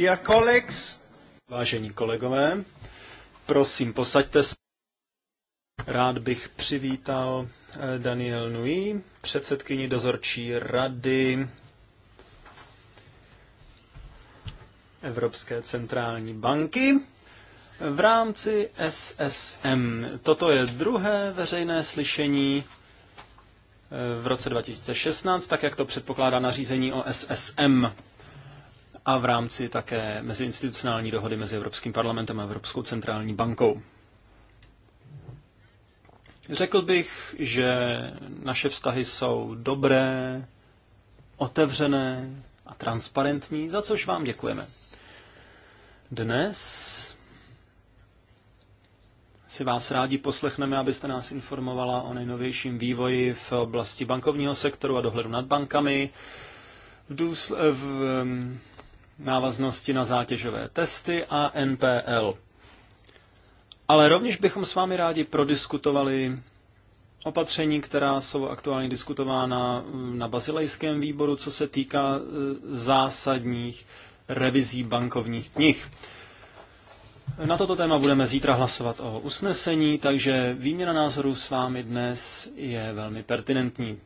Dear colleagues, vážení kolegové, prosím, posaďte se. Rád bych přivítal eh, Daniel Nui, předsedkyni dozorčí rady Evropské centrální banky v rámci SSM. Toto je druhé veřejné slyšení eh, v roce 2016, tak jak to předpokládá nařízení o SSM a v rámci také meziinstitucionální dohody mezi Evropským parlamentem a Evropskou centrální bankou. Řekl bych, že naše vztahy jsou dobré, otevřené a transparentní, za což vám děkujeme. Dnes si vás rádi poslechneme, abyste nás informovala o nejnovějším vývoji v oblasti bankovního sektoru a dohledu nad bankami, v, důsl- v návaznosti na zátěžové testy a NPL. Ale rovněž bychom s vámi rádi prodiskutovali opatření, která jsou aktuálně diskutována na bazilejském výboru, co se týká e, zásadních revizí bankovních knih. Na toto téma budeme zítra hlasovat o usnesení, takže výměna názorů s vámi dnes je velmi pertinentní.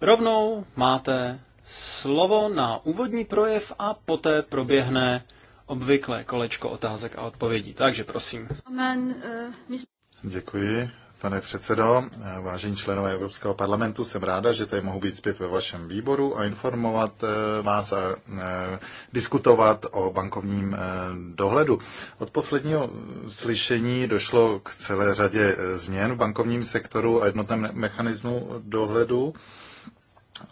Rovnou máte slovo na úvodní projev a poté proběhne obvyklé kolečko otázek a odpovědí. Takže prosím. Eh, Děkuji, pane předsedo. Eh, vážení členové Evropského parlamentu, jsem ráda, že tady mohu být zpět ve vašem výboru a informovat eh, vás a diskutovat o bankovním dohledu. Od posledního slyšení došlo k celé řadě změn v bankovním sektoru a jednotném mechanismu dohledu.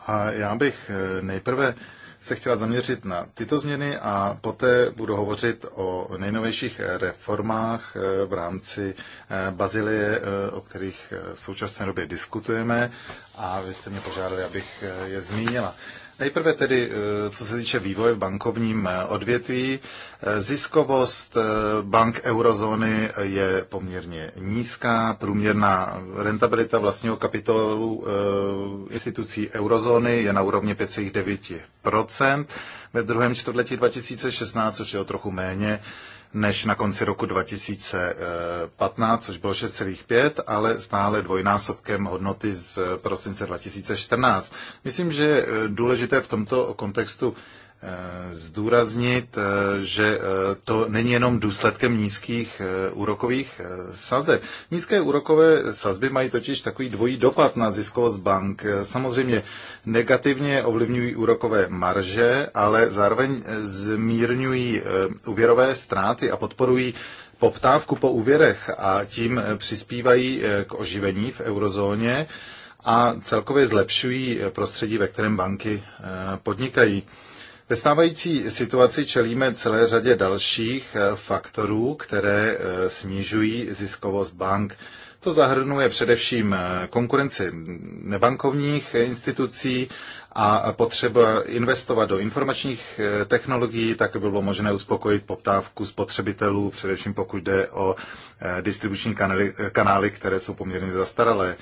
A já bych eh, nejprve se chtěla zaměřit na tyto změny a poté budu hovořit o nejnovějších eh, reformách eh, v rámci Bazilie, o kterých v současné době diskutujeme a vy jste mě požádali, abych je zmínila. Nejprve tedy, eh, co se týče vývoje v bankovním eh, odvětví, eh, ziskovost bank eurozóny je poměrně nízká, průměrná rentabilita vlastního kapitálu institucí eurozóny je na úrovni 5,9 ve druhém čtvrtletí 2016, což je o trochu méně než na konci roku 2015, což bylo 6,5, ale stále dvojnásobkem hodnoty z prosince 2014. Myslím, že je důležité v tomto kontextu Eh, zdůraznit, eh, že eh, to není jenom důsledkem nízkých úrokových sazeb. Nízké úrokové sazby mají totiž takový dvojí dopad na ziskovost bank. Samozřejmě negativně ovlivňují úrokové marže, ale zároveň zmírňují úvěrové ztráty a podporují poptávku po úvěrech a tím přispívají k oživení v eurozóně a celkově zlepšují prostředí, ve kterém banky podnikají. Ve stávající situaci čelíme celé řadě dalších eh, faktorů, které eh, snižují ziskovost bank. To zahrnuje především eh, konkurenci nebankovních institucí a potřeba investovat do informačních technologií, tak by bylo možné uspokojit poptávku spotřebitelů, především pokud jde o distribuční kanály, kanály které jsou poměrně zastaralé.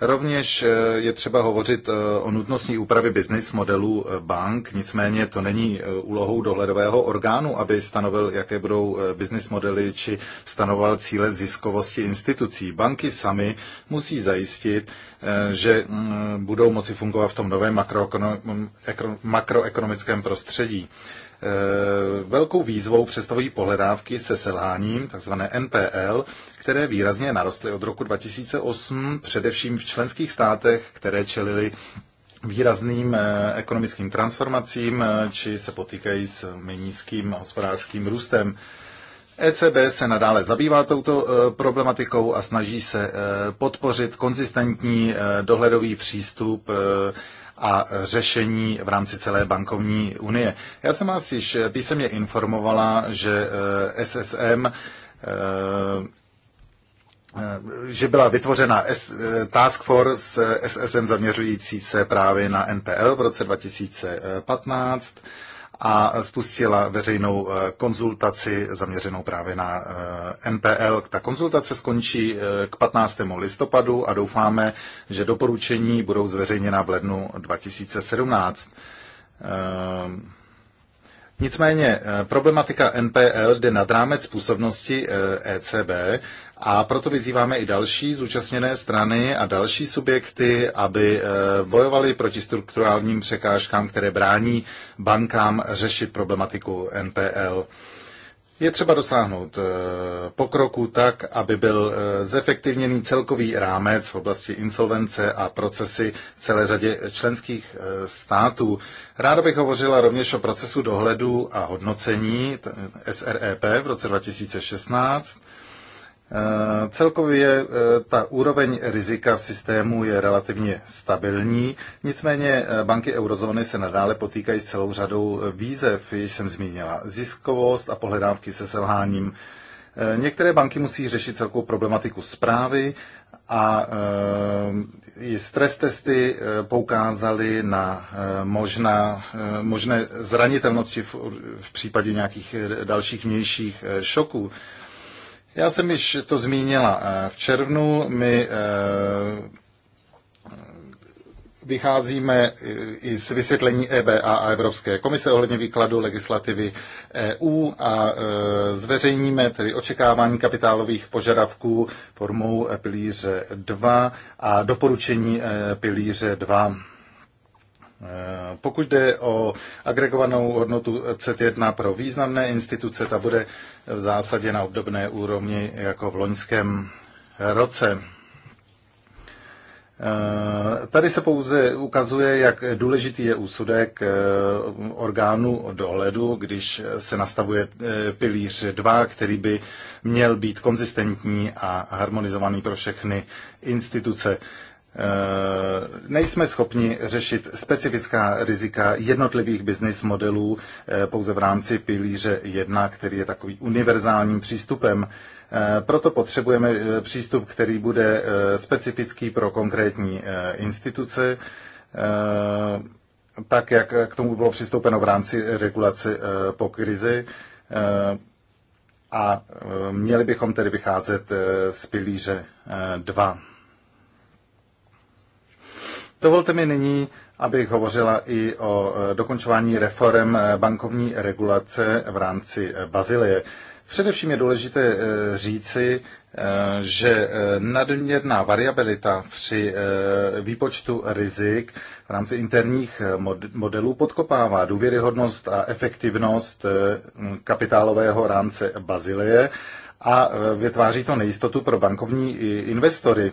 Rovněž eh, je třeba hovořit eh, o nutnosti úpravy business modelů eh, bank, nicméně to není úlohou dohledového orgánu, aby stanovil, jaké budou business modely či stanoval cíle ziskovosti institucí. Banky sami musí zajistit, že mm, budou moci fungovat v tom novém mm, makroekonomickém prostředí. Velkou výzvou představují pohledávky se selháním, takzvané NPL, které výrazně narostly od roku 2008, především v členských státech, které čelily výrazným eh, ekonomickým transformacím eh, či se potýkají s eh, nízkým hospodářským růstem. ECB se nadále zabývá touto problematikou a snaží se podpořit konzistentní dohledový přístup a řešení v rámci celé bankovní unie. Já jsem vás již písemně informovala, že SSM Eh, že byla vytvořena eh, Task Force eh, SSM zaměřující se právě na NPL v roce 2015 a spustila veřejnou konzultaci zaměřenou právě na NPL. Ta konzultace skončí k 15. listopadu a doufáme, že doporučení budou zveřejněna v lednu 2017. Nicméně problematika NPL jde nad rámec působnosti ECB e a proto vyzýváme i další zúčastněné strany a další subjekty, aby eh, bojovali proti strukturálním překážkám, které brání bankám řešit problematiku NPL. Je třeba dosáhnout eh, pokroku tak, aby byl eh, zefektivněný celkový rámec v oblasti insolvence a procesy v celé řadě členských států. Ráda bych hovořila rovněž o procesu dohledu a hodnocení SREP v roce 2016 Eh, celkově eh, ta úroveň rizika v systému je relativně stabilní, nicméně eh, banky eurozóny se nadále potýkají s celou řadou výzev, již jsem zmínila ziskovost a pohledávky se selháním. Některé banky musí řešit celkovou problematiku zprávy a i stres testy poukázaly na možná, možné zranitelnosti v, v případě nějakých dalších vnějších šoků. Já jsem již to zmínila. Eh, v červnu my eh, vycházíme eh, i z vysvětlení EBA a Evropské komise ohledně výkladu legislativy EU a zveřejníme tedy očekávání kapitálových požadavků formou pilíře 2 a doporučení pilíře 2. Eh, pokud jde o agregovanou hodnotu C1 pro významné instituce, ta bude v zásadě na obdobné úrovni jako v loňském roce. Eh, tady se pouze ukazuje, jak důležitý je úsudek eh, orgánu dohledu, když se nastavuje pilíř 2, který by měl být konzistentní a harmonizovaný pro všechny instituce. Eh, nejsme schopni řešit specifická rizika jednotlivých business modelů eh, pouze v rámci pilíře 1, který je takový univerzálním přístupem. Eh, proto potřebujeme přístup, který bude specifický pro konkrétní instituce, tak jak k tomu bylo přistoupeno v rámci regulace po krizi. A měli bychom tedy vycházet z pilíře 2. Dovolte mi nyní, abych hovořila i o e, dokončování reform e, bankovní regulace v rámci e, Bazilie. Především je důležité říci, že nadměrná variabilita při výpočtu rizik v rámci interních modelů podkopává důvěryhodnost a efektivnost kapitálového rámce Bazilie a vytváří to nejistotu pro bankovní investory.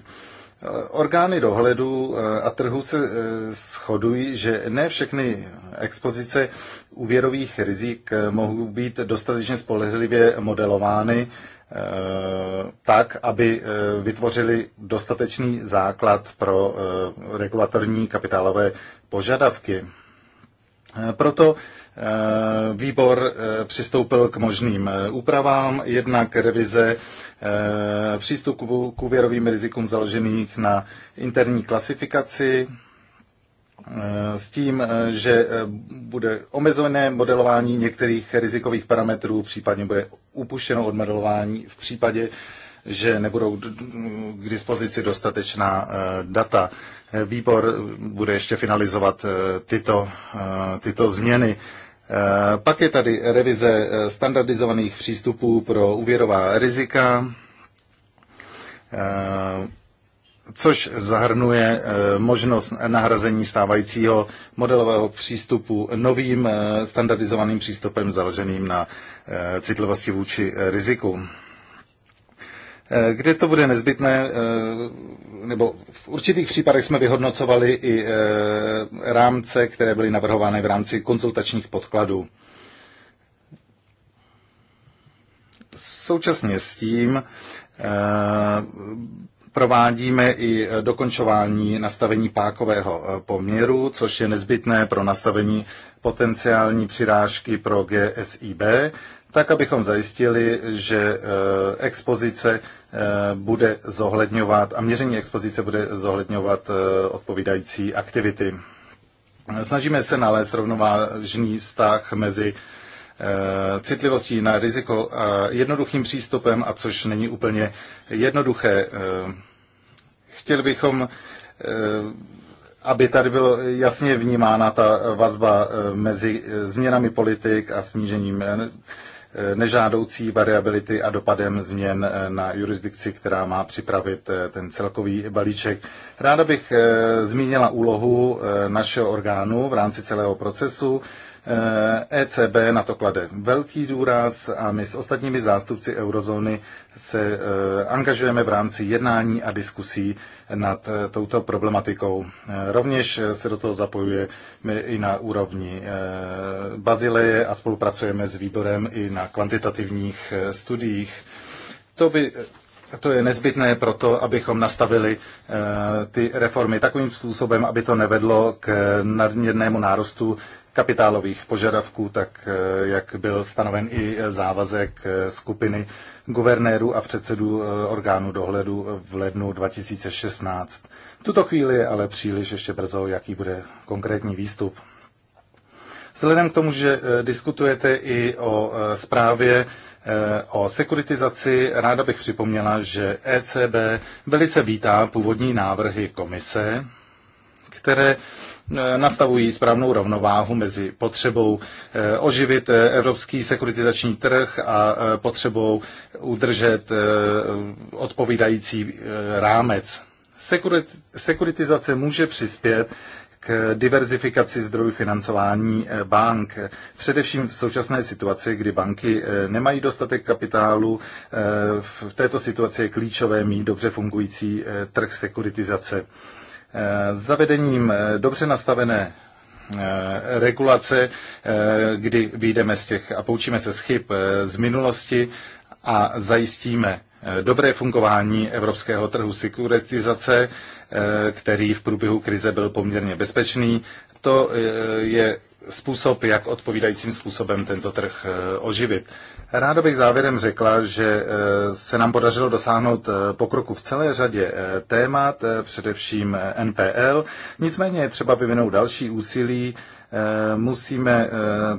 Orgány dohledu eh, a trhu se eh, shodují, že ne všechny expozice úvěrových rizik eh, mohou být dostatečně spolehlivě modelovány tak, aby vytvořili dostatečný základ pro regulatorní kapitálové požadavky. Proto výbor přistoupil k možným úpravám, jednak revize Eh, přístup k úvěrovým rizikům založených na interní klasifikaci, eh, s tím, eh, že bude omezené modelování některých rizikových parametrů, případně bude upuštěno od modelování v případě, že nebudou k dispozici dostatečná data. Výbor bude ještě finalizovat tyto, tyto změny. Eh, pak je tady revize eh, standardizovaných přístupů pro úvěrová rizika, eh, což zahrnuje možnost nahrazení stávajícího modelového přístupu novým standardizovaným přístupem založeným na citlivosti vůči riziku. Eh, kde to bude nezbytné, eh, nebo v určitých případech jsme vyhodnocovali i eh, rámce, které byly navrhovány v rámci konzultačních podkladů. Současně s tím provádíme i dokončování nastavení pákového poměru, což je nezbytné pro nastavení potenciální přirážky pro GSIB tak abychom zajistili, že eh, expozice eh, bude zohledňovat a měření expozice bude zohledňovat eh, odpovídající aktivity. Snažíme se nalézt rovnovážný vztah mezi citlivostí na riziko a jednoduchým přístupem, a což není úplně jednoduché. Chtěli bychom, aby tady bylo jasně vnímána ta vazba mezi změnami politik a snížením Eh, nežádoucí variability a dopadem změn eh, na jurisdikci, která má připravit eh, ten celkový balíček. Ráda bych zmínila úlohu našeho orgánu v rámci celého procesu. ECB eh, e na to klade velký důraz a my s ostatními zástupci eurozóny se eh, angažujeme v rámci jednání a diskusí nad eh, touto problematikou. Rovněž se do toho zapojujeme i na úrovni Bazileje a spolupracujeme s výborem i na kvantitativních studiích. To by to je nezbytné pro to, abychom nastavili ty reformy takovým způsobem, aby to nevedlo k nadměrnému nárostu kapitálových požadavků, tak eh, jak byl stanoven i závazek eh, skupiny guvernérů a předsedů eh, orgánů dohledu v lednu 2016. V tuto chvíli je ale příliš ještě brzo, jaký bude konkrétní výstup. Vzhledem k tomu, že diskutujete i o zprávě o sekuritizaci, ráda bych připomněla, že ECB velice vítá původní návrhy komise, které Eh, nastavují správnou rovnováhu mezi potřebou eh, oživit eh, evropský sekuritizační trh a potřebou udržet odpovídající rámec. Sekuritizace může přispět k diverzifikaci zdrojů financování bank. Především v současné situaci, kdy banky nemají dostatek kapitálu, v této situaci je klíčové mít dobře fungující trh sekuritizace. Eh, zavedením eh, dobře nastavené eh, regulace, kdy vyjdeme z těch a poučíme se z chyb z minulosti a zajistíme dobré fungování evropského trhu sekuritizace, který v průběhu krize byl poměrně bezpečný. To je způsob, jak odpovídajícím způsobem tento trh eh, oživit. Ráda bych závěrem řekla, že eh, se nám podařilo dosáhnout eh, pokroku v celé řadě témat, především NPL. Nicméně je třeba vyvinout další úsilí Eh, musíme eh,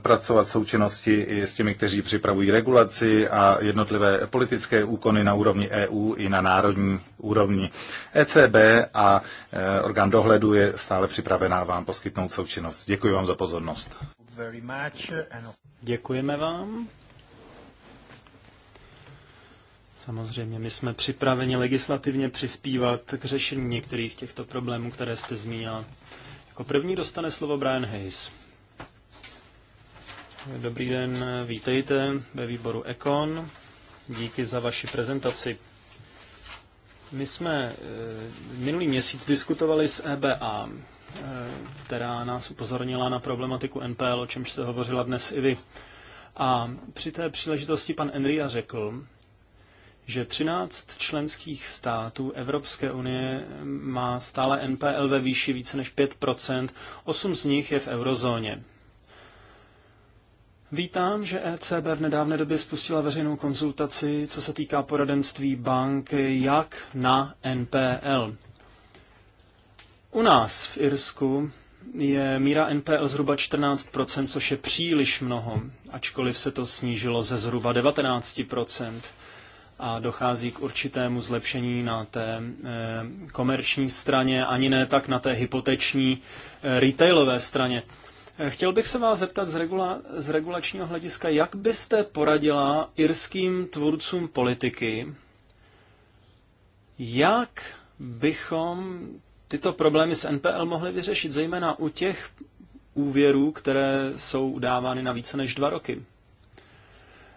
pracovat v součinnosti i s těmi, kteří připravují regulaci a jednotlivé politické úkony na úrovni EU i na národní úrovni. ECB a eh, orgán dohledu je stále připravená vám poskytnout součinnost. Děkuji vám za pozornost. Děkujeme vám. Samozřejmě, my jsme připraveni legislativně přispívat k řešení některých těchto problémů, které jste zmínila. Jako první dostane slovo Brian Hayes. Dobrý den, vítejte ve výboru Econ. Díky za vaši prezentaci. My jsme eh, minulý měsíc diskutovali s EBA, eh, která nás upozornila na problematiku NPL, o čemž jste hovořila dnes i vy. A při té příležitosti pan Enria řekl, že 13 členských států Evropské unie má stále NPL ve výši více než 5 8 z nich je v eurozóně. Vítám, že ECB v nedávné době spustila veřejnou konzultaci, co se týká poradenství bank, jak na NPL. U nás v Irsku je míra NPL zhruba 14%, což je příliš mnoho, ačkoliv se to snížilo ze zhruba 19% a dochází k určitému zlepšení na té eh, komerční straně, ani ne tak na té hypoteční eh, retailové straně. Eh, chtěl bych se vás zeptat z, regula, z regulačního hlediska, jak byste poradila irským tvůrcům politiky, jak bychom tyto problémy s NPL mohli vyřešit, zejména u těch úvěrů, které jsou dávány na více než dva roky.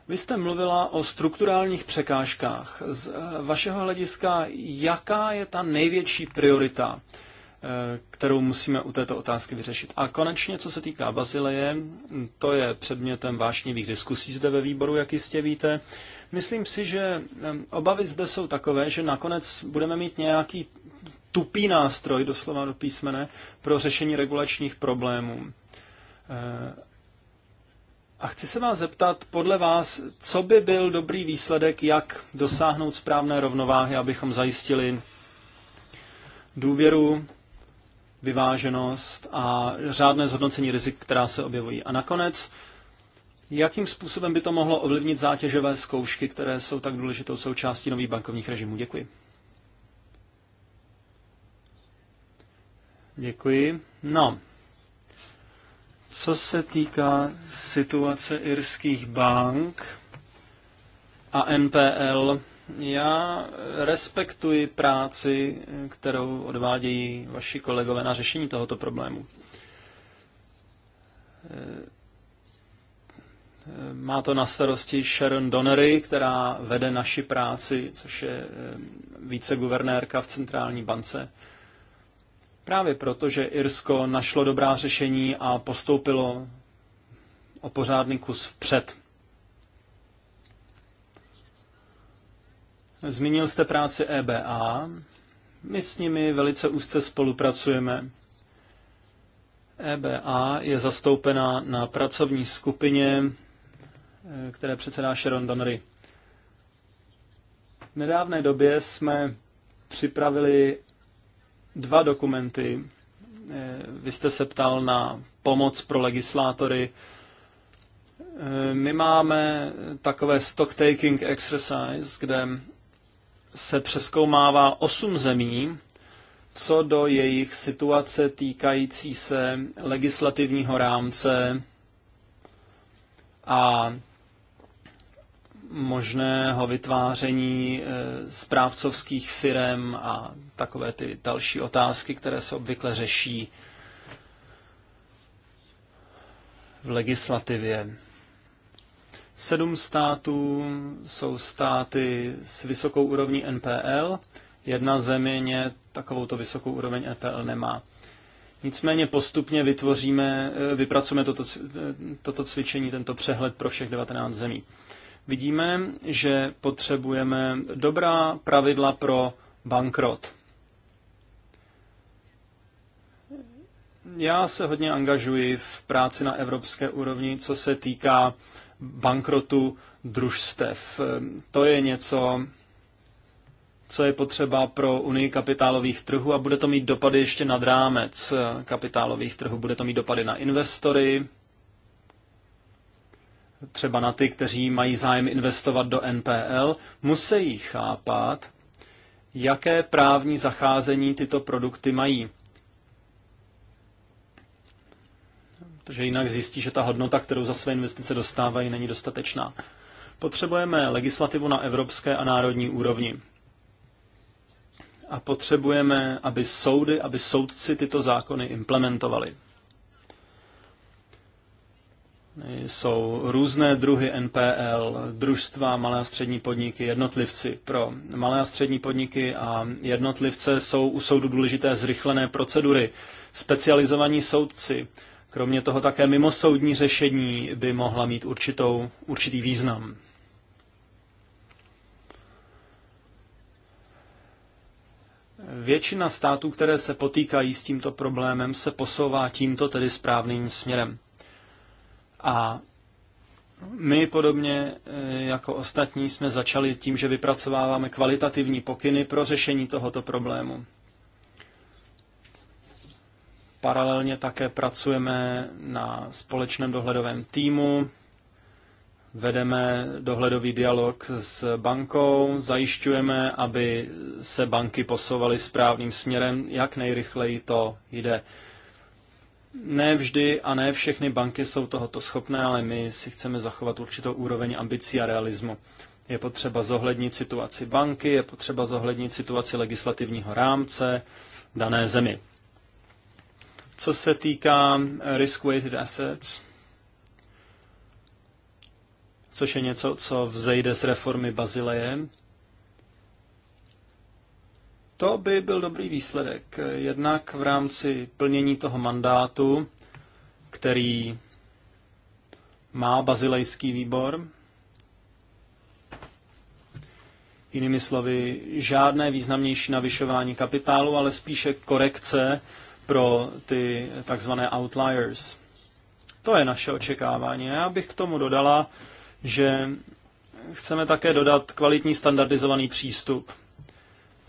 Vy jste mluvila o strukturálních překážkách. Z eh, vašeho hlediska, jaká je ta největší priorita, eh, kterou musíme u této otázky vyřešit? A konečně, co se týká Bazileje, to je předmětem vášnivých diskusí zde ve výboru, jak jistě víte. Myslím si, že eh, obavy zde jsou takové, že nakonec budeme mít nějaký tupý nástroj, doslova do písmene, pro řešení regulačních problémů. A chci se vás zeptat, podle vás, co by byl dobrý výsledek, jak dosáhnout správné rovnováhy, abychom zajistili důvěru, vyváženost a řádné zhodnocení rizik, která se objevují. A nakonec, jakým způsobem by to mohlo ovlivnit zátěžové zkoušky, které jsou tak důležitou součástí nových bankovních režimů? Děkuji. Děkuji. No, co se týká situace irských bank a NPL, já respektuji práci, kterou odvádějí vaši kolegové na řešení tohoto problému. Má to na starosti Sharon Donnery, která vede naši práci, což je eh, viceguvernérka v centrální bance Právě proto, že Irsko našlo dobrá řešení a postoupilo o pořádný kus vpřed. Zmínil jste práci EBA. My s nimi velice úzce spolupracujeme. EBA je zastoupena na pracovní skupině, eh, které předsedá Sharon Donnery. V nedávné době jsme připravili dva dokumenty. Eh, vy jste se ptal na pomoc pro legislátory. Eh, my máme takové stocktaking exercise, kde se přeskoumává osm zemí, co do jejich situace týkající se legislativního rámce a možného vytváření eh, správcovských firm a takové ty další otázky, které se obvykle řeší v legislativě. Sedm států jsou státy s vysokou úrovní NPL. Jedna země takovou to vysokou úroveň NPL nemá. Nicméně postupně vytvoříme, eh, vypracujeme toto, eh, toto cvičení, tento přehled pro všech 19 zemí vidíme, že potřebujeme dobrá pravidla pro bankrot. Já se hodně angažuji v práci na evropské úrovni, co se týká bankrotu družstev. To je něco, co je potřeba pro Unii kapitálových trhů a bude to mít dopady ještě nad rámec kapitálových trhů. Bude to mít dopady na investory, třeba na ty, kteří mají zájem investovat do NPL, musí chápat, jaké právní zacházení tyto produkty mají. Protože jinak zjistí, že ta hodnota, kterou za své investice dostávají, není dostatečná. Potřebujeme legislativu na evropské a národní úrovni. A potřebujeme, aby soudy, aby soudci tyto zákony implementovali. Jsou různé druhy NPL, družstva, malé a střední podniky, jednotlivci. Pro malé a střední podniky a jednotlivce jsou u soudu důležité zrychlené procedury, specializovaní soudci. Kromě toho také mimosoudní řešení by mohla mít určitou, určitý význam. Většina států, které se potýkají s tímto problémem, se posouvá tímto tedy správným směrem. A my podobně eh, jako ostatní jsme začali tím, že vypracováváme kvalitativní pokyny pro řešení tohoto problému. Paralelně také pracujeme na společném dohledovém týmu, vedeme dohledový dialog s bankou, zajišťujeme, aby se banky posouvaly správným směrem, jak nejrychleji to jde ne vždy a ne všechny banky jsou tohoto schopné, ale my si chceme zachovat určitou úroveň ambicí a realismu. Je potřeba zohlednit situaci banky, je potřeba zohlednit situaci legislativního rámce dané zemi. Co se týká risk-weighted assets, což je něco, co vzejde z reformy Bazileje, to by byl dobrý výsledek. Jednak v rámci plnění toho mandátu, který má bazilejský výbor, Jinými slovy, žádné významnější navyšování kapitálu, ale spíše korekce pro ty takzvané outliers. To je naše očekávání. Já bych k tomu dodala, že chceme také dodat kvalitní standardizovaný přístup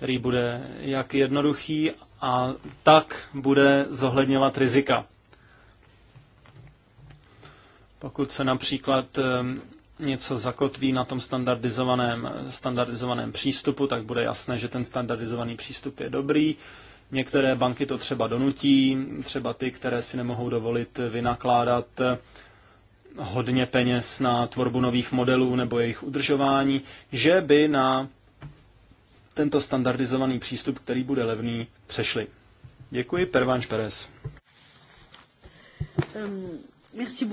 který bude jak jednoduchý a tak bude zohledňovat rizika. Pokud se například něco zakotví na tom standardizovaném, standardizovaném přístupu, tak bude jasné, že ten standardizovaný přístup je dobrý. Některé banky to třeba donutí, třeba ty, které si nemohou dovolit vynakládat eh, hodně peněz na tvorbu nových modelů nebo jejich udržování, že by na tento standardizovaný přístup, který bude levný, přešli. Děkuji, Pervanš Perez. Um, merci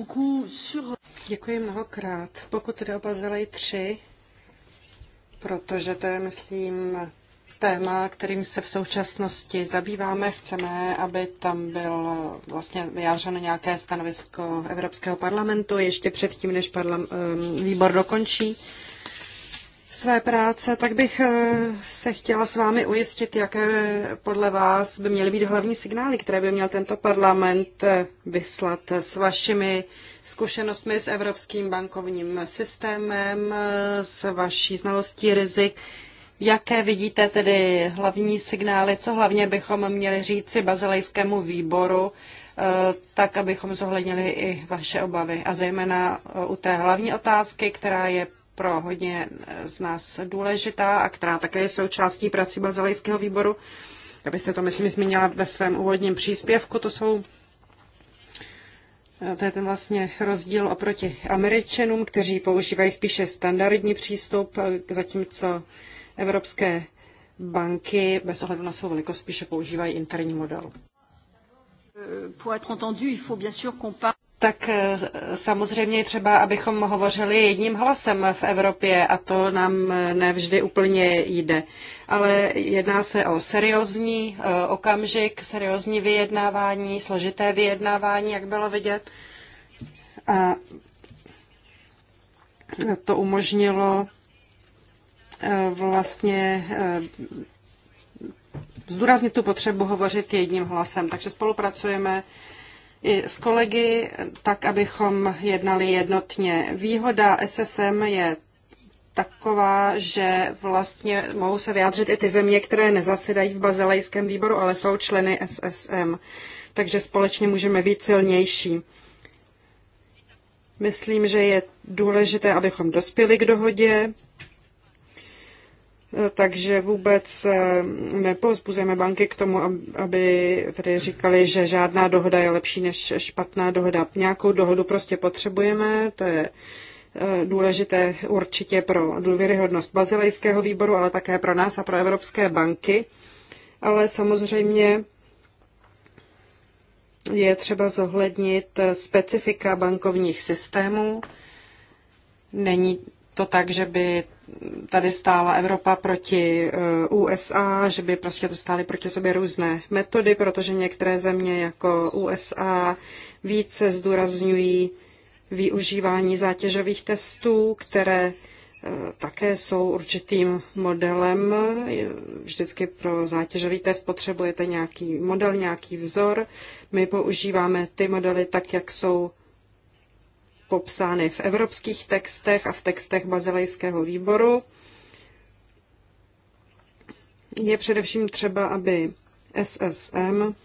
Sur... Děkuji mnohokrát. Pokud jde o Bazilej 3, protože to je, myslím, téma, kterým se v současnosti zabýváme. Chceme, aby tam byl vlastně vyjádřeno nějaké stanovisko Evropského parlamentu ještě předtím, než parlam, výbor dokončí své práce, tak bych eh, se chtěla s vámi ujistit, jaké podle vás by měly být hlavní signály, které by měl tento parlament eh, vyslat eh, s vašimi zkušenostmi s evropským bankovním systémem, s vaší znalostí rizik. Jaké vidíte tedy hlavní signály, co hlavně bychom měli říci bazilejskému výboru, tak abychom zohlednili i vaše obavy. A zejména u té hlavní otázky, která je pro hodně z nás důležitá a která také je součástí prací bazalejského výboru. byste to, myslím, zmínila ve svém úvodním příspěvku, to jsou eh, to je ten vlastně rozdíl oproti Američanům, kteří používají spíše standardní přístup, eh, zatímco evropské banky bez ohledu na svou velikost spíše používají interní model tak eh, samozřejmě třeba, abychom hovořili jedním hlasem v Evropě a to nám eh, nevždy úplně jde. Ale jedná se o seriózní eh, okamžik, seriózní vyjednávání, složité vyjednávání, jak bylo vidět. A to umožnilo vlastně zdůraznit tu potřebu hovořit jedním hlasem. Takže spolupracujeme i s kolegy, tak abychom jednali jednotně. Výhoda SSM je taková, že vlastně mohou se vyjádřit i ty země, které nezasedají v bazilejském výboru, ale jsou členy SSM. Takže společně můžeme být silnější. Myslím, že je důležité, abychom dospěli k dohodě takže vůbec eh, nepozbuzujeme banky k tomu, aby tedy říkali, že žádná dohoda je lepší než špatná dohoda. Nějakou dohodu prostě potřebujeme, to je eh, důležité určitě pro důvěryhodnost bazilejského výboru, ale také pro nás a pro evropské banky. Ale samozřejmě je třeba zohlednit eh, specifika bankovních systémů. Není to tak, že by tady stála Evropa proti eh, USA, že by prostě to stály proti sobě různé metody, protože některé země jako USA více zdůrazňují využívání zátěžových testů, které eh, také jsou určitým modelem. Vždycky pro zátěžový test potřebujete nějaký model, nějaký vzor. My používáme ty modely tak, jak jsou popsány v evropských textech a v textech bazilejského výboru. Je především třeba, aby SSM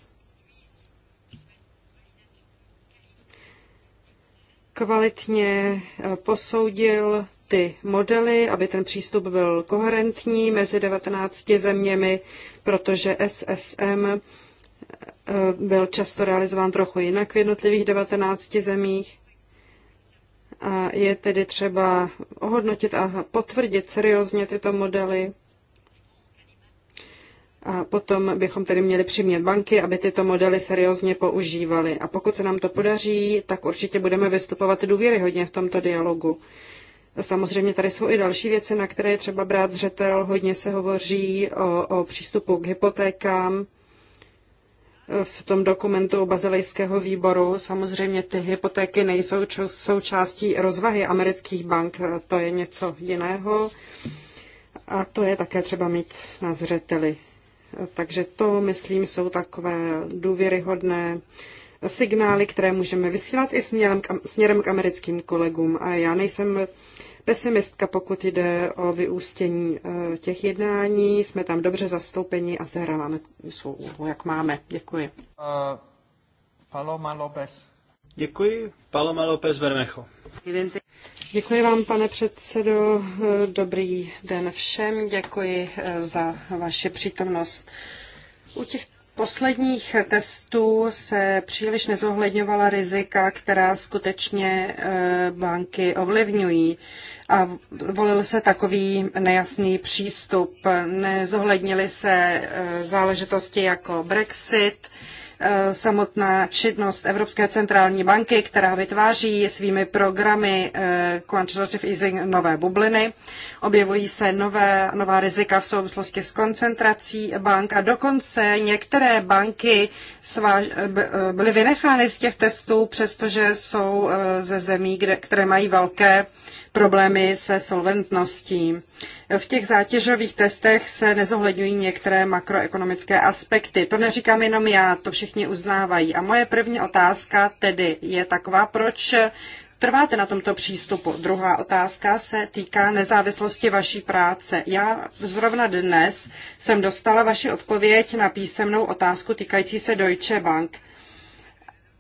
kvalitně eh, posoudil ty modely, aby ten přístup byl koherentní mezi 19 zeměmi, protože SSM eh, byl často realizován trochu jinak v jednotlivých 19 zemích. A je tedy třeba ohodnotit a potvrdit seriózně tyto modely. A potom bychom tedy měli přimět banky, aby tyto modely seriózně používaly. A pokud se nám to podaří, tak určitě budeme vystupovat důvěryhodně v tomto dialogu. Samozřejmě tady jsou i další věci, na které je třeba brát zřetel. Hodně se hovoří o, o přístupu k hypotékám v tom dokumentu bazilejského výboru. Samozřejmě ty hypotéky nejsou součástí rozvahy amerických bank, to je něco jiného. A to je také třeba mít na zřeteli. Takže to, myslím, jsou takové důvěryhodné signály, které můžeme vysílat i směrem k, směrem k americkým kolegům. A já nejsem pesimistka, pokud jde o vyústění eh, těch jednání. Jsme tam dobře zastoupeni a sehráváme svou úlohu, jak máme. Děkuji. Uh, Paloma López. Děkuji. Paloma López Vermecho. Děkuji vám, pane předsedo. Dobrý den všem. Děkuji eh, za vaši přítomnost. U těch posledních testů se příliš nezohledňovala rizika, která skutečně eh, banky ovlivňují a volil se takový nejasný přístup. Nezohlednili se eh, záležitosti jako Brexit, Eh, samotná činnost Evropské centrální banky, která vytváří svými programy quantitative eh, easing nové bubliny. Objevují se nové, nová rizika v souvislosti s koncentrací bank a dokonce některé banky sváž, eh, byly vynechány z těch testů, přestože jsou ze zemí, kde, které mají velké problémy se solventností. V těch zátěžových testech se nezohledňují některé makroekonomické aspekty. To neříkám jenom já, to všichni uznávají. A moje první otázka tedy je taková, proč trváte na tomto přístupu? Druhá otázka se týká nezávislosti vaší práce. Já zrovna dnes jsem dostala vaši odpověď na písemnou otázku týkající se Deutsche Bank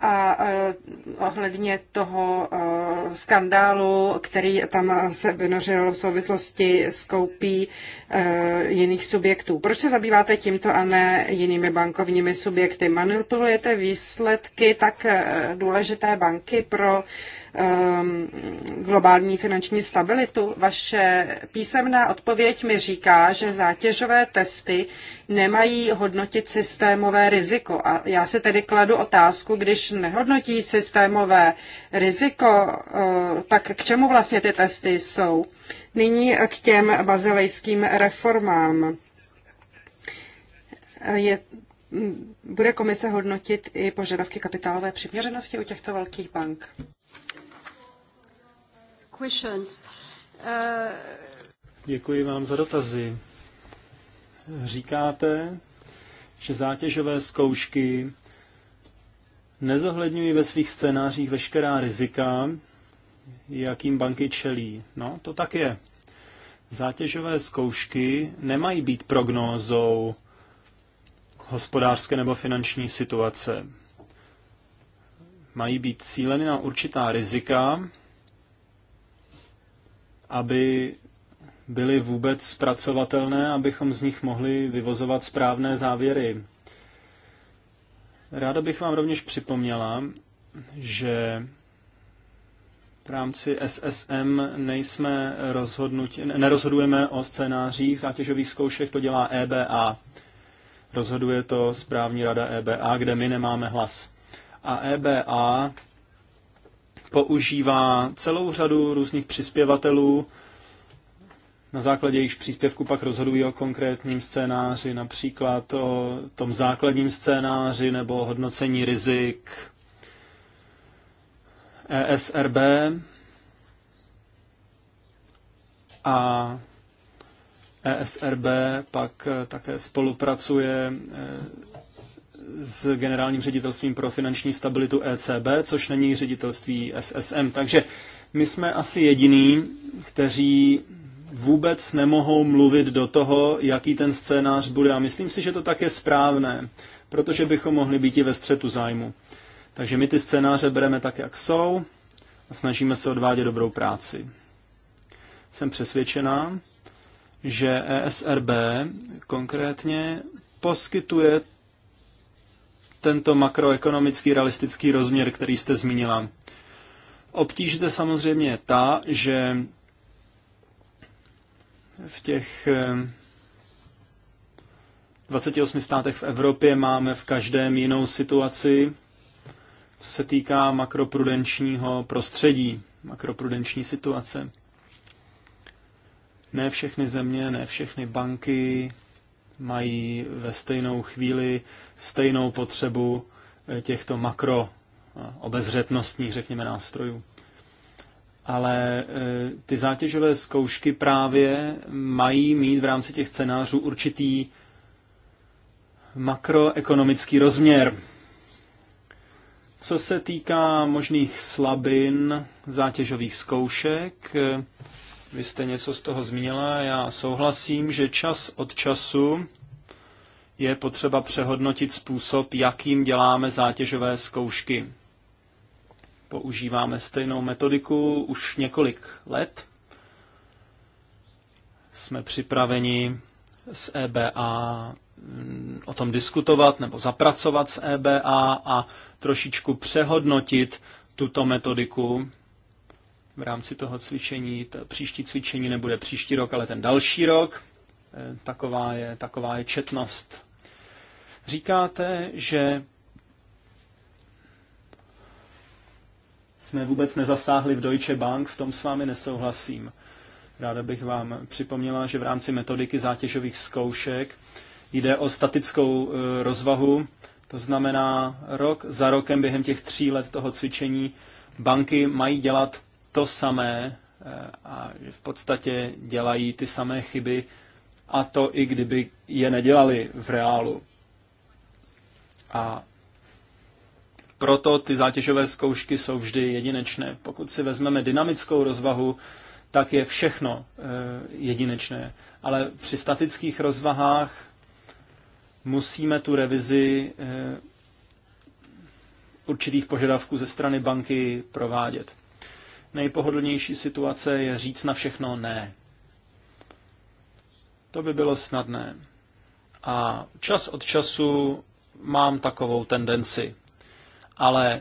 a ohledně toho skandálu, který tam se vynořil v souvislosti s koupí e, jiných subjektů. Proč se zabýváte tímto a ne jinými bankovními subjekty? Manipulujete výsledky tak e, důležité banky pro Um, globální finanční stabilitu. Vaše písemná odpověď mi říká, že zátěžové testy nemají hodnotit systémové riziko. A já se tedy kladu otázku, když nehodnotí systémové riziko, uh, tak k čemu vlastně ty testy jsou? Nyní k těm bazilejským reformám. Je, bude komise hodnotit i požadavky kapitálové přiměřenosti u těchto velkých bank? questions. Uh, Děkuji vám za dotazy. Říkáte, že zátěžové zkoušky nezohledňují ve svých scénářích veškerá rizika, jakým banky čelí. No, to tak je. Zátěžové zkoušky nemají být prognózou hospodářské nebo finanční situace. Mají být cíleny na určitá rizika, aby byly vůbec zpracovatelné, abychom z nich mohli vyvozovat správné závěry. Ráda bych vám rovněž připomněla, že v rámci SSM nejsme rozhodnuti, nerozhodujeme o scénářích zátěžových zkoušek, to dělá EBA. Rozhoduje to správní rada EBA, kde my nemáme hlas. A EBA používá celou řadu různých přispěvatelů, na základě jejich příspěvku pak rozhodují o konkrétním scénáři, například o tom základním scénáři nebo o hodnocení rizik ESRB. A ESRB pak také spolupracuje eh, s generálním ředitelstvím pro finanční stabilitu ECB, což není ředitelství SSM. Takže my jsme asi jediní, kteří vůbec nemohou mluvit do toho, jaký ten scénář bude. A myslím si, že to tak je správné, protože bychom mohli být i ve střetu zájmu. Takže my ty scénáře bereme tak, jak jsou a snažíme se odvádět dobrou práci. Jsem přesvědčená, že ESRB konkrétně poskytuje tento makroekonomický realistický rozměr, který jste zmínila. Obtíž zde samozřejmě je ta, že v těch 28 eh, státech v Evropě máme v každém jinou situaci, co se týká makroprudenčního prostředí, makroprudenční situace. Ne všechny země, ne všechny banky mají ve stejnou chvíli stejnou potřebu eh, těchto makro eh, obezřetnostních, řekněme, nástrojů. Ale eh, ty zátěžové zkoušky právě mají mít v rámci těch scénářů určitý makroekonomický rozměr. Co se týká možných slabin zátěžových zkoušek, vy jste něco z toho zmínila, já souhlasím, že čas od času je potřeba přehodnotit způsob, jakým děláme zátěžové zkoušky. Používáme stejnou metodiku už několik let. Jsme připraveni s EBA mm, o tom diskutovat nebo zapracovat s EBA a trošičku přehodnotit tuto metodiku, v rámci toho cvičení. To příští cvičení nebude příští rok, ale ten další rok. Eh, taková je, taková je četnost. Říkáte, že jsme vůbec nezasáhli v Deutsche Bank, v tom s vámi nesouhlasím. Ráda bych vám připomněla, že v rámci metodiky zátěžových zkoušek jde o statickou eh, rozvahu, to znamená rok za rokem během těch tří let toho cvičení banky mají dělat to samé eh, a v podstatě dělají ty samé chyby a to i kdyby je nedělali v reálu. A proto ty zátěžové zkoušky jsou vždy jedinečné. Pokud si vezmeme dynamickou rozvahu, tak je všechno eh, jedinečné. Ale při statických rozvahách musíme tu revizi eh, určitých požadavků ze strany banky provádět nejpohodlnější situace je říct na všechno ne. To by bylo snadné. A čas od času mám takovou tendenci. Ale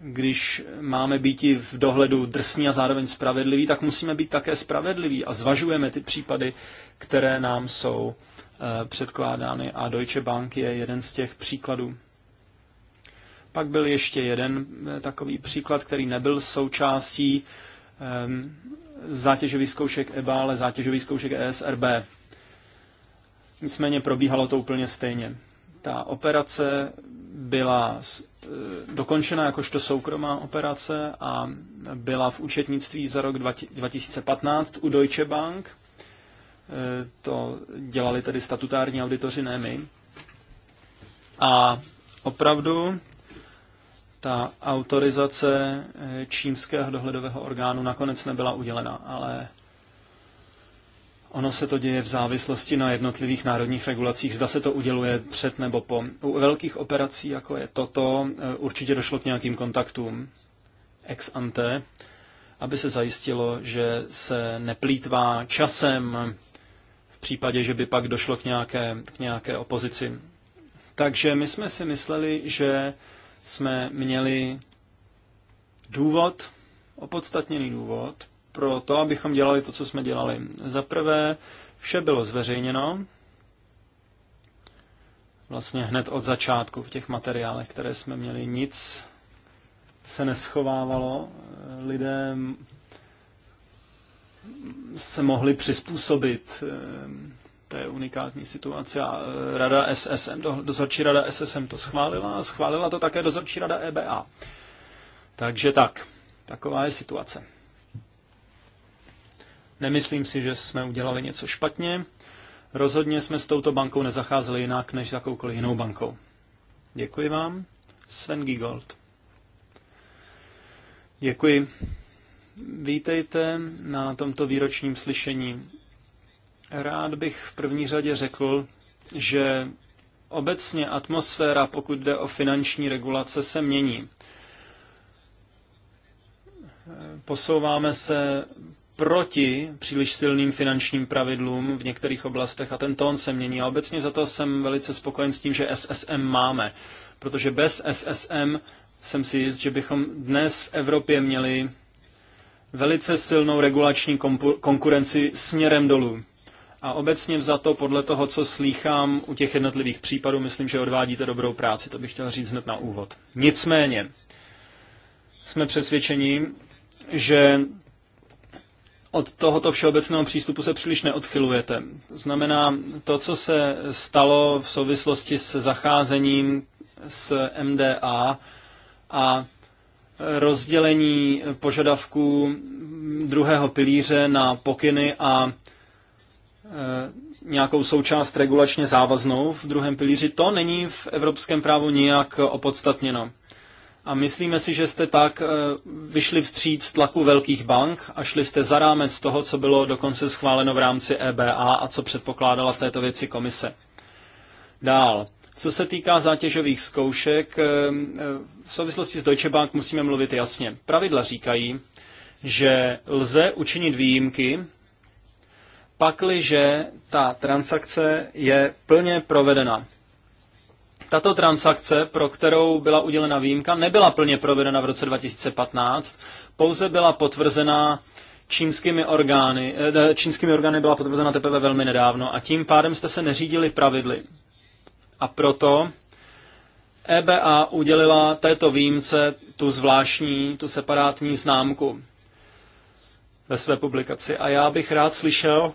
když máme být i v dohledu drsní a zároveň spravedliví, tak musíme být také spravedliví a zvažujeme ty případy, které nám jsou eh, předkládány. A Deutsche Bank je jeden z těch příkladů. Pak byl ještě jeden eh, takový příklad, který nebyl součástí um, zátěžových zkoušek EBA, ale zátěžových zkoušek ESRB. Nicméně probíhalo to úplně stejně. Ta operace byla eh, dokončena jakožto soukromá operace a byla v účetnictví za rok 2015 u Deutsche Bank. Eh, to dělali tedy statutární auditoři, ne my. A opravdu ta autorizace eh, čínského dohledového orgánu nakonec nebyla udělena, ale ono se to děje v závislosti na jednotlivých národních regulacích, zda se to uděluje před nebo po. U velkých operací, jako je toto, eh, určitě došlo k nějakým kontaktům ex ante, aby se zajistilo, že se neplítvá časem v případě, že by pak došlo k nějaké, k nějaké opozici. Takže my jsme si mysleli, že jsme měli důvod, opodstatněný důvod, pro to, abychom dělali to, co jsme dělali. Za prvé, vše bylo zveřejněno, vlastně hned od začátku v těch materiálech, které jsme měli, nic se neschovávalo. Lidé se mohli přizpůsobit eh, to je unikátní situace. A e, rada SSM, dozorčí rada SSM to schválila a schválila to také dozorčí rada EBA. Takže tak, taková je situace. Nemyslím si, že jsme udělali něco špatně. Rozhodně jsme s touto bankou nezacházeli jinak než s jakoukoliv jinou bankou. Děkuji vám. Sven Gigold. Děkuji. Vítejte na tomto výročním slyšení. Rád bych v první řadě řekl, že obecně atmosféra, pokud jde o finanční regulace, se mění. Posouváme se proti příliš silným finančním pravidlům v některých oblastech a ten tón se mění. A obecně za to jsem velice spokojen s tím, že SSM máme, protože bez SSM jsem si jist, že bychom dnes v Evropě měli velice silnou regulační konkurenci směrem dolů. A obecně vzato podle toho, co slýchám u těch jednotlivých případů, myslím, že odvádíte dobrou práci, to bych chtěl říct hned na úvod. Nicméně jsme přesvědčeni, že od tohoto všeobecného přístupu se příliš neodchylujete. Znamená, to, co se stalo v souvislosti s zacházením s MDA a rozdělení požadavků druhého pilíře na pokyny a Eh, nějakou součást regulačně závaznou v druhém pilíři, to není v evropském právu nijak opodstatněno. A myslíme si, že jste tak eh, vyšli vstříc tlaku velkých bank a šli jste za rámec toho, co bylo dokonce schváleno v rámci EBA a co předpokládala v této věci komise. Dál. Co se týká zátěžových zkoušek, eh, v souvislosti s Deutsche Bank musíme mluvit jasně. Pravidla říkají, že lze učinit výjimky pakliže ta transakce je plně provedena. Tato transakce, pro kterou byla udělena výjimka, nebyla plně provedena v roce 2015, pouze byla potvrzena čínskými orgány, eh, eh, čínskými orgány byla potvrzena teprve velmi nedávno a tím pádem jste se neřídili pravidly. A proto EBA udělila této výjimce tu zvláštní, tu separátní známku ve své publikaci. A já bych rád slyšel,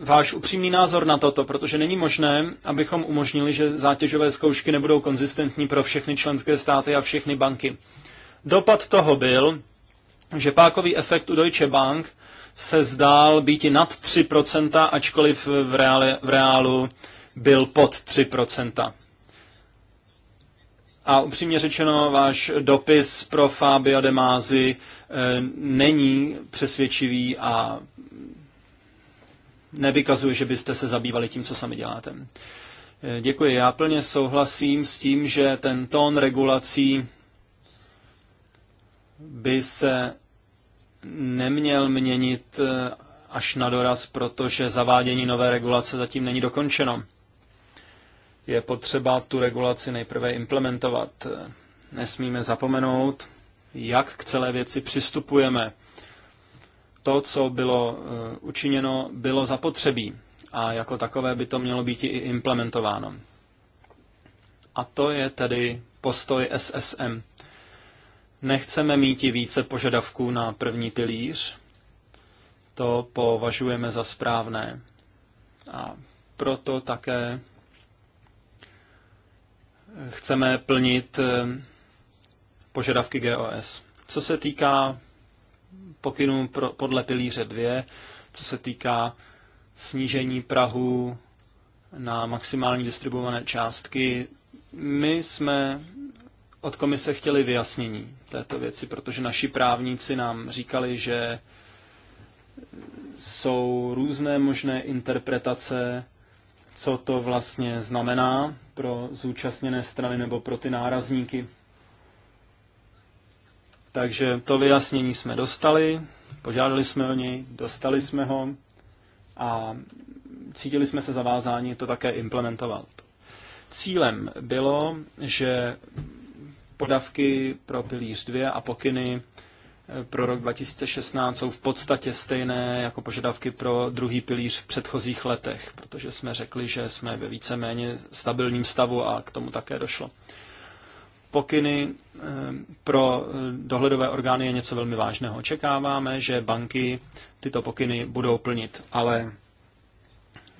váš upřímný názor na toto, protože není možné, abychom umožnili, že zátěžové zkoušky nebudou konzistentní pro všechny členské státy a všechny banky. Dopad toho byl, že pákový efekt u Deutsche Bank se zdál být i nad 3%, ačkoliv v, reále, v reálu byl pod 3%. A upřímně řečeno, váš dopis pro Fabia Demázy e, eh, není přesvědčivý a nevykazuje, že byste se zabývali tím, co sami děláte. Eh, děkuji. Já plně souhlasím s tím, že ten tón regulací by se neměl měnit eh, až na doraz, protože zavádění nové regulace zatím není dokončeno. Je potřeba tu regulaci nejprve implementovat. Eh, nesmíme zapomenout, jak k celé věci přistupujeme to, co bylo eh, učiněno, bylo zapotřebí a jako takové by to mělo být i implementováno. A to je tedy postoj SSM. Nechceme mít i více požadavků na první pilíř, to považujeme za správné. A proto také eh, chceme plnit eh, požadavky GOS. Co se týká pokynům pro, podle pilíře 2, co se týká snížení Prahu na maximální distribuované částky. My jsme od komise chtěli vyjasnění této věci, protože naši právníci nám říkali, že jsou různé možné interpretace, co to vlastně znamená pro zúčastněné strany nebo pro ty nárazníky. Takže to vyjasnění jsme dostali, požádali jsme o něj, dostali jsme ho a cítili jsme se zavázáni to také implementovat. Cílem bylo, že podavky pro pilíř 2 a pokyny eh, pro rok 2016 jsou v podstatě stejné jako požadavky pro druhý pilíř v předchozích letech, protože jsme řekli, že jsme ve víceméně stabilním stavu a k tomu také došlo pokyny eh, pro eh, dohledové orgány je něco velmi vážného. Očekáváme, že banky tyto pokyny budou plnit, ale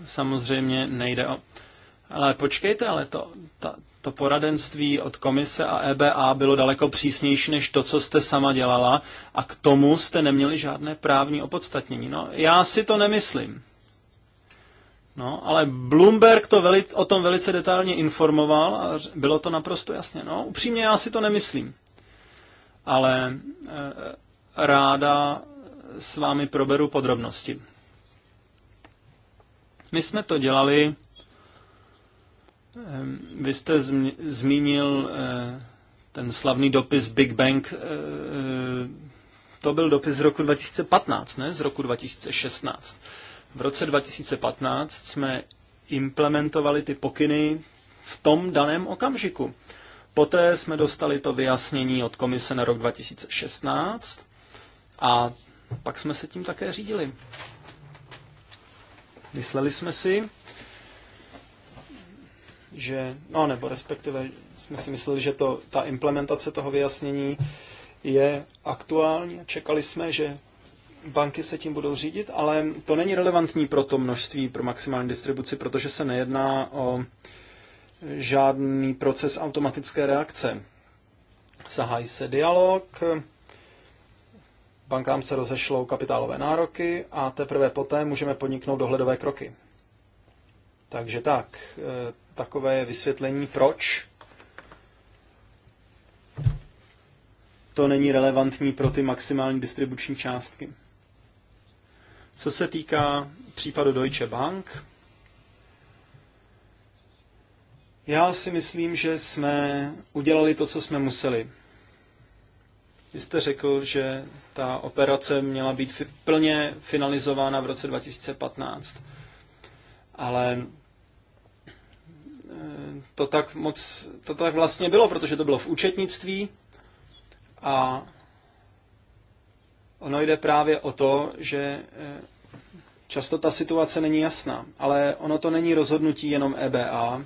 samozřejmě nejde o... Ale počkejte, ale to, ta, to poradenství od komise a EBA bylo daleko přísnější než to, co jste sama dělala a k tomu jste neměli žádné právní opodstatnění. No, já si to nemyslím. No, ale Bloomberg to veli, o tom velice detailně informoval a bylo to naprosto jasně. No, upřímně já si to nemyslím. Ale e, ráda s vámi proberu podrobnosti. My jsme to dělali, e, vy jste zmi, zmínil e, ten slavný dopis Big Bang, e, to byl dopis z roku 2015, ne? Z roku 2016. V roce 2015 jsme implementovali ty pokyny v tom daném okamžiku. Poté jsme dostali to vyjasnění od komise na rok 2016 a pak jsme se tím také řídili. Mysleli jsme si, že, no nebo respektive jsme si mysleli, že to, ta implementace toho vyjasnění je aktuální a čekali jsme, že banky se tím budou řídit, ale to není relevantní pro to množství, pro maximální distribuci, protože se nejedná o žádný proces automatické reakce. Zahájí se dialog, bankám se rozešlou kapitálové nároky a teprve poté můžeme podniknout dohledové kroky. Takže tak, eh, takové je vysvětlení, proč to není relevantní pro ty maximální distribuční částky. Co se týká případu Deutsche Bank, já si myslím, že jsme udělali to, co jsme museli. Vy jste řekl, že ta operace měla být plně finalizována v roce 2015. Ale eh, to tak moc, to tak vlastně bylo, protože to bylo v účetnictví a Ono jde právě o to, že e, často ta situace není jasná, ale ono to není rozhodnutí jenom EBA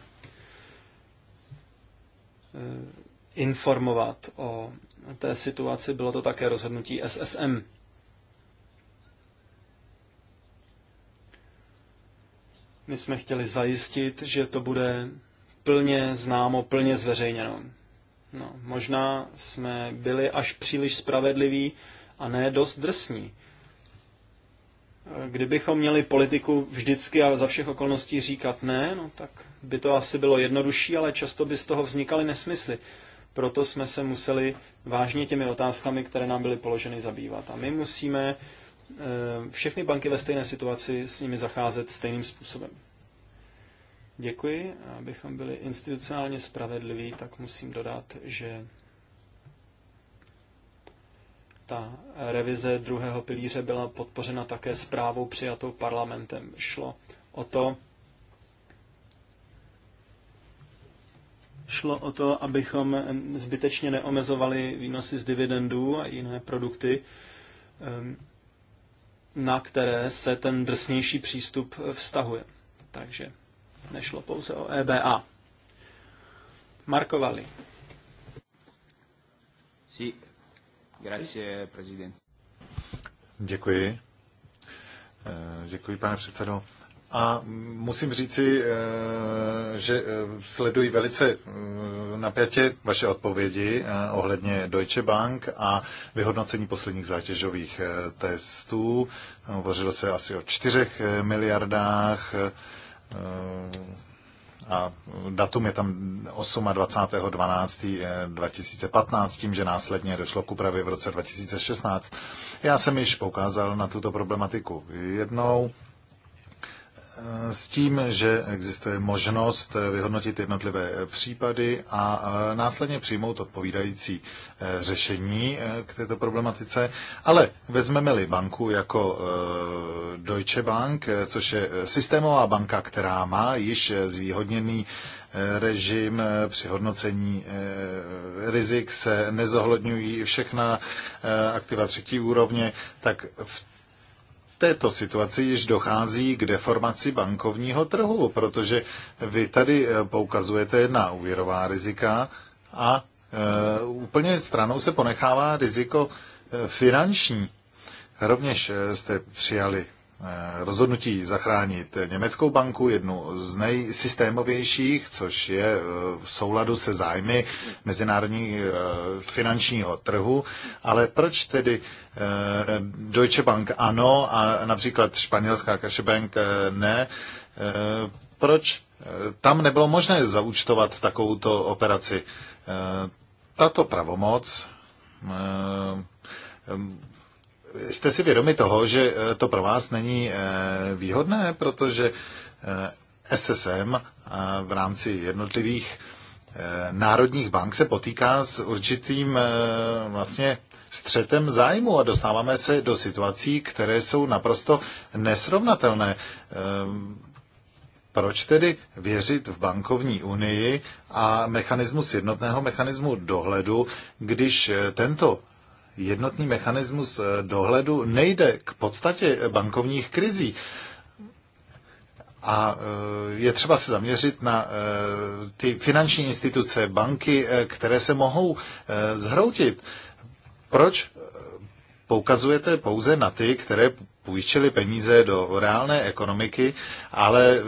e, informovat o té situaci, bylo to také rozhodnutí SSM. My jsme chtěli zajistit, že to bude plně známo, plně zveřejněno. No, možná jsme byli až příliš spravedliví, a ne dost drsní. Kdybychom měli politiku vždycky a za všech okolností říkat ne, no tak by to asi bylo jednodušší, ale často by z toho vznikaly nesmysly. Proto jsme se museli vážně těmi otázkami, které nám byly položeny, zabývat. A my musíme eh, všechny banky ve stejné situaci s nimi zacházet stejným způsobem. Děkuji. Abychom byli institucionálně spravedliví, tak musím dodat, že ta revize druhého pilíře byla podpořena také zprávou přijatou parlamentem. Šlo o to, Šlo o to, abychom zbytečně neomezovali výnosy z dividendů a jiné produkty, na které se ten drsnější přístup vztahuje. Takže nešlo pouze o EBA. Markovali. Sí, Děkuji. Eh, děkuji, pane předsedo. A musím říci, eh, že eh, sleduji velice napětě vaše odpovědi ohledně Deutsche Bank a vyhodnocení posledních zátěžových testů. Hovořilo se asi o čtyřech miliardách a datum je tam 28.12.2015, tím, že následně došlo k úpravě v roce 2016. Já jsem již poukázal na tuto problematiku jednou s tím, že existuje možnost vyhodnotit jednotlivé případy a následně přijmout odpovídající e, řešení e, k této problematice. Ale vezmeme-li banku jako e, Deutsche Bank, což je systémová banka, která má již zvýhodněný režim při hodnocení rizik se nezohledňují všechna aktiva třetí úrovně, tak v této situaci již dochází k deformaci bankovního trhu, protože vy tady eh, poukazujete na úvěrová rizika a eh, úplně stranou se ponechává riziko eh, finanční. Rovněž jste přijali Eh, rozhodnutí zachránit německou banku, jednu z nejsystémovějších, což je eh, v souladu se zájmy mezinárodní eh, finančního trhu. Ale proč tedy Deutsche Bank ano a například španělská Cash Bank ne? Proč tam nebylo možné zaúčtovat takovouto operaci? Tato pravomoc jste si vědomi toho, že eh, to pro vás není eh, výhodné, protože eh, SSM v rámci jednotlivých národních bank se potýká s určitým vlastně střetem zájmu a dostáváme se do situací, které jsou naprosto nesrovnatelné. Proč tedy věřit v bankovní unii a mechanismus jednotného mechanismu dohledu, když tento jednotný mechanismus eh, dohledu nejde k podstatě bankovních krizí. A eh, je třeba se zaměřit na eh, ty finanční instituce, banky, které se mohou zhroutit. Proč poukazujete pouze na ty, které půjčili peníze do reálné ekonomiky, ale e,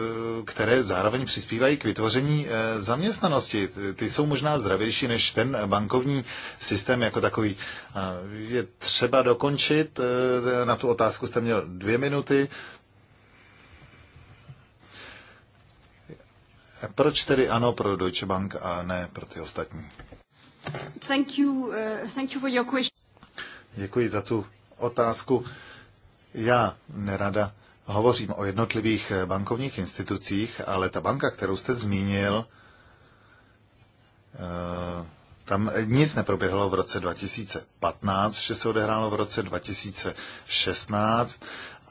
které zároveň přispívají k vytvoření e, zaměstnanosti. Ty jsou možná zdravější než ten bankovní systém jako takový. Je třeba dokončit, e, na tu otázku jste měl dvě minuty. Proč tedy ano pro Deutsche Bank a ne pro ty ostatní? Thank you, uh, thank you for your question. Děkuji za tu otázku. Já nerada hovořím o jednotlivých eh, bankovních institucích, ale ta banka, kterou jste zmínil, eh, tam nic neproběhlo v roce 2015, vše se odehrálo v roce 2016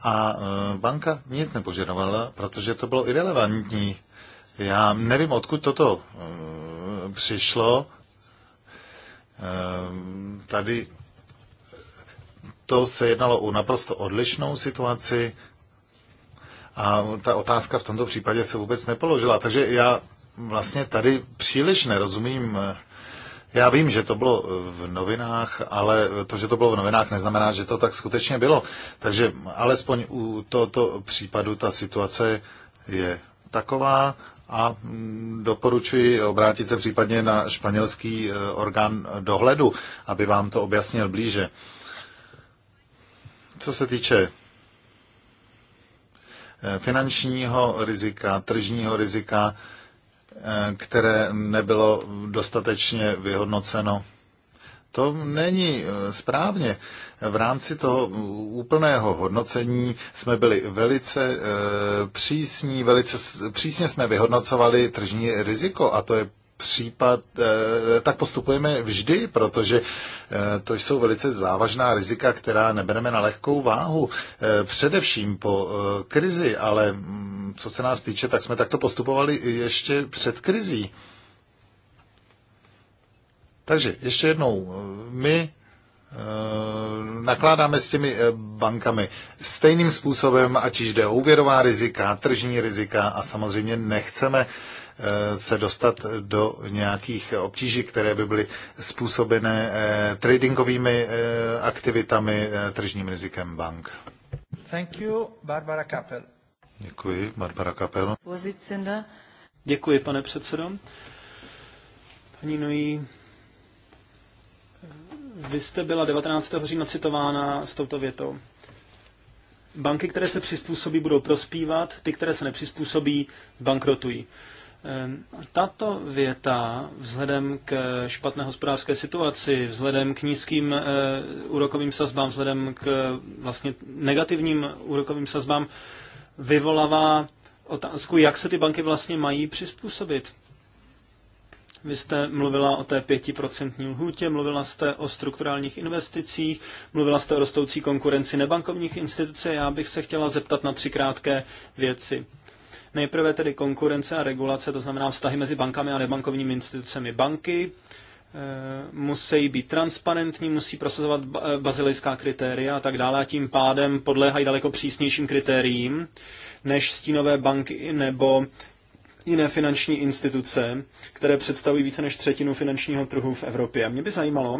a eh, banka nic nepožadovala, protože to bylo irrelevantní. Já nevím, odkud toto přišlo. Tady to se jednalo o naprosto odlišnou situaci a ta otázka v tomto případě se vůbec nepoložila. Takže já vlastně tady příliš nerozumím. Já vím, že to bylo v novinách, ale to, že to bylo v novinách, neznamená, že to tak skutečně bylo. Takže alespoň u tohoto případu ta situace je taková a doporučuji obrátit se případně na španělský eh, orgán dohledu, aby vám to objasnil blíže. Co se týče eh, finančního rizika, tržního rizika, eh, které nebylo dostatečně vyhodnoceno. To není eh, správně. V rámci toho úplného hodnocení jsme byli velice přísní, velice přísně jsme vyhodnocovali tržní riziko a to je případ, eh, tak postupujeme vždy, protože eh, to jsou velice závažná rizika, která nebereme na lehkou váhu. Eh, především po krizi, ale mm, co se nás týče, tak jsme takto postupovali ještě před krizí. Takže ještě jednou, my nakládáme s těmi bankami stejným způsobem, ať již jde o úvěrová rizika, tržní rizika a samozřejmě nechceme Eh, se dostat do nějakých obtíží, které by byly způsobené eh, tradingovými eh, aktivitami, tržním rizikem bank. Thank you, Barbara Kapel. Děkuji, Barbara Kapel. Děkuji, pane předsedo. Paní Nují, vy jste byla 19. října citována s touto větou. Banky, které se přizpůsobí, budou prospívat, ty, které se nepřizpůsobí, bankrotují. Ehm, tato věta, vzhledem k špatné hospodářské situaci, vzhledem k nízkým eh, úrokovým sazbám, vzhledem k vlastně negativním úrokovým sazbám, vyvolává otázku, jak se ty banky vlastně mají přizpůsobit. Vy jste mluvila o té pětiprocentní lhůtě, mluvila jste o strukturálních investicích, mluvila jste o rostoucí konkurenci nebankovních institucí. Já bych se chtěla zeptat na tři krátké věci. Nejprve tedy konkurence a regulace, to znamená vztahy mezi bankami a nebankovními institucemi. Banky eh, musí být transparentní, musí prosazovat eh, bazilejská kritéria a tak dále a tím pádem podléhají daleko přísnějším kritériím než stínové banky nebo jiné finanční instituce, které představují více než třetinu finančního trhu v Evropě. Mě by zajímalo,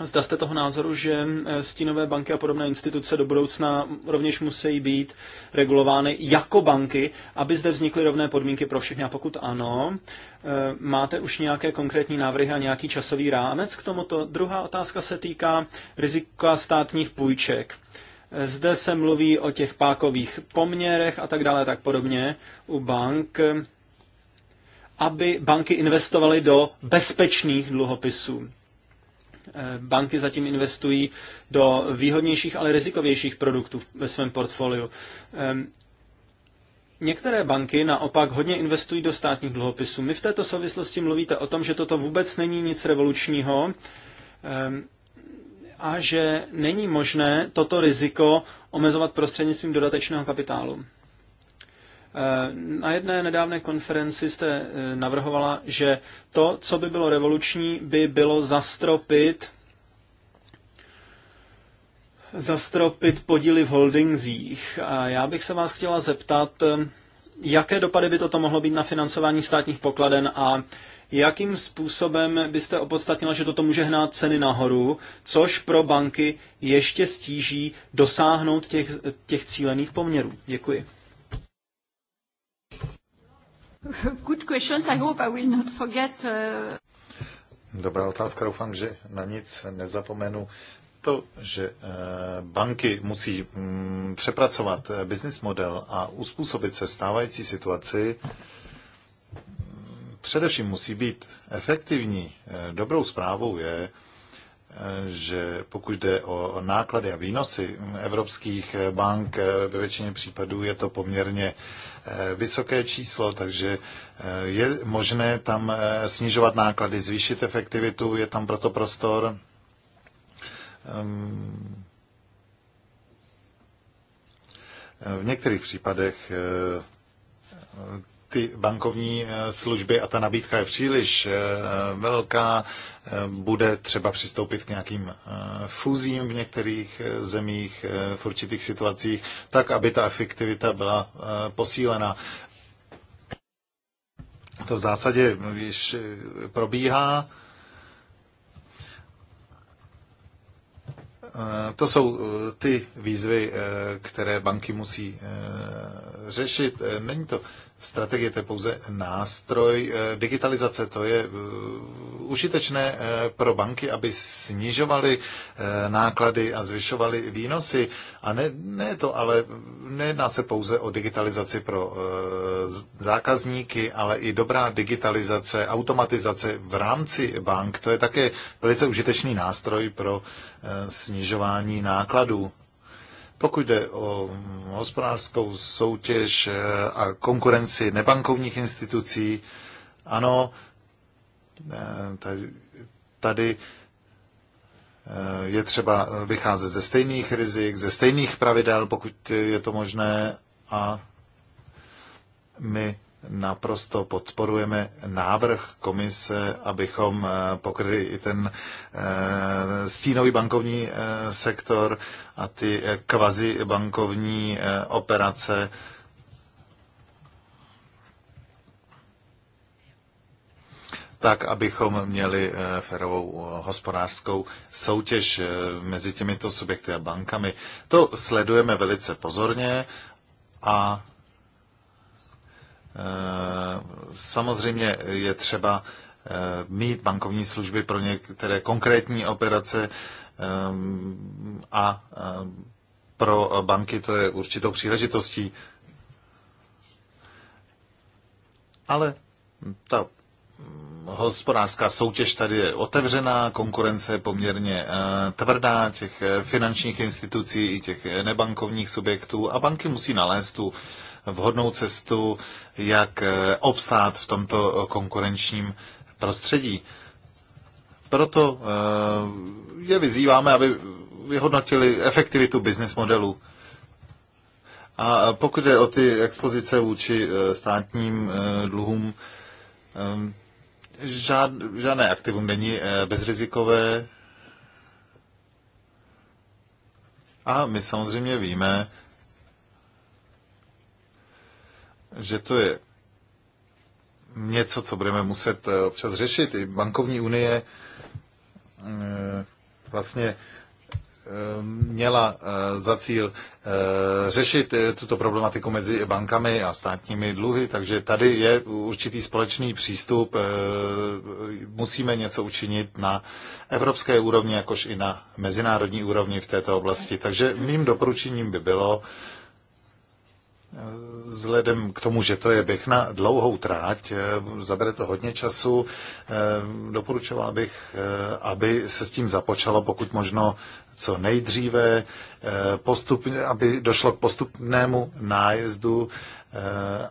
Zda jste toho názoru, že e, stínové banky a podobné instituce do budoucna rovněž musí být regulovány jako banky, aby zde vznikly rovné podmínky pro všechny. A pokud ano, e, máte už nějaké konkrétní návrhy a nějaký časový rámec k tomuto? Druhá otázka se týká rizika státních půjček. E, zde se mluví o těch pákových poměrech a tak dále, tak podobně u bank aby banky investovaly do bezpečných dluhopisů. Eh, banky zatím investují do výhodnějších, ale rizikovějších produktů ve svém portfoliu. Ehm, některé banky naopak hodně investují do státních dluhopisů. My v této souvislosti mluvíte o tom, že toto vůbec není nic revolučního ehm, a že není možné toto riziko omezovat prostřednictvím dodatečného kapitálu. Eh, na jedné nedávné konferenci jste eh, navrhovala, že to, co by bylo revoluční, by bylo zastropit zastropit podíly v holdingzích. A já bych se vás chtěla zeptat, eh, jaké dopady by toto mohlo být na financování státních pokladen a jakým způsobem byste opodstatnila, že toto může hnát ceny nahoru, což pro banky ještě stíží dosáhnout těch, těch cílených poměrů. Děkuji. Good questions. I hope I will not forget. Uh, Dobrá otázka, doufám, že na nic nezapomenu. To, že eh, banky musí mm, přepracovat eh, business model a uspůsobit se stávající situaci, mm, především musí být efektivní. Eh, dobrou zprávou je, že pokud jde o náklady a výnosy evropských bank, eh, ve většině případů je to poměrně eh, vysoké číslo, takže eh, je možné tam snižovat náklady, zvýšit efektivitu, je tam proto prostor. Ehm, v některých případech ty bankovní eh, služby a ta nabídka je příliš eh, velká, eh, bude třeba přistoupit k nějakým fúzím v některých zemích, v určitých situacích, tak, aby ta efektivita byla posílena. To v zásadě již probíhá. To jsou ty výzvy, které banky musí řešit. Není to strategie, to je pouze nástroj. Eh, digitalizace to je eh, užitečné eh, pro banky, aby snižovaly náklady a zvyšovaly výnosy. A ne, ne to, ale nejedná se pouze o digitalizaci pro zákazníky, ale i dobrá digitalizace, automatizace v rámci bank. To je také velice užitečný nástroj pro snižování nákladů pokud jde o hospodářskou soutěž a konkurenci nebankovních institucí, ano, eh, tady, tady eh, je třeba vycházet ze stejných rizik, ze stejných pravidel, pokud je to možné a my naprosto podporujeme návrh komise, abychom eh, pokryli i ten eh, stínový bankovní eh, sektor a ty kvazi bankovní operace. tak, abychom měli ferovou hospodářskou soutěž mezi těmito subjekty a bankami. To sledujeme velice pozorně a Eh, samozřejmě je třeba eh, mít bankovní služby pro některé konkrétní operace eh, a pro banky to je určitou příležitostí. Ale ta mm, hospodářská soutěž tady je otevřená, konkurence je poměrně tvrdá těch finančních institucí i těch nebankovních subjektů a banky musí nalézt tu vhodnou cestu, jak eh, obstát v tomto eh, konkurenčním prostředí. Proto eh, je vyzýváme, aby vyhodnotili efektivitu business modelu. A pokud je o ty expozice vůči státním dluhům, žád, žádné aktivum není bezrizikové. A my samozřejmě víme, že to je něco, co budeme muset eh, občas řešit. I bankovní unie eh, vlastně eh, měla za cíl řešit tuto problematiku mezi bankami a státními dluhy, takže tady je určitý společný přístup. Musíme něco učinit na evropské úrovni, jakož i na mezinárodní úrovni v této oblasti. Takže mým doporučením by bylo, Vzhledem k tomu, že to je běh na dlouhou tráť, eh, zabere to hodně času, eh, doporučoval bych, eh, aby se s tím započalo pokud možno co nejdříve, postupně, aby došlo k postupnému nájezdu,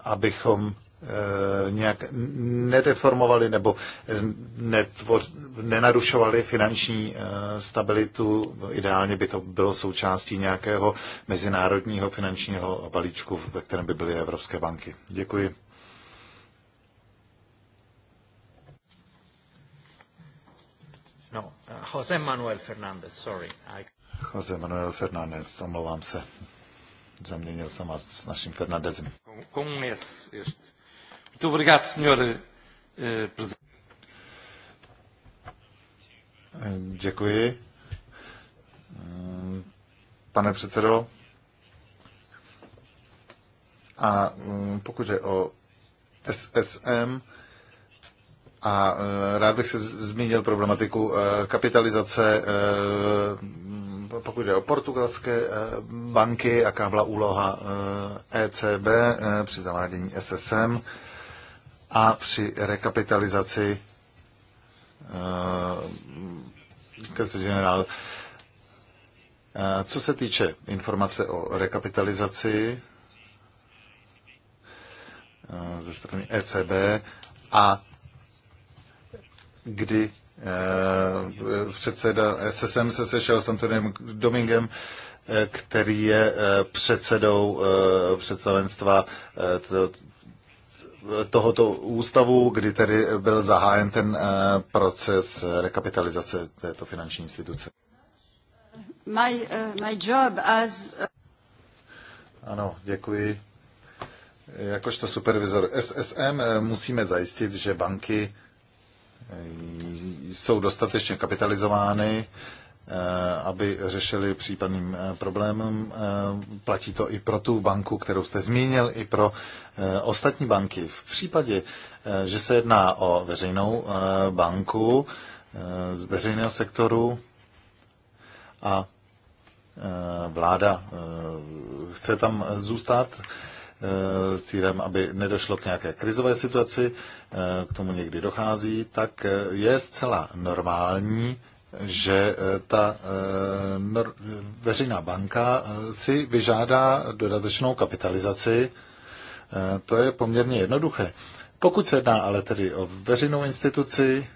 abychom Eh, nějak nedeformovali nebo netvoř, nenarušovali finanční eh, stabilitu. Ideálně by to bylo součástí nějakého mezinárodního finančního balíčku, ve kterém by byly evropské banky. Děkuji. No, eh, Jose Manuel Fernández, sorry. I... Jose Manuel Fernández, omlouvám se. Zaměnil jsem vás s naším Fernandezem. Com um mês este Muito obrigado, Sr. Eh, presidente. Děkuji. Mm, pane předsedo, a mm, pokud je o SSM, a eh, rád bych se zmínil problematiku eh, kapitalizace, pokud jde o portugalské banky, jaká byla úloha ECB e při zavádění SSM a při rekapitalizaci uh, generál. Eh, co se týče informace o rekapitalizaci eh, ze strany ECB a kdy předseda SSM se sešel s Antoniem Domingem, který je předsedou představenstva tohoto ústavu, kdy tedy byl zahájen ten eh, proces rekapitalizace této finanční instituce. My, uh, my job as... Eh, ano, děkuji. Jakožto supervizor SSM musíme zajistit, že banky jsou dostatečně kapitalizovány, Eh, aby řešili případným eh, problémem. Eh, platí to i pro tu banku, kterou jste zmínil, i pro ostatní banky. V případě, že se jedná o veřejnou banku z veřejného sektoru a vláda chce tam zůstat, s cílem, aby nedošlo k nějaké krizové situaci, k tomu někdy dochází, tak je zcela normální, že eh, ta eh, veřejná banka eh, si vyžádá dodatečnou kapitalizaci. To je poměrně jednoduché. Pokud se jedná ale tedy o veřejnou instituci,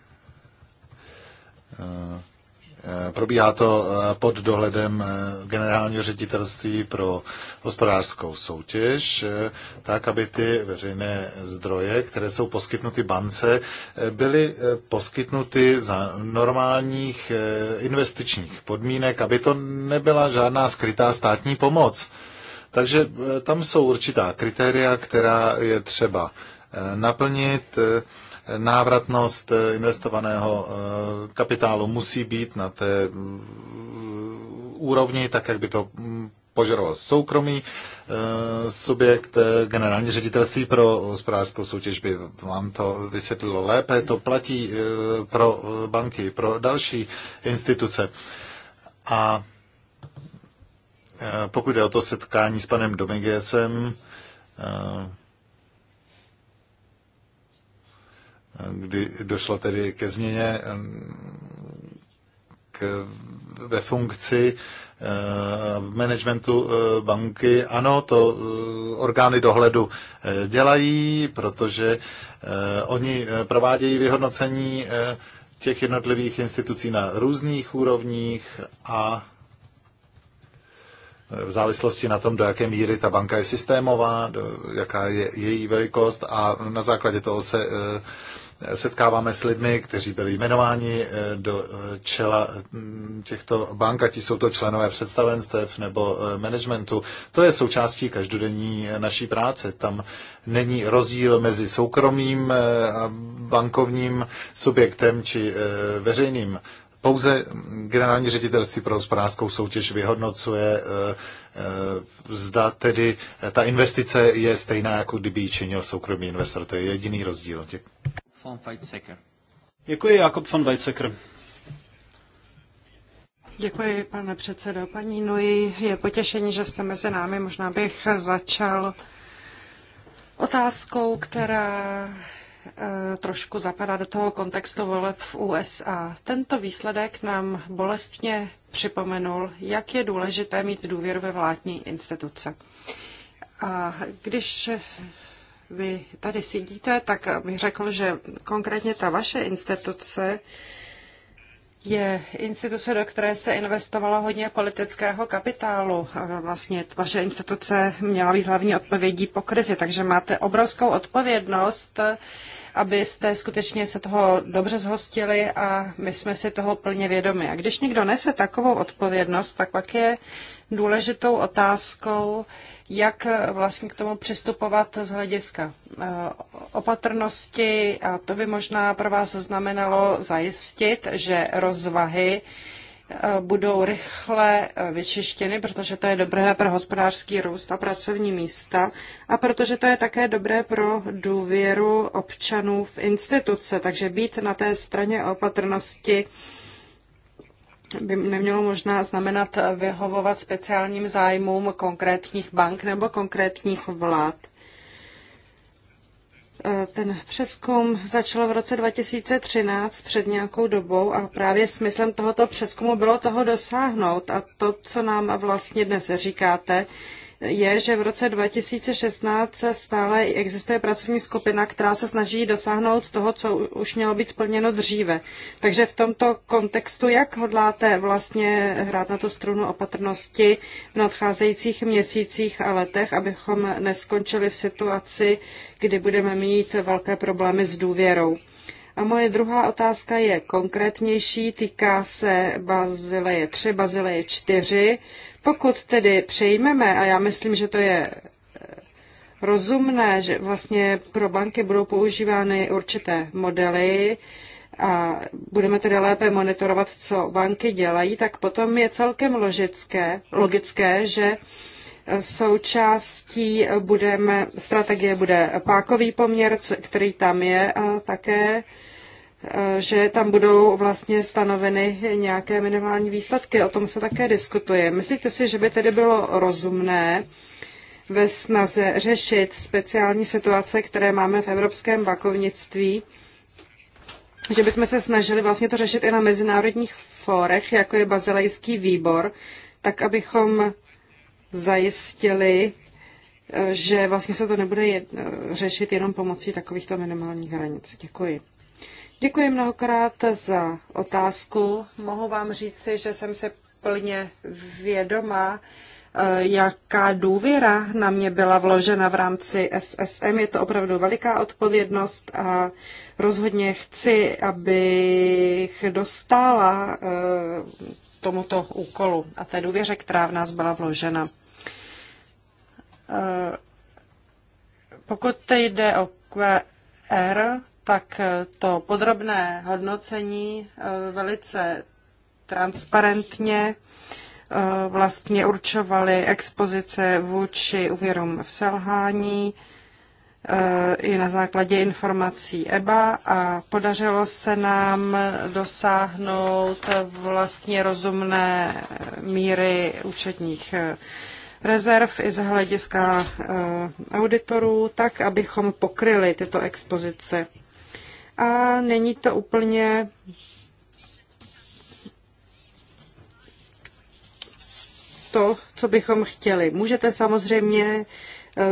Eh, probíhá to eh, pod dohledem eh, generálního ředitelství pro hospodářskou soutěž, tak aby ty veřejné zdroje, které jsou poskytnuty bance, byly poskytnuty za normálních investičních podmínek, aby to nebyla žádná skrytá státní pomoc. Takže tam jsou určitá kritéria, která je třeba naplnit návratnost eh, investovaného eh, kapitálu musí být na té eh, úrovni, tak jak by to mm, požadoval soukromý subjekt, generální ředitelství pro hospodářskou soutěž by vám to vysvětlilo lépe. To platí pro banky, pro další instituce. A pokud je o to setkání s panem Domingesem, kdy došlo tedy ke změně k, ve funkci v managementu banky. Ano, to eh, orgány dohledu eh, dělají, protože eh, oni provádějí vyhodnocení těch jednotlivých institucí na různých úrovních a v závislosti na tom, do jaké míry ta banka je systémová, do, jaká je její velikost a na základě toho se setkáváme s lidmi, kteří byli jmenováni eh, do eh, čela mm, těchto bank, ať jsou to členové představenstev nebo eh, managementu. To je součástí každodenní naší práce. Tam není rozdíl mezi soukromým a bankovním subjektem či veřejným. Pouze mm, generální ředitelství pro hospodářskou soutěž vyhodnocuje, zda tedy ta investice je stejná, jako kdyby ji činil soukromý investor. To je jediný rozdíl von Weizsäcker. Děkuji, Jakob von Weizsäcker. Děkuji, pane předsedo. Paní Nui, je potěšení, že jste mezi námi. Možná bych začal otázkou, která eh, trošku zapadá do toho kontextu voleb v USA. Tento výsledek nám bolestně připomenul, jak je důležité mít důvěru ve vládní instituce. A když vy tady sedíte, tak bych řekl, že konkrétně ta vaše instituce je instituce, do které se investovalo hodně politického kapitálu. Vlastně vaše instituce měla být hlavní odpovědí po krizi, takže máte obrovskou odpovědnost, abyste skutečně se toho dobře zhostili a my jsme si toho plně vědomi. A když někdo nese takovou odpovědnost, tak pak je důležitou otázkou, jak eh, vlastně k tomu přistupovat z hlediska eh, opatrnosti. A to by možná pro vás znamenalo zajistit, že rozvahy eh, budou rychle vyčištěny, protože to je dobré pro hospodářský růst a pracovní místa a protože to je také dobré pro důvěru občanů v instituce. Takže být na té straně opatrnosti by nemělo možná znamenat vyhovovat speciálním zájmům konkrétních bank nebo konkrétních vlád. E, ten přeskum začal v roce 2013 před nějakou dobou a právě smyslem tohoto přeskumu bylo toho dosáhnout. A to, co nám vlastně dnes říkáte, je, že v roce 2016 stále existuje pracovní skupina, která se snaží dosáhnout toho, co už mělo být splněno dříve. Takže v tomto kontextu, jak hodláte vlastně hrát na tu strunu opatrnosti v nadcházejících měsících a letech, abychom neskončili v situaci, kdy budeme mít velké problémy s důvěrou? A moje druhá otázka je konkrétnější, týká se Bazileje 3, Bazileje 4. Pokud tedy přejmeme, a já myslím, že to je eh, rozumné, že vlastně pro banky budou používány určité modely, a budeme tedy lépe monitorovat, co banky dělají, tak potom je celkem logické, logické že Součástí budeme, strategie bude pákový poměr, který tam je také eh, že tam budou vlastně stanoveny nějaké minimální výsledky. O tom se také diskutuje. Myslíte si, že by tedy bylo rozumné ve snaze řešit speciální situace, které máme v evropském bankovnictví, že bychom se snažili vlastně to řešit i na mezinárodních fórech, jako je bazilejský výbor, tak abychom zajistili, eh, že vlastně se to nebude eh, řešit jenom pomocí takovýchto minimálních hranic. Děkuji. Děkuji mnohokrát za otázku. Mohu vám říci, že jsem se plně vědoma, eh, jaká důvěra na mě byla vložena v rámci SSM. Je to opravdu veliká odpovědnost a rozhodně chci, abych dostala tomuto úkolu a té důvěře, která v nás byla vložena. Eh, pokud jde o QR, tak to podrobné hodnocení eh, velice transparentně eh, vlastně určovaly expozice vůči úvěrům v selhání, i na základě informací EBA a podařilo se nám dosáhnout vlastně rozumné míry účetních eh, rezerv i z hlediska eh, auditorů, tak abychom pokryli tyto expozice. A není to úplně to, co bychom chtěli. Můžete samozřejmě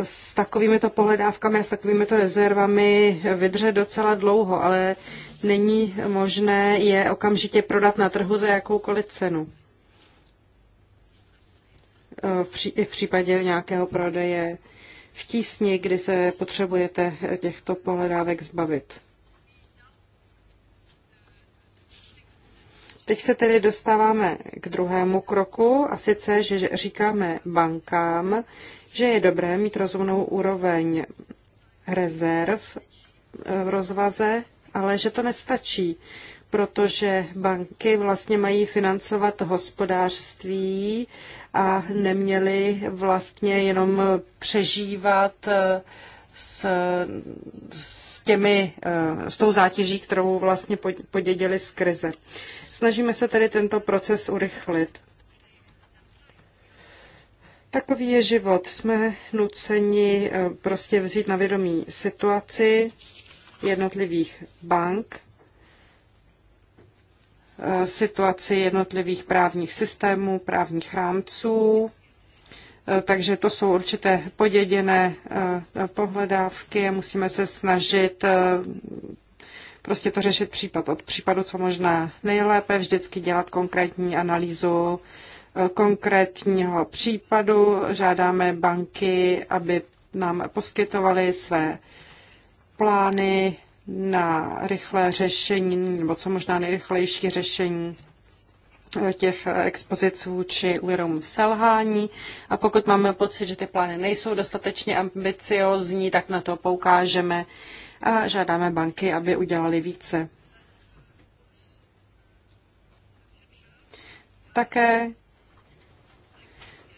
s takovými to pohledávkami a s takovými to rezervami vydře docela dlouho, ale není možné je okamžitě prodat na trhu za jakoukoliv cenu. E, v, pří, v případě nějakého prodeje v tísni, kdy se potřebujete těchto pohledávek zbavit. Teď se tedy dostáváme k druhému kroku, a sice, že říkáme bankám, že je dobré mít rozumnou úroveň rezerv e, v rozvaze, ale že to nestačí, protože banky vlastně mají financovat hospodářství a neměly vlastně jenom přežívat e, s, s, těmi, e, s tou zátěží, kterou vlastně poděděli z krize. Snažíme se tedy tento proces urychlit. Takový je život. Jsme nuceni eh, prostě vzít na vědomí situaci jednotlivých bank, eh, situaci jednotlivých právních systémů, právních rámců, eh, takže to jsou určité poděděné pohledávky a musíme se snažit prostě to řešit případ od případu, co možná nejlépe, vždycky dělat konkrétní analýzu konkrétního případu. Žádáme banky, aby nám poskytovaly své plány na rychlé řešení, nebo co možná nejrychlejší řešení eh, těch eh, expozic vůči úvěrům v selhání. A pokud máme pocit, že ty plány nejsou dostatečně ambiciozní, tak na to poukážeme a žádáme banky, aby udělali více. Také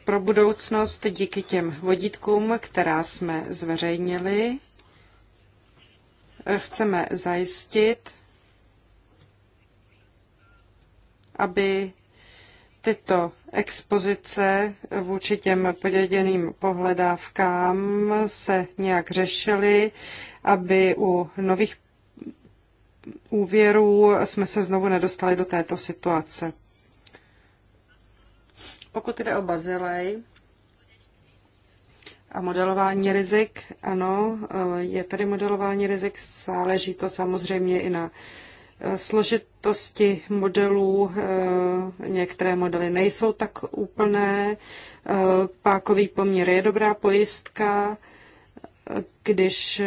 pro budoucnost díky těm vodítkům, která jsme zveřejnili. Chceme zajistit, aby tyto expozice vůči těm poděděným pohledávkám se nějak řešily, aby u nových úvěrů jsme se znovu nedostali do této situace. Pokud jde o Bazilej a modelování rizik, ano, eh, je tady modelování rizik, záleží to samozřejmě i na eh, složitosti modelů. Eh, některé modely nejsou tak úplné. Pákový poměr je dobrá pojistka, když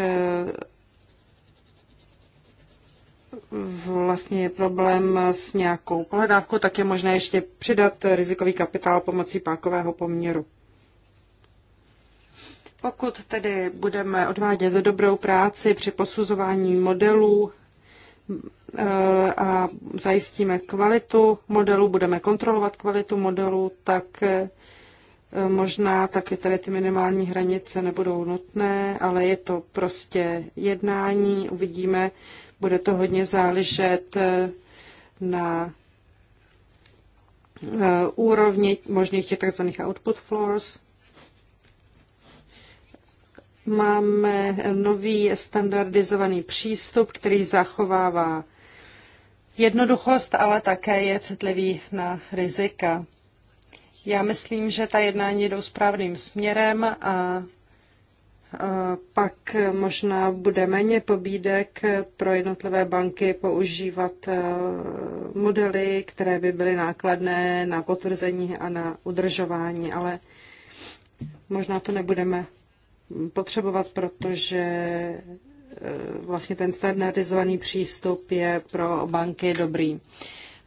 vlastně je problém s nějakou pohledávkou, tak je možné ještě přidat rizikový kapitál pomocí pákového poměru. Pokud tedy budeme odvádět dobrou práci při posuzování modelů eh, a zajistíme kvalitu modelů, budeme kontrolovat kvalitu modelů, tak eh, možná taky tady ty minimální hranice nebudou nutné, ale je to prostě jednání, uvidíme, bude to hodně záležet eh, na eh, úrovni možných těch tzv. output floors. Máme nový standardizovaný přístup, který zachovává jednoduchost, ale také je citlivý na rizika. Já myslím, že ta jednání jdou správným směrem a pak možná bude méně pobídek pro jednotlivé banky používat e, modely, které by byly nákladné na potvrzení a na udržování, ale možná to nebudeme potřebovat, protože e, vlastně ten standardizovaný přístup je pro banky dobrý.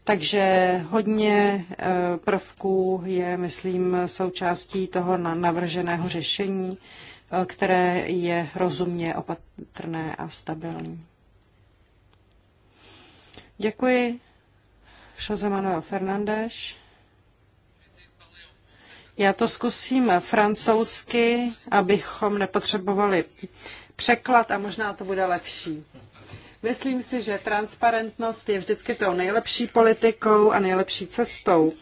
Takže hodně e, prvků je, myslím, součástí toho navrženého řešení. Eh, které je rozumně opatrné a stabilní. Děkuji. José Manuel Fernández. Já to zkusím francouzsky, abychom nepotřebovali překlad a možná to bude lepší. Myslím si, že transparentnost je vždycky tou nejlepší politikou a nejlepší cestou.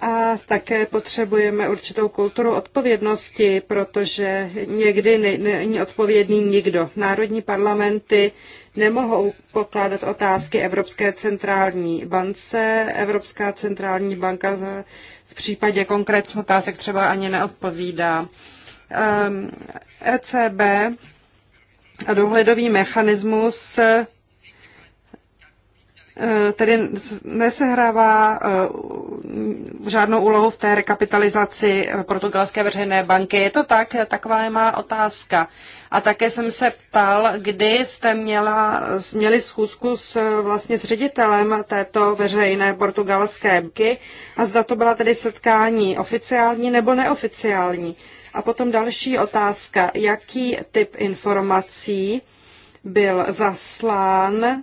A také potřebujeme určitou kulturu odpovědnosti, protože někdy není odpovědný nikdo. Národní parlamenty nemohou pokládat otázky Evropské centrální bance. Evropská centrální banka v případě konkrétních otázek třeba ani neodpovídá. ECB ehm, e a dohledový mechanismus Eh, tedy nesehrává eh, žádnou úlohu v té rekapitalizaci portugalské veřejné banky. Je to tak? Taková je má otázka. A také jsem se ptal, kdy jste měla, měli schůzku s, vlastně s ředitelem této veřejné portugalské banky a zda to byla tedy setkání oficiální nebo neoficiální. A potom další otázka. Jaký typ informací byl zaslán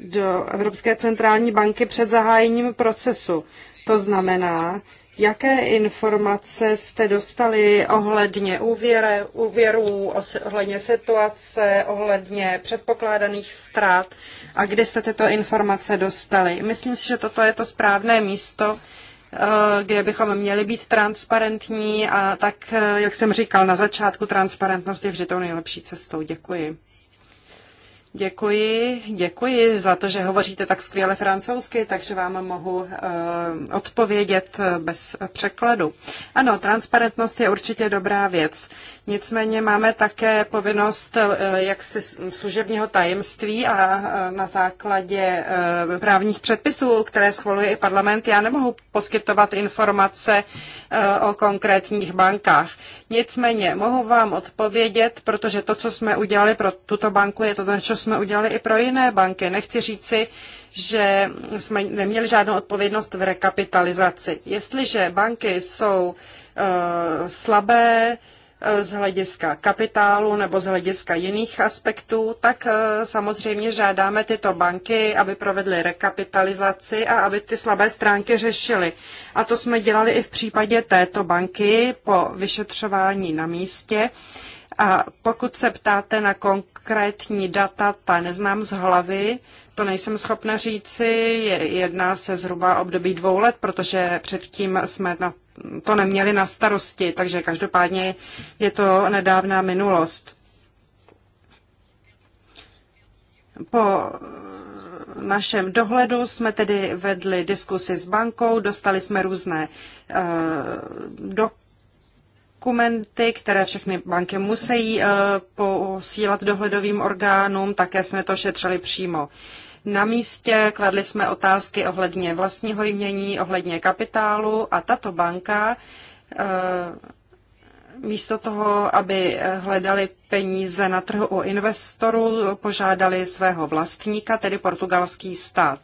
do Evropské centrální banky před zahájením procesu. To znamená, jaké informace jste dostali ohledně úvěre, úvěrů, ohledně situace, ohledně předpokládaných ztrát a kde jste tyto informace dostali. Myslím si, že toto je to správné místo, eh, kde bychom měli být transparentní a tak, eh, jak jsem říkal na začátku, transparentnost je vždy tou nejlepší cestou. Děkuji. Děkuji, děkuji za to, že hovoříte tak skvěle francouzsky, takže vám mohu eh, odpovědět eh, bez překladu. Ano, transparentnost je určitě dobrá věc. Nicméně máme také povinnost eh, jaksi služebního tajemství a na základě právních předpisů, které schvaluje i parlament, já nemohu poskytovat informace o konkrétních bankách. Nicméně mohu vám odpovědět, protože to, co jsme udělali pro tuto banku, je to, co jsme udělali i pro jiné banky. Nechci říci, že jsme neměli žádnou odpovědnost v rekapitalizaci. Jestliže banky jsou uh, slabé, z hlediska kapitálu nebo z hlediska jiných aspektů, tak eh, samozřejmě žádáme tyto banky, aby provedly rekapitalizaci a aby ty slabé stránky řešily. A to jsme dělali i v případě této banky po vyšetřování na místě. A pokud se ptáte na konkrétní data, ta neznám z hlavy, to nejsem schopna říci, jedná se zhruba období dvou let, protože předtím jsme na to neměli na starosti, takže každopádně je to nedávná minulost. Po našem dohledu jsme tedy vedli diskusi s bankou, dostali jsme různé uh, dokumenty, které všechny banky musí eh, posílat dohledovým orgánům, také jsme to šetřili přímo na místě, kladli jsme otázky ohledně vlastního jmění, ohledně kapitálu a tato banka eh, místo toho, aby hledali peníze na trhu u investorů, požádali svého vlastníka, tedy portugalský stát.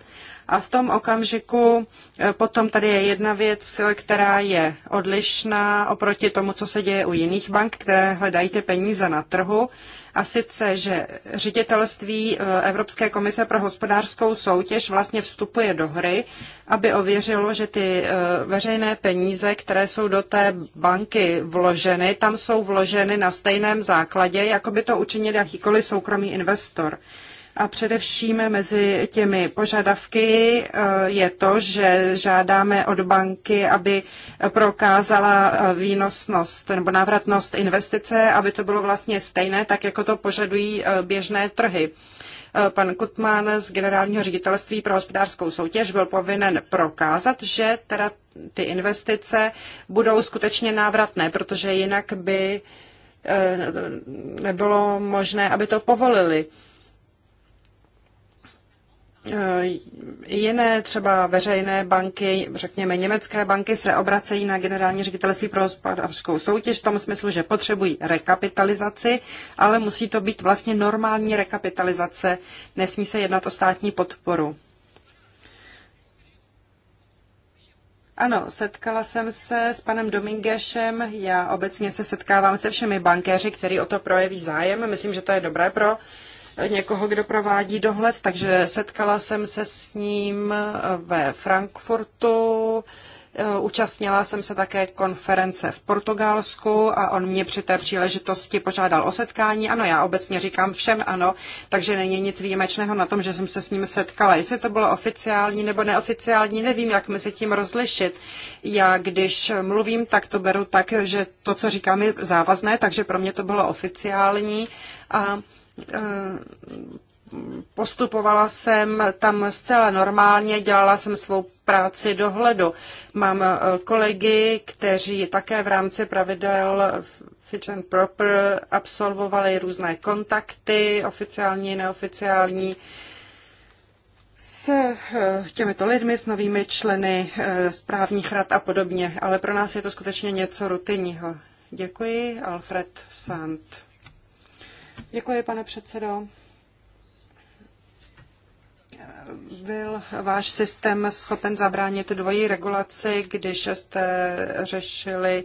A v tom okamžiku eh, potom tady je jedna věc, která je odlišná oproti tomu, co se děje u jiných bank, které hledají ty peníze na trhu a sice, že ředitelství e, Evropské komise pro hospodářskou soutěž vlastně vstupuje do hry, aby ověřilo, že ty e, veřejné peníze, které jsou do té banky vloženy, tam jsou vloženy na stejném základě, jako by to učinil jakýkoliv soukromý investor. A především mezi těmi požadavky eh, je to, že žádáme od banky, aby prokázala eh, výnosnost nebo návratnost investice, aby to bylo vlastně stejné, tak jako to požadují eh, běžné trhy. Pan Kutman z Generálního ředitelství pro hospodářskou soutěž byl povinen prokázat, že teda ty investice budou skutečně návratné, protože jinak by nebylo možné, aby to povolili. Eh, jiné třeba veřejné banky, řekněme německé banky, se obracejí na generální ředitelství pro hospodářskou soutěž v tom smyslu, že potřebují rekapitalizaci, ale musí to být vlastně normální rekapitalizace, nesmí se jednat o státní podporu. Ano, setkala jsem se s panem Domingešem. Já obecně se setkávám se všemi bankéři, kteří o to projeví zájem. Myslím, že to je dobré pro někoho, kdo provádí dohled, takže setkala jsem se s ním ve Frankfurtu. Účastnila jsem se také konference v Portugalsku a on mě při té příležitosti požádal o setkání. Ano, já obecně říkám všem ano, takže není nic výjimečného na tom, že jsem se s ním setkala. Jestli to bylo oficiální nebo neoficiální, nevím, jak mezi tím rozlišit. Já když mluvím, tak to beru tak, že to, co říkám, je závazné, takže pro mě to bylo oficiální. A Eh, postupovala jsem tam zcela normálně, dělala jsem svou práci dohledu. Mám eh, kolegy, kteří také v rámci pravidel Fitch and Proper absolvovali různé kontakty, oficiální, neoficiální, se eh, těmito lidmi, s novými členy správních rad a podobně, ale pro nás je to skutečně něco rutinního. Děkuji, Alfred Sand. Děkuji, pane předsedo. Byl váš systém schopen zabránit dvojí regulaci, když jste řešili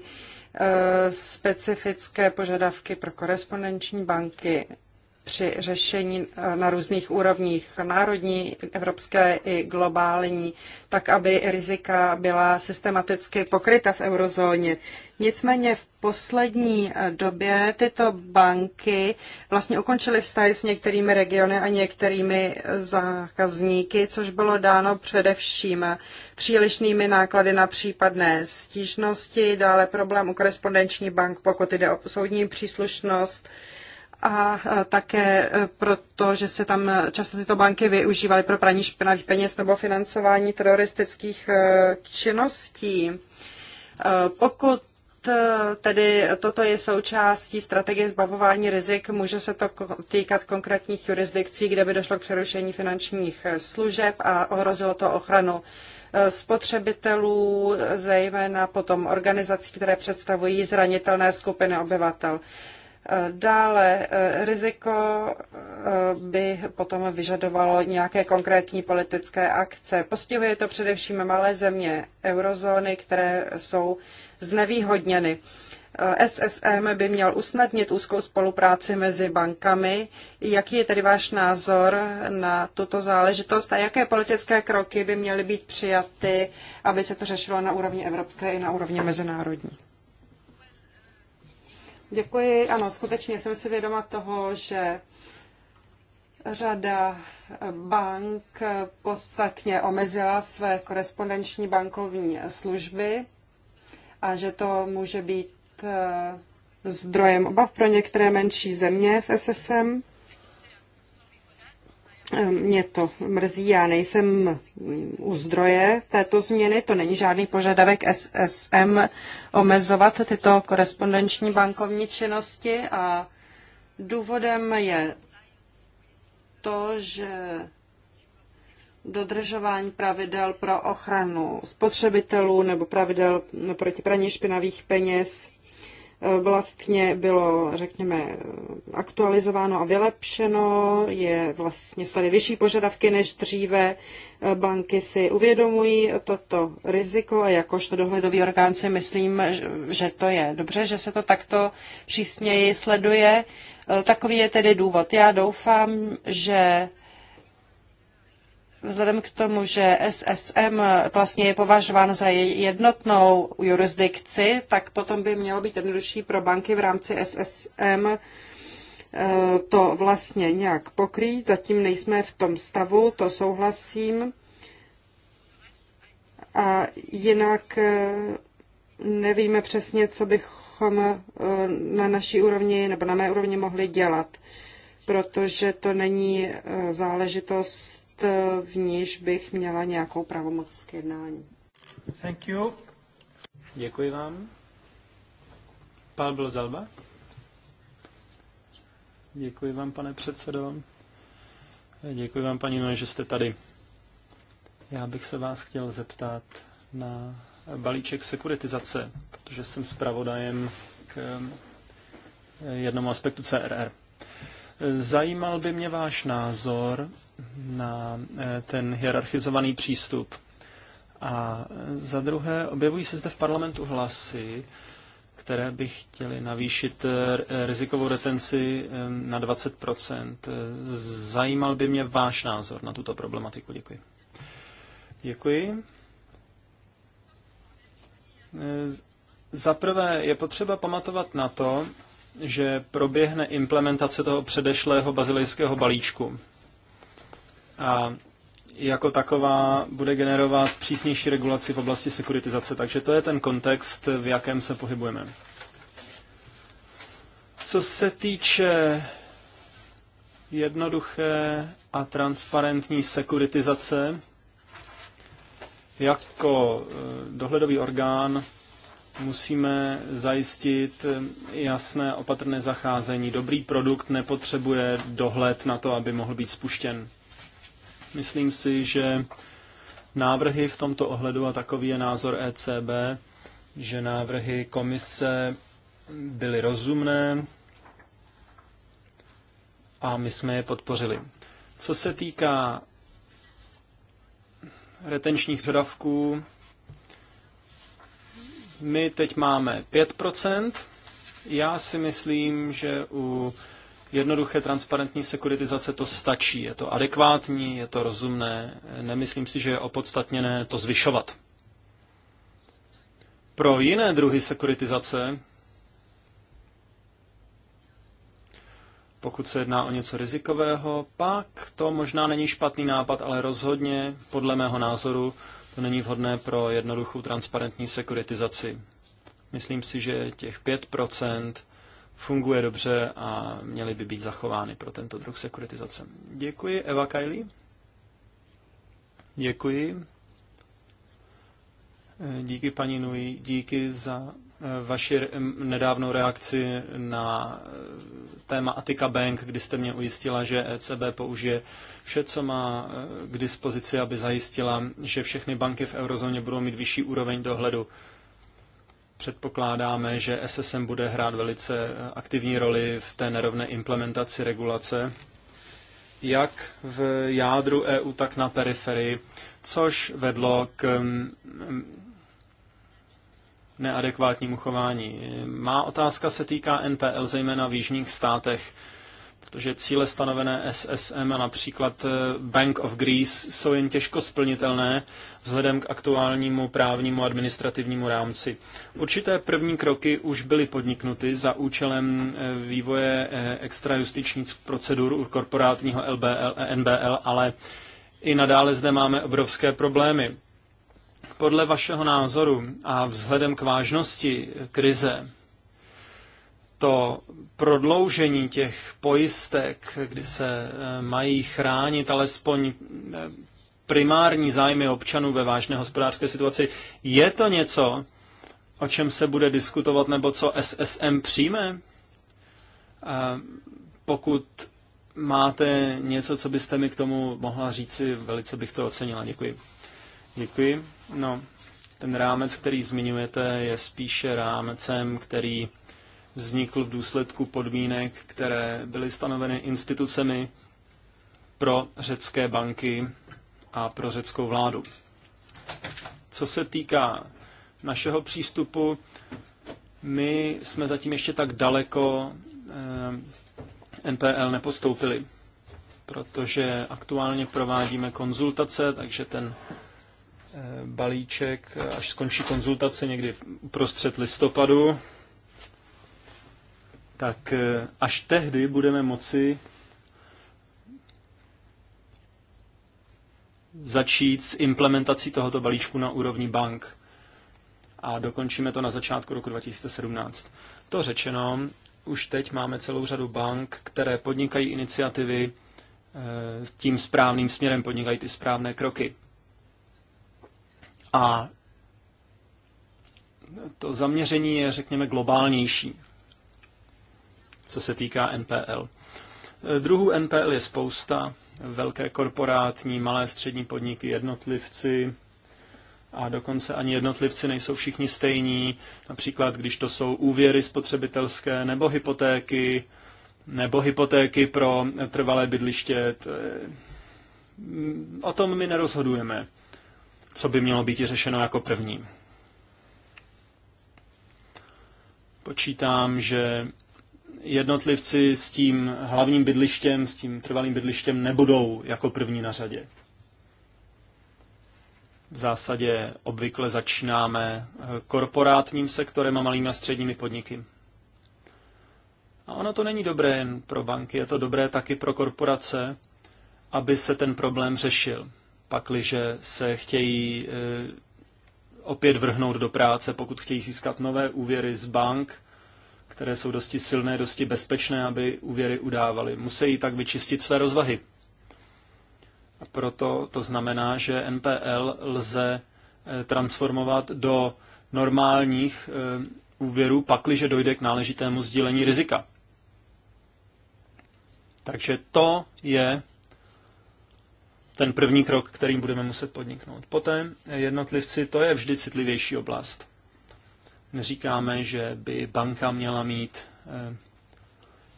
eh, specifické požadavky pro korespondenční banky při řešení eh, na různých úrovních národní, evropské i globální, tak aby rizika byla systematicky pokryta v eurozóně. Nicméně v poslední eh, době tyto banky vlastně ukončily vztahy s některými regiony a některými zákazníky, což bylo dáno především přílišnými náklady na případné stížnosti, dále problém u korespondenčních bank, pokud jde o soudní příslušnost, a e, také e, proto, že se tam často tyto banky využívaly pro praní špinavých peněz nebo financování teroristických e, činností. Pokud tedy toto je součástí strategie zbavování rizik, může se to týkat konkrétních jurisdikcí, kde by došlo k přerušení finančních služeb a ohrozilo to ochranu spotřebitelů, zejména potom organizací, které představují zranitelné skupiny obyvatel. Dále eh, riziko eh, by potom vyžadovalo nějaké konkrétní politické akce. Postihuje to především malé země eurozóny, které jsou znevýhodněny. Eh, SSM by měl usnadnit úzkou spolupráci mezi bankami. Jaký je tedy váš názor na tuto záležitost a jaké politické kroky by měly být přijaty, aby se to řešilo na úrovni evropské i na úrovni mezinárodní? Děkuji. Ano, skutečně jsem si vědoma toho, že řada bank podstatně omezila své korespondenční bankovní služby a že to může být eh, zdrojem obav pro některé menší země v SSM. Mě to mrzí, já nejsem u zdroje této změny, to není žádný požadavek SSM omezovat tyto korespondenční bankovní činnosti a důvodem je to, že dodržování pravidel pro ochranu spotřebitelů nebo pravidel proti praní špinavých peněz Eh, vlastně bylo, řekněme, aktualizováno a vylepšeno, je vlastně tady vyšší požadavky než dříve. Eh, banky si uvědomují toto riziko a jakožto dohledový orgán si myslím, že to je dobře, že se to takto přísněji sleduje. Eh, takový je tedy důvod. Já doufám, že vzhledem k tomu, že SSM vlastně je považován za jednotnou jurisdikci, tak potom by mělo být jednodušší pro banky v rámci SSM eh, to vlastně nějak pokrýt. Zatím nejsme v tom stavu, to souhlasím. A jinak eh, nevíme přesně, co bychom eh, na naší úrovni nebo na mé úrovni mohli dělat, protože to není záležitost Eh, v níž bych měla nějakou pravomoc k jednání. Thank you. Děkuji vám. Pablo Zalba. Děkuji vám, pane předsedo. Děkuji vám, paní Noe, že jste tady. Já bych se vás chtěl zeptat na balíček sekuritizace, protože jsem zpravodajem k eh, jednomu aspektu CRR. Zajímal by mě váš názor na eh, ten hierarchizovaný přístup. A eh, za druhé, objevují se zde v parlamentu hlasy, které by chtěly navýšit eh, rizikovou retenci na 20 Zajímal by mě váš názor na tuto problematiku. Děkuji. Děkuji. Za prvé je potřeba pamatovat na to, že proběhne implementace toho předešlého bazilejského balíčku a jako taková bude generovat přísnější regulaci v oblasti sekuritizace. Takže to je ten kontext, v jakém se pohybujeme. Co se týče jednoduché a transparentní sekuritizace, jako eh, dohledový orgán musíme zajistit eh, jasné opatrné zacházení. Dobrý produkt nepotřebuje dohled na to, aby mohl být spuštěn. Myslím si, že návrhy v tomto ohledu, a takový je názor ECB, že návrhy komise byly rozumné a my jsme je podpořili. Co se týká retenčních předavků, my teď máme 5%. Já si myslím, že u jednoduché transparentní sekuritizace to stačí. Je to adekvátní, je to rozumné. Nemyslím si, že je opodstatněné to zvyšovat. Pro jiné druhy sekuritizace, pokud se jedná o něco rizikového, pak to možná není špatný nápad, ale rozhodně, podle mého názoru, to není vhodné pro jednoduchou transparentní sekuritizaci. Myslím si, že těch 5 funguje dobře a měly by být zachovány pro tento druh sekuritizace. Děkuji, Eva Kajlí. Děkuji. Díky paní Nui, díky za eh, vaši nedávnou reakci na eh, téma Atika Bank, kdy jste mě ujistila, že ECB použije vše, co má eh, k dispozici, aby zajistila, že všechny banky v eurozóně budou mít vyšší úroveň dohledu. Předpokládáme, že SSM bude hrát velice eh, aktivní roli v té nerovné implementaci regulace, jak v jádru EU, tak na periferii, což vedlo k mm, mm, neadekvátnímu chování. Má otázka se týká NPL zejména v jižních státech protože cíle stanovené SSM a například eh, Bank of Greece jsou jen těžko splnitelné vzhledem k aktuálnímu právnímu administrativnímu rámci. Určité první kroky už byly podniknuty za účelem eh, vývoje eh, extrajustičních procedur u korporátního LBL, NBL, ale i nadále zde máme obrovské problémy. Podle vašeho názoru a vzhledem k vážnosti krize to prodloužení těch pojistek, kdy se eh, mají chránit alespoň eh, primární zájmy občanů ve vážné hospodářské situaci, je to něco, o čem se bude diskutovat nebo co SSM přijme? Pokud máte něco, co byste mi k tomu mohla říci, velice bych to ocenila. Děkuji. Děkuji. No, ten rámec, který zmiňujete, je spíše rámecem, který vznikl v důsledku podmínek, které byly stanoveny institucemi pro řecké banky a pro řeckou vládu. Co se týká našeho přístupu, my jsme zatím ještě tak daleko eh, NPL nepostoupili, protože aktuálně provádíme konzultace, takže ten eh, balíček, až skončí konzultace někdy uprostřed listopadu, tak eh, až tehdy budeme moci začít s implementací tohoto balíčku na úrovni bank. A dokončíme to na začátku roku 2017. To řečeno, už teď máme celou řadu bank, které podnikají iniciativy eh, s tím správným směrem, podnikají ty správné kroky. A to zaměření je, řekněme, globálnější co se týká NPL. Druhů NPL je spousta, velké korporátní, malé střední podniky, jednotlivci, a dokonce ani jednotlivci nejsou všichni stejní. Například, když to jsou úvěry spotřebitelské nebo hypotéky, nebo hypotéky pro trvalé bydliště. Eh, o tom my nerozhodujeme, co by mělo být řešeno jako první. Počítám, že jednotlivci s tím hlavním bydlištěm, s tím trvalým bydlištěm nebudou jako první na řadě. V zásadě obvykle začínáme eh, korporátním sektorem a malými a středními podniky. A ono to není dobré jen pro banky, je to dobré taky pro korporace, aby se ten problém řešil. Pakliže se chtějí eh, opět vrhnout do práce, pokud chtějí získat nové úvěry z bank, které jsou dosti silné, dosti bezpečné, aby úvěry udávaly. Musí tak vyčistit své rozvahy. A proto to znamená, že NPL lze eh, transformovat do normálních eh, úvěrů, pakliže dojde k náležitému sdílení rizika. Takže to je ten první krok, kterým budeme muset podniknout. Poté eh, jednotlivci, to je vždy citlivější oblast. Neříkáme, že by banka měla mít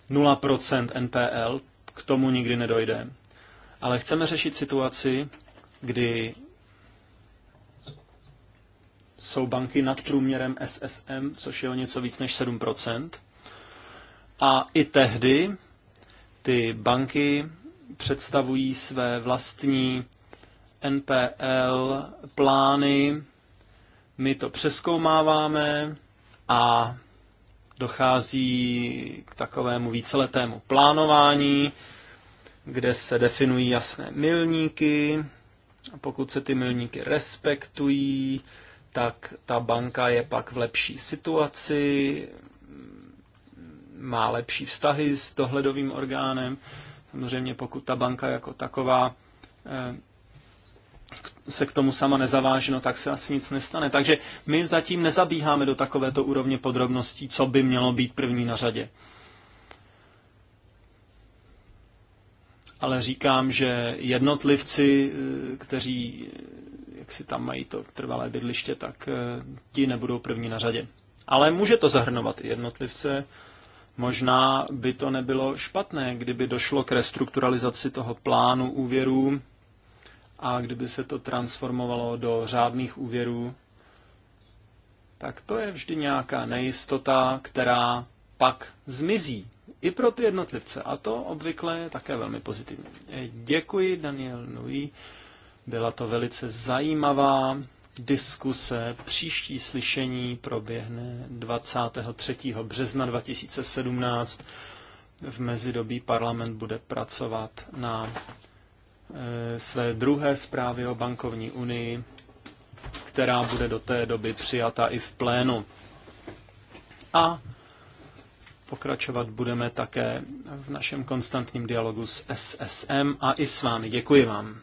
0% eh, NPL, k tomu nikdy nedojde. Ale chceme řešit situaci, kdy jsou banky nad průměrem SSM, což je o něco víc než 7%. A i tehdy ty banky představují své vlastní NPL plány my to přeskoumáváme a dochází k takovému víceletému plánování, kde se definují jasné milníky. A pokud se ty milníky respektují, tak ta banka je pak v lepší situaci, má lepší vztahy s dohledovým orgánem. Samozřejmě pokud ta banka jako taková eh, se k tomu sama nezaváženo, tak se asi nic nestane. Takže my zatím nezabíháme do takovéto úrovně podrobností, co by mělo být první na řadě. Ale říkám, že jednotlivci, eh, kteří eh, jak si tam mají to trvalé bydliště, tak eh, ti nebudou první na řadě. Ale může to zahrnovat i jednotlivce. Možná by to nebylo špatné, kdyby došlo k restrukturalizaci toho plánu úvěrů, a kdyby se to transformovalo do řádných úvěrů, tak to je vždy nějaká nejistota, která pak zmizí i pro ty jednotlivce. A to obvykle je také velmi pozitivní. Děkuji, Daniel Nui. Byla to velice zajímavá diskuse. Příští slyšení proběhne 23. března 2017. V mezidobí parlament bude pracovat na Eh, své druhé zprávy o bankovní unii, která bude do té doby přijata i v plénu. A pokračovat budeme také v našem konstantním dialogu s SSM a i s vámi. Děkuji vám.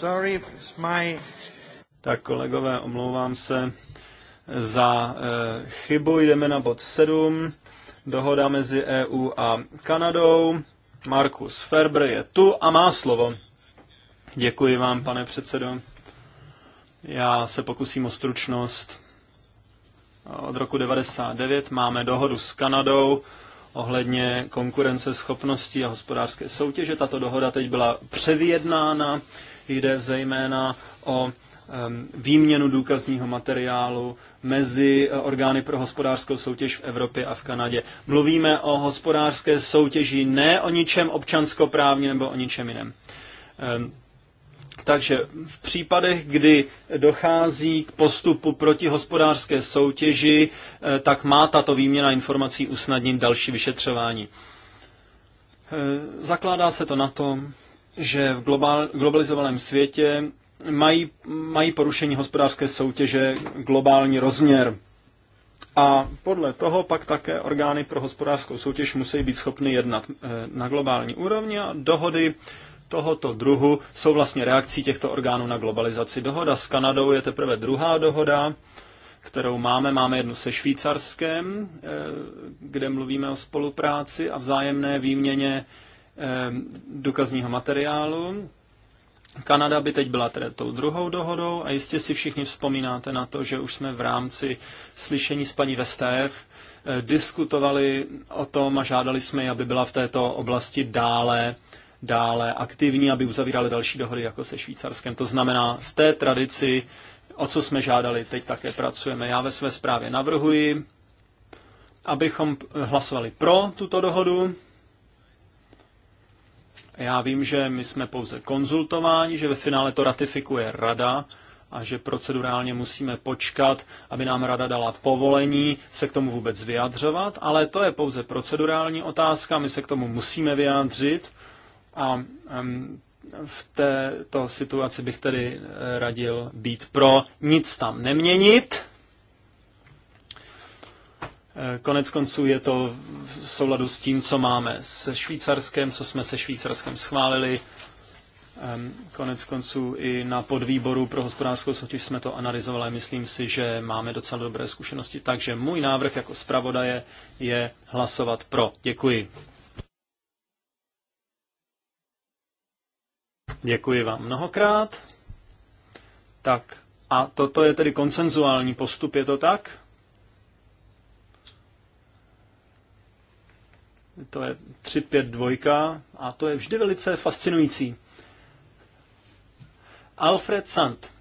sorry, it's my... Tak kolegové, omlouvám se za uh, chybu. Jdeme na bod 7. Dohoda mezi EU a Kanadou. Markus Ferber je tu a má slovo. Děkuji vám, pane předsedo. Já se pokusím o stručnost. Od roku 1999 máme dohodu s Kanadou ohledně konkurenceschopnosti a hospodářské soutěže. Tato dohoda teď byla převyjednána Jde zejména o výměnu důkazního materiálu mezi eh, orgány pro hospodářskou soutěž v Evropě a v Kanadě. Mluvíme o hospodářské soutěži, ne o ničem občanskoprávně nebo o ničem jiném. Takže v případech, kdy dochází k postupu proti hospodářské soutěži, eh, tak má tato výměna informací usnadnit další vyšetřování. Eh, zakládá se to na tom, že v globál, globalizovaném světě mají, mají porušení hospodářské soutěže globální rozměr. A podle toho pak také orgány pro hospodářskou soutěž musí být schopny jednat eh, na globální úrovni a dohody tohoto druhu jsou vlastně reakcí těchto orgánů na globalizaci. Dohoda s Kanadou je teprve druhá dohoda, kterou máme. Máme jednu se Švýcarskem, eh, kde mluvíme o spolupráci a vzájemné výměně Ehm, důkazního materiálu. Kanada by teď byla tedy tou druhou dohodou a jistě si všichni vzpomínáte na to, že už jsme v rámci slyšení s paní Vester eh, diskutovali o tom a žádali jsme ji, aby byla v této oblasti dále, dále aktivní, aby uzavírali další dohody jako se Švýcarskem. To znamená, v té tradici, o co jsme žádali, teď také pracujeme. Já ve své zprávě navrhuji, abychom hlasovali pro tuto dohodu, já vím, že my jsme pouze konzultováni, že ve finále to ratifikuje rada a že procedurálně musíme počkat, aby nám rada dala povolení se k tomu vůbec vyjadřovat, ale to je pouze procedurální otázka, my se k tomu musíme vyjádřit a v této situaci bych tedy eh, radil být pro, nic tam neměnit, Konec konců je to v souladu s tím, co máme se Švýcarskem, co jsme se Švýcarskem schválili. Konec konců i na podvýboru pro hospodářskou soutěž jsme to analyzovali. Myslím si, že máme docela dobré zkušenosti. Takže můj návrh jako zpravodaje je hlasovat pro. Děkuji. Děkuji vám mnohokrát. Tak a toto je tedy konsenzuální postup, je to tak? to je 3-5-2 a to je vždy velice fascinující. Alfred Sant.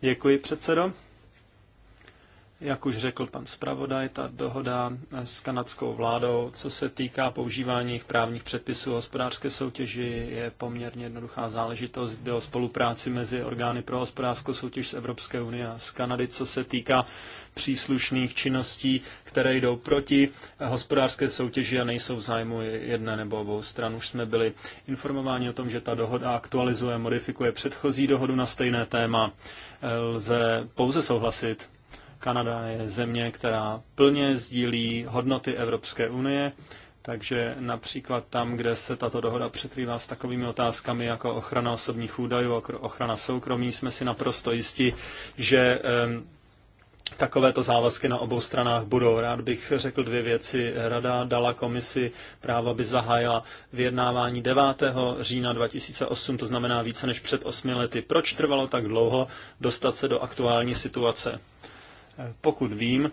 Děkuji, předsedo. Jak už řekl pan zpravodaj, ta dohoda s kanadskou vládou, co se týká používání právních předpisů hospodářské soutěži, je poměrně jednoduchá záležitost. Jde o spolupráci mezi orgány pro hospodářskou soutěž z Evropské unie a z Kanady, co se týká příslušných činností, které jdou proti hospodářské soutěži a nejsou v zájmu jedné nebo obou stran. Už jsme byli informováni o tom, že ta dohoda aktualizuje, modifikuje předchozí dohodu na stejné téma. Lze pouze souhlasit Kanada je země, která plně sdílí hodnoty Evropské unie, takže například tam, kde se tato dohoda překrývá s takovými otázkami jako ochrana osobních údajů, ochrana soukromí, jsme si naprosto jisti, že takovéto závazky na obou stranách budou. Rád bych řekl dvě věci. Rada dala komisi právo, aby zahájila vyjednávání 9. října 2008, to znamená více než před osmi lety. Proč trvalo tak dlouho dostat se do aktuální situace? Pokud vím,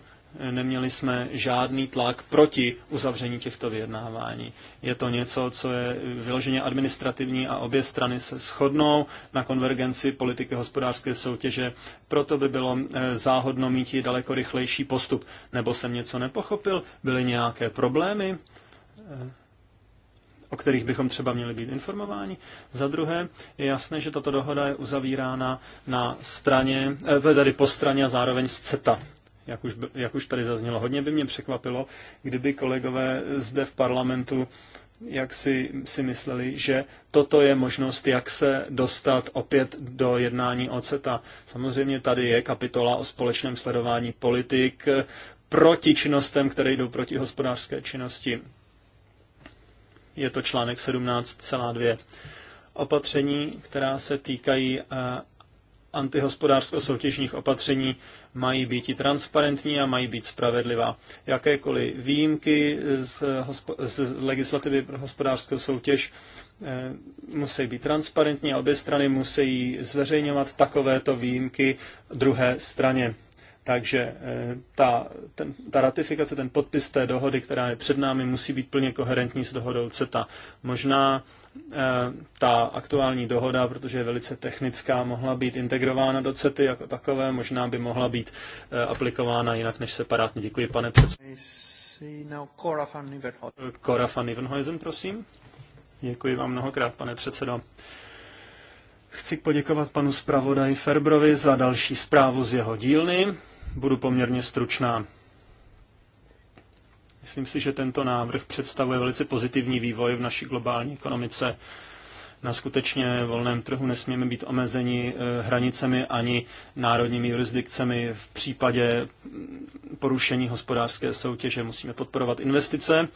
neměli jsme žádný tlak proti uzavření těchto vyjednávání. Je to něco, co je vyloženě administrativní a obě strany se shodnou na konvergenci politiky hospodářské soutěže. Proto by bylo eh, záhodno mít i daleko rychlejší postup. Nebo jsem něco nepochopil? Byly nějaké problémy? Eh, o kterých bychom třeba měli být informováni. Za druhé, je jasné, že tato dohoda je uzavírána na straně, eh, tedy po straně a zároveň z CETA. Jak už, jak už tady zaznělo, hodně by mě překvapilo, kdyby kolegové zde v parlamentu jak si, si mysleli, že toto je možnost, jak se dostat opět do jednání o CETA. Samozřejmě tady je kapitola o společném sledování politik eh, proti činnostem, které jdou proti hospodářské činnosti je to článek 17,2. Opatření, která se týkají eh, antihospodářsko-soutěžních opatření mají být i transparentní a mají být spravedlivá. Jakékoliv výjimky z, z legislativy pro hospodářskou soutěž e, musí být transparentní a obě strany musí zveřejňovat takovéto výjimky druhé straně. Takže eh, ta, ten, ta ratifikace, ten podpis té dohody, která je před námi, musí být plně koherentní s dohodou CETA. Možná eh, ta aktuální dohoda, protože je velice technická, mohla být integrována do CETY jako takové, možná by mohla být eh, aplikována jinak než separátně. Děkuji, pane předsedo. Cora van Nivenhuizen, prosím. Děkuji vám mnohokrát, pane předsedo. Chci poděkovat panu zpravodaji Ferbrovi za další zprávu z jeho dílny budu poměrně stručná. Myslím si, že tento návrh představuje velice pozitivní vývoj v naší globální ekonomice. Na skutečně volném trhu nesmíme být omezeni eh, hranicemi ani národními jurisdikcemi. V případě porušení hospodářské soutěže musíme podporovat investice.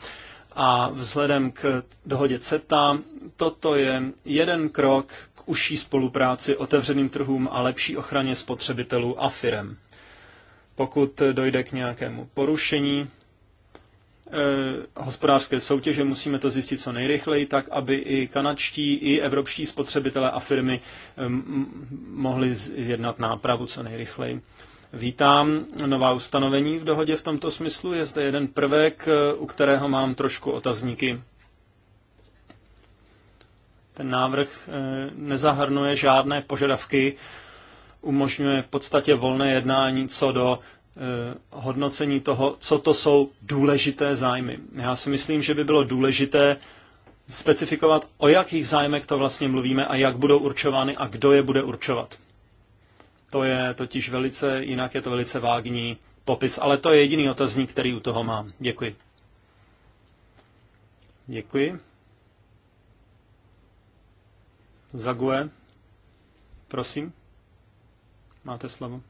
A vzhledem k dohodě CETA, toto je jeden krok k užší spolupráci, otevřeným trhům a lepší ochraně spotřebitelů a firem. Pokud dojde k nějakému porušení eh, hospodářské soutěže, musíme to zjistit co nejrychleji, tak aby i kanadští, i evropští spotřebitelé a firmy eh, mohli zjednat nápravu co nejrychleji. Vítám nová ustanovení v dohodě v tomto smyslu. Je zde jeden prvek, eh, u kterého mám trošku otazníky. Ten návrh eh, nezahrnuje žádné požadavky umožňuje v podstatě volné jednání co do eh, hodnocení toho, co to jsou důležité zájmy. Já si myslím, že by bylo důležité specifikovat, o jakých zájmech to vlastně mluvíme a jak budou určovány a kdo je bude určovat. To je totiž velice, jinak je to velice vágní popis, ale to je jediný otazník, který u toho mám. Děkuji. Děkuji. Zague, prosím. Máte slovo.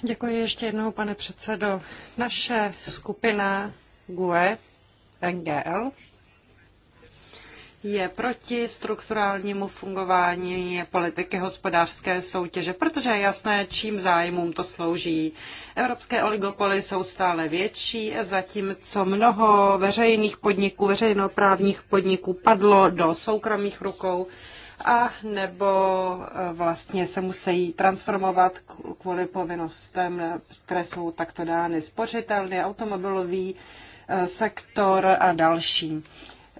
Děkuji ještě jednou, pane předsedo. Naše skupina GUE NGL je proti strukturálnímu fungování politiky hospodářské soutěže, protože je jasné, čím zájmům to slouží. Evropské oligopoly jsou stále větší, zatímco mnoho veřejných podniků, veřejnoprávních podniků padlo do soukromých rukou a nebo eh, vlastně se musí transformovat kvůli povinnostem, které jsou takto dány spořitelny, automobilový eh, sektor a další.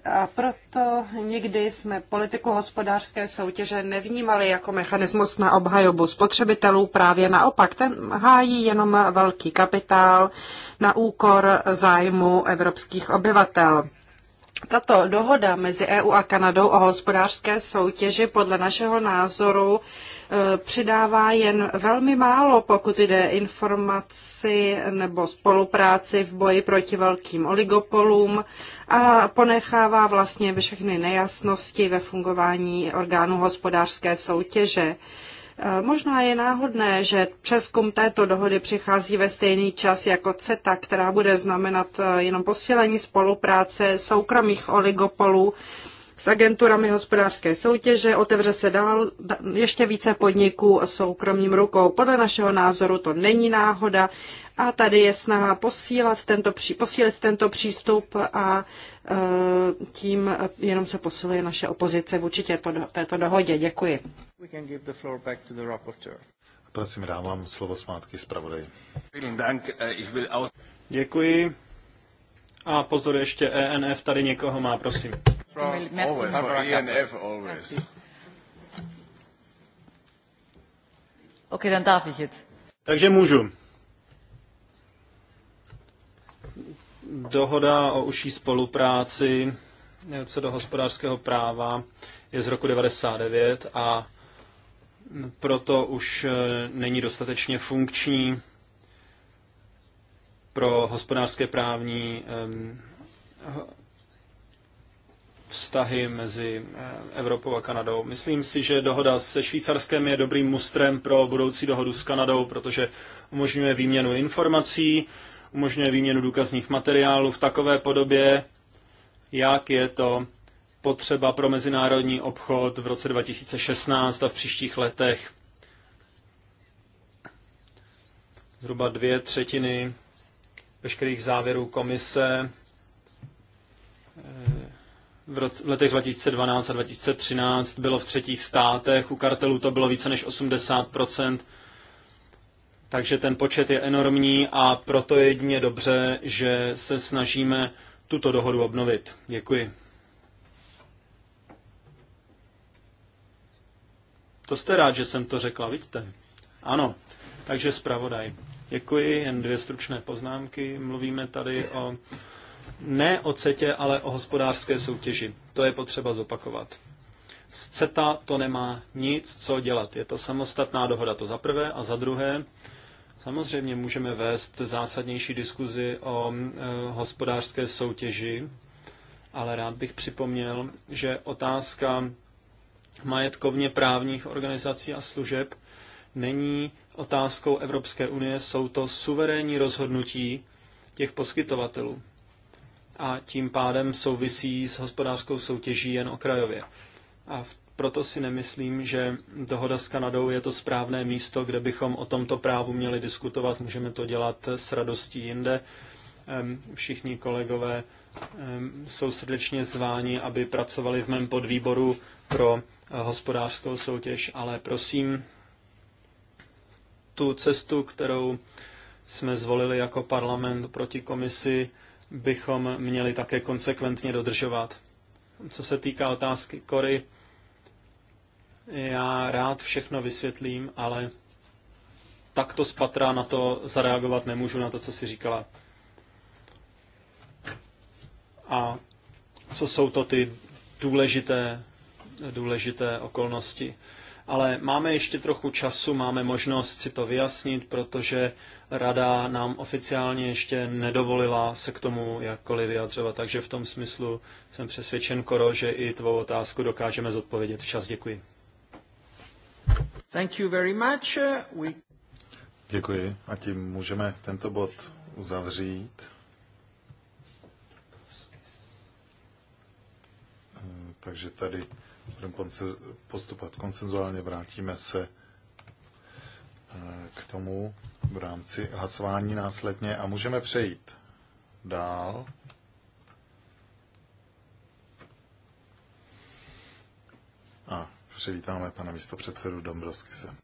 A proto nikdy jsme politiku hospodářské soutěže nevnímali jako mechanismus na obhajobu spotřebitelů, právě naopak. Ten hájí jenom velký kapitál na úkor zájmu evropských obyvatel. Tato dohoda mezi EU a Kanadou o hospodářské soutěži podle našeho názoru e, přidává jen velmi málo, pokud jde informaci nebo spolupráci v boji proti velkým oligopolům a ponechává vlastně všechny nejasnosti ve fungování orgánů hospodářské soutěže. Eh, možná je náhodné, že přeskum této dohody přichází ve stejný čas jako CETA, která bude znamenat eh, jenom posílení spolupráce soukromých oligopolů s agenturami hospodářské soutěže, otevře se dál ještě více podniků soukromým rukou. Podle našeho názoru to není náhoda a tady je snaha posílat tento, posílit tento přístup a e, tím jenom se posiluje naše opozice vůči této, této dohodě. Děkuji. Prosím, dávám slovo zpátky zpravodaji. Äh, Děkuji. A pozor, ještě ENF tady někoho má, prosím. E okay, dann darf ich jetzt. Takže můžu. Dohoda o užší spolupráci eh, co do hospodářského práva je z roku 99 a proto už eh, není dostatečně funkční pro hospodářské právní eh, vztahy mezi Evropou a Kanadou. Myslím si, že dohoda se Švýcarskem je dobrým mustrem pro budoucí dohodu s Kanadou, protože umožňuje výměnu informací, umožňuje výměnu důkazních materiálů v takové podobě, jak je to potřeba pro mezinárodní obchod v roce 2016 a v příštích letech. Zhruba dvě třetiny veškerých závěrů komise eh, v letech 2012 a 2013 bylo v třetích státech, u kartelů to bylo více než 80 takže ten počet je enormní a proto je jedině dobře, že se snažíme tuto dohodu obnovit. Děkuji. To jste rád, že jsem to řekla, vidíte? Ano, takže zpravodaj. Děkuji, jen dvě stručné poznámky. Mluvíme tady o ne o CETě, ale o hospodářské soutěži. To je potřeba zopakovat. Z CETA to nemá nic, co dělat. Je to samostatná dohoda, to za prvé. A za druhé, Samozřejmě můžeme vést zásadnější diskuzi o e, hospodářské soutěži, ale rád bych připomněl, že otázka majetkovně právních organizací a služeb není otázkou Evropské unie, jsou to suverénní rozhodnutí těch poskytovatelů. A tím pádem souvisí s hospodářskou soutěží jen okrajově. A v proto si nemyslím, že dohoda s Kanadou je to správné místo, kde bychom o tomto právu měli diskutovat. Můžeme to dělat s radostí jinde. Všichni kolegové jsou srdečně zváni, aby pracovali v mém podvýboru pro eh, hospodářskou soutěž, ale prosím, tu cestu, kterou jsme zvolili jako parlament proti komisi, bychom měli také konsekventně dodržovat. Co se týká otázky Kory, já rád všechno vysvětlím, ale takto spatrá na to zareagovat nemůžu, na to, co si říkala. A co jsou to ty důležité, důležité okolnosti. Ale máme ještě trochu času, máme možnost si to vyjasnit, protože rada nám oficiálně ještě nedovolila se k tomu jakkoliv vyjadřovat. Takže v tom smyslu jsem přesvědčen, Koro, že i tvou otázku dokážeme zodpovědět včas. Děkuji. Thank you very much. We... Děkuji a tím můžeme tento bod uzavřít. Eh, takže tady budeme postupovat konsenzuálně, vrátíme se eh, k tomu v rámci hlasování následně a můžeme přejít dál. A Přivítáme pana místopředsedu Dombrovskise.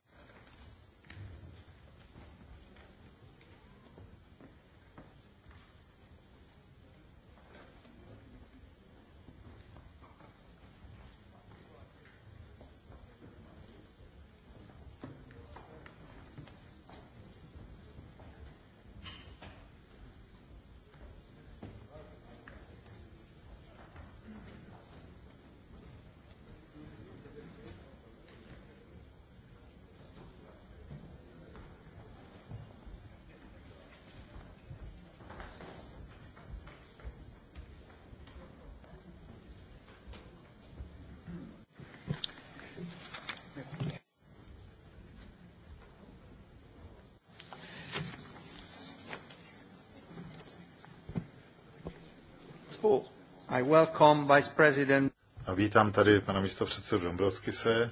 I welcome Vice President. A vítám tady pana předsedu Dombrovskise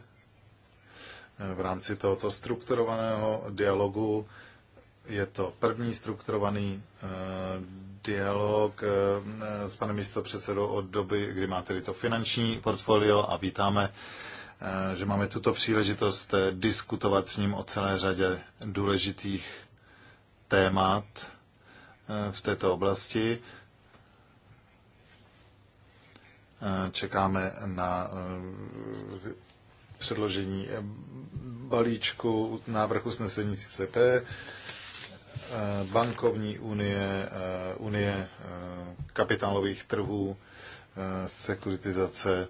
eh, v rámci tohoto strukturovaného dialogu. Je to první strukturovaný eh, dialog eh, s panem předsedou od doby, kdy má tedy to finanční portfolio a vítáme, že máme tuto příležitost diskutovat s ním o celé řadě důležitých témat v této oblasti. Eh, čekáme na eh, předložení eh, balíčku, návrh usnesení CCP, bankovní unie, unie kapitálových trhů, sekuritizace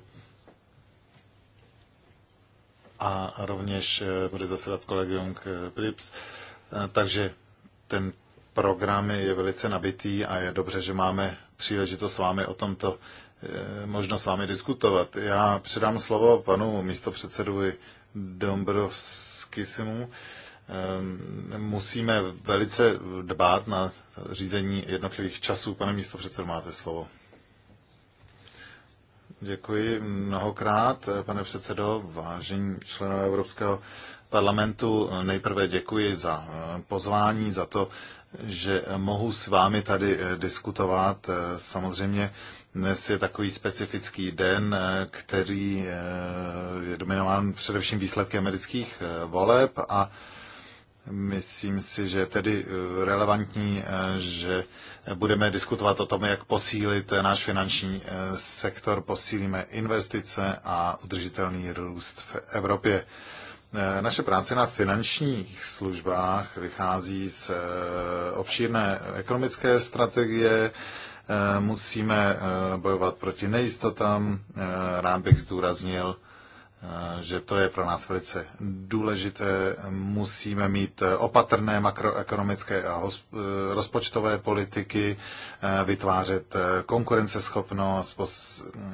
a rovněž bude zasedat kolegium k PRIPS. Takže ten program je velice nabitý a je dobře, že máme příležitost s vámi o tomto Eh, možnost s vámi diskutovat. Já předám slovo panu místopředsedovi Dombrovskisimu. Ehm, musíme velice dbát na řízení jednotlivých časů. Pane místopředsedo, máte slovo. Děkuji mnohokrát, eh, pane předsedo, vážení členové Evropského parlamentu. Nejprve děkuji za eh, pozvání, za to, že mohu s vámi tady eh, diskutovat. Eh, samozřejmě dnes je takový specifický den, eh, který je dominován především výsledky amerických voleb a myslím si, že je tedy relevantní, že budeme diskutovat o tom, jak posílit náš finanční sektor, posílíme investice a udržitelný růst v Evropě. Eh, naše práce na finančních službách vychází z eh, obšírné ekonomické strategie, eh, musíme bojovat proti nejistotám. Rád bych zdůraznil, že to je pro nás velice důležité. Musíme mít opatrné makroekonomické a rozpočtové politiky, vytvářet konkurenceschopnost,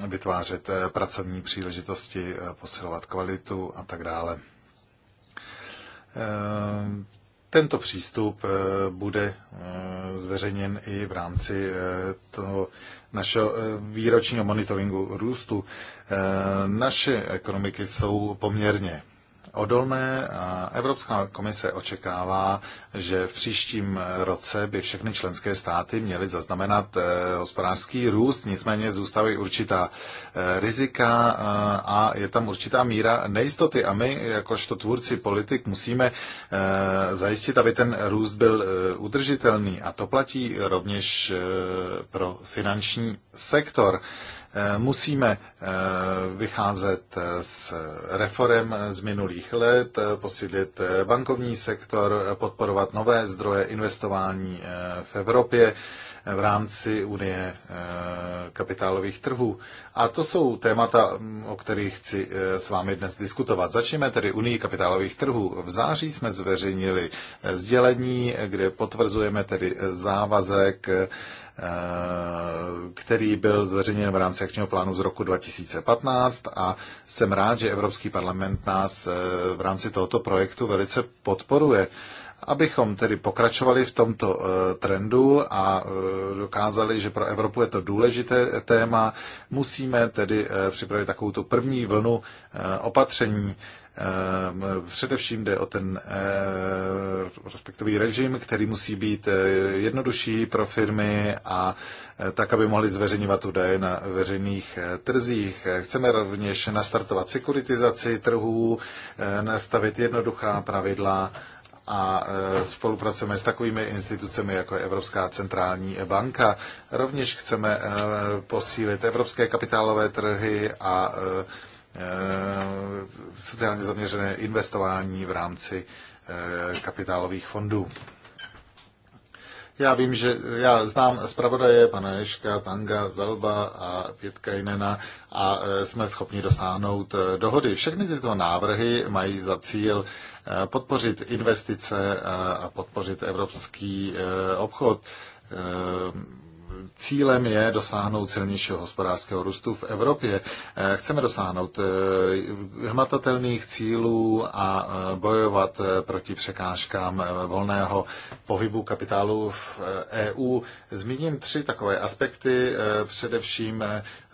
vytvářet pracovní příležitosti, posilovat kvalitu a tak dále. Eh, tento přístup eh, bude eh, zveřejněn i v rámci toho našeho výročního monitoringu růstu. Naše ekonomiky jsou poměrně odolné a Evropská komise očekává, že v příštím roce by všechny členské státy měly zaznamenat eh, hospodářský růst, nicméně zůstávají určitá eh, rizika eh, a je tam určitá míra nejistoty a my, jakožto tvůrci politik, musíme zajistit, aby ten růst byl udržitelný a to platí rovněž pro finanční sektor. Eh, musíme eh, vycházet eh, z reform z minulých let, posílit bankovní sektor, podporovat nové zdroje investování v Evropě v rámci Unie kapitálových trhů. A to jsou témata, mm, o kterých chci s vámi dnes diskutovat. Začneme tedy Unii kapitálových trhů. V září jsme zveřejnili sdělení, kde potvrzujeme tedy závazek Eh, který byl zveřejněn v rámci akčního plánu z roku 2015 a jsem rád, že Evropský parlament nás eh, v rámci tohoto projektu velice podporuje abychom tedy pokračovali v tomto eh, trendu a dokázali, že pro Evropu je to důležité téma, musíme tedy připravit takovou tu první vlnu opatření. Ehm, především jde o ten eh, rozpektový režim, který musí být eh, jednodušší pro firmy a eh, tak, aby mohli zveřejňovat údaje na veřejných trzích. Chceme rovněž nastartovat sekuritizaci trhů, nastavit jednoduchá pravidla a spolupracujeme s takovými institucemi, jako je Evropská centrální banka. Rovněž chceme posílit evropské kapitálové trhy a Eh, sociálně zaměřené investování v rámci eh, kapitálových fondů. Já vím, že já znám zpravodaje pana Ješka, Tanga, Zalba a Pětka Jinena a eh, jsme schopni dosáhnout dohody. Všechny tyto návrhy mají za cíl podpořit investice a podpořit evropský obchod cílem je dosáhnout silnějšího hospodářského růstu v Evropě. Eh, chceme dosáhnout eh, hmatatelných cílů a eh, bojovat proti překážkám volného pohybu kapitálu v EU. E Zmíním tři takové aspekty, především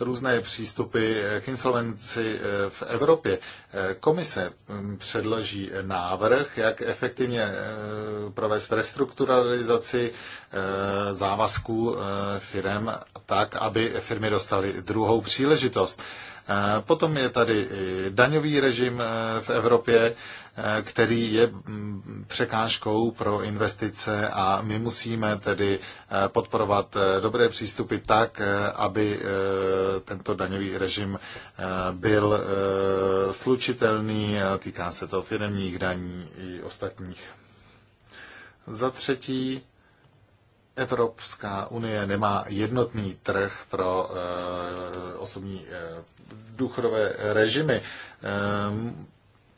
různé přístupy k insolvenci eh, v Evropě. Eh, komise hm, předloží návrh, jak efektivně eh, provést restrukturalizaci závazků firm tak, aby firmy dostaly druhou příležitost. Potom je tady daňový režim v Evropě Eh, který je mm, překážkou pro investice a my musíme tedy eh, podporovat eh, dobré přístupy tak, aby tento daňový režim byl slučitelný, týká se to firmních daní i ostatních. Za třetí, Evropská unie nemá jednotný trh pro osobní důchodové režimy. Ehm,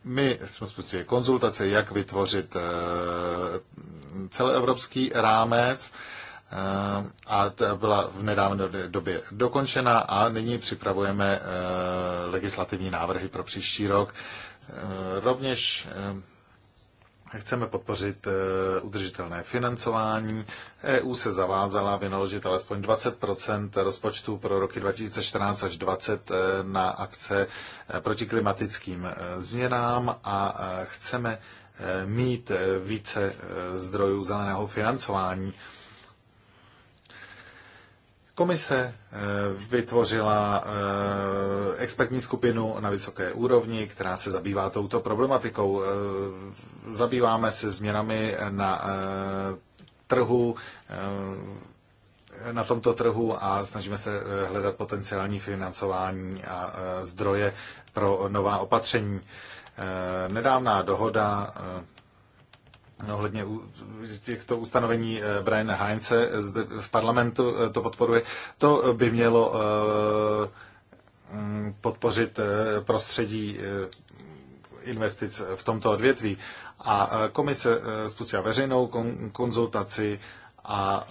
my jsme spustili konzultace, jak vytvořit eh, celoevropský rámec eh, a to byla v nedávné době dokončena a nyní připravujeme eh, legislativní návrhy pro příští rok. Rovněž Chceme podpořit eh, udržitelné financování. EU se zavázala vynaložit alespoň 20 rozpočtu pro roky 2014 až 2020 eh, na akce eh, proti klimatickým změnám a chceme mít více zdrojů zeleného financování. Komise vytvořila expertní skupinu na vysoké úrovni, která se zabývá touto problematikou zabýváme se změnami na eh, trhu, eh, na tomto trhu a snažíme se eh, hledat potenciální financování a zdroje pro nová opatření. Nedávná dohoda no, ohledně těchto ustanovení Brian Heinze zde v parlamentu to podporuje. To by mělo mm, podpořit prostředí investic v tomto odvětví. A e, komise e, spustila veřejnou konzultaci, a,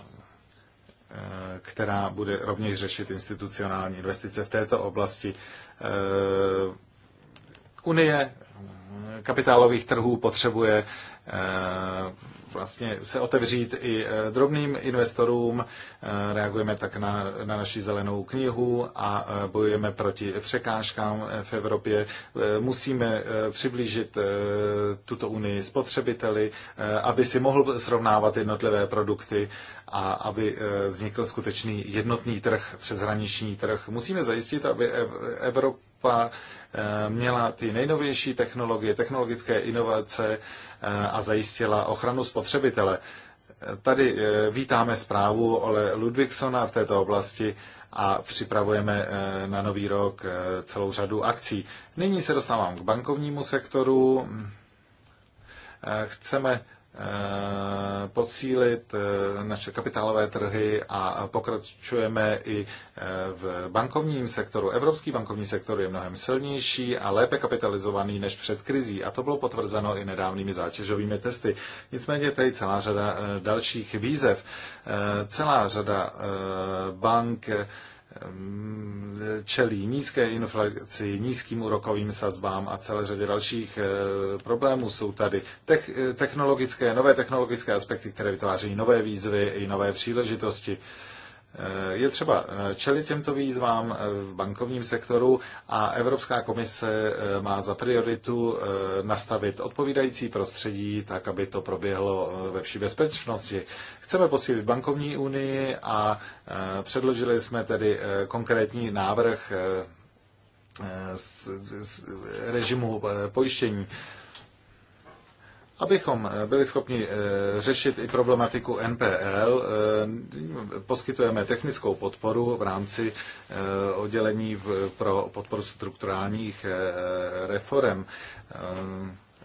e, která bude rovněž řešit institucionální investice v této oblasti. Unie kapitálových trhů potřebuje vlastně se otevřít i eh, drobným investorům. Eh, reagujeme tak na, na naši zelenou knihu a eh, bojujeme proti překážkám v Evropě. Musíme přiblížit tuto unii spotřebiteli, aby si mohl srovnávat jednotlivé produkty a aby vznikl skutečný jednotný trh, přeshraniční trh. Musíme zajistit, aby Evropa Eh, měla ty nejnovější technologie, technologické inovace eh, a zajistila ochranu spotřebitele. Eh, tady vítáme zprávu Ole Ludvigsona v této oblasti a připravujeme na nový rok celou řadu akcí. Nyní se dostávám k bankovnímu sektoru. Chceme Eh, posílit eh, naše kapitálové trhy a pokračujeme i eh, v bankovním sektoru. Evropský bankovní sektor je mnohem silnější a lépe kapitalizovaný než před krizí a to bylo potvrzeno i nedávnými zátěžovými testy. Nicméně tady celá řada dalších výzev. Celá řada bank Ehm, čelí nízké inflaci, nízkým úrokovým sazbám a celé řadě dalších eh, problémů. Jsou tady eh, technologické, nové technologické aspekty, které vytváří nové výzvy i nové příležitosti. Eh, je třeba eh, čelit těmto výzvám eh, v bankovním sektoru a Evropská komise má za prioritu nastavit odpovídající prostředí tak, aby to proběhlo ve vší bezpečnosti. Chceme posílit bankovní unii a předložili jsme tedy konkrétní návrh z, režimu pojištění. Abychom eh, byli schopni eh, řešit i problematiku NPL, eh, poskytujeme technickou podporu v rámci oddělení pro podporu strukturálních reform.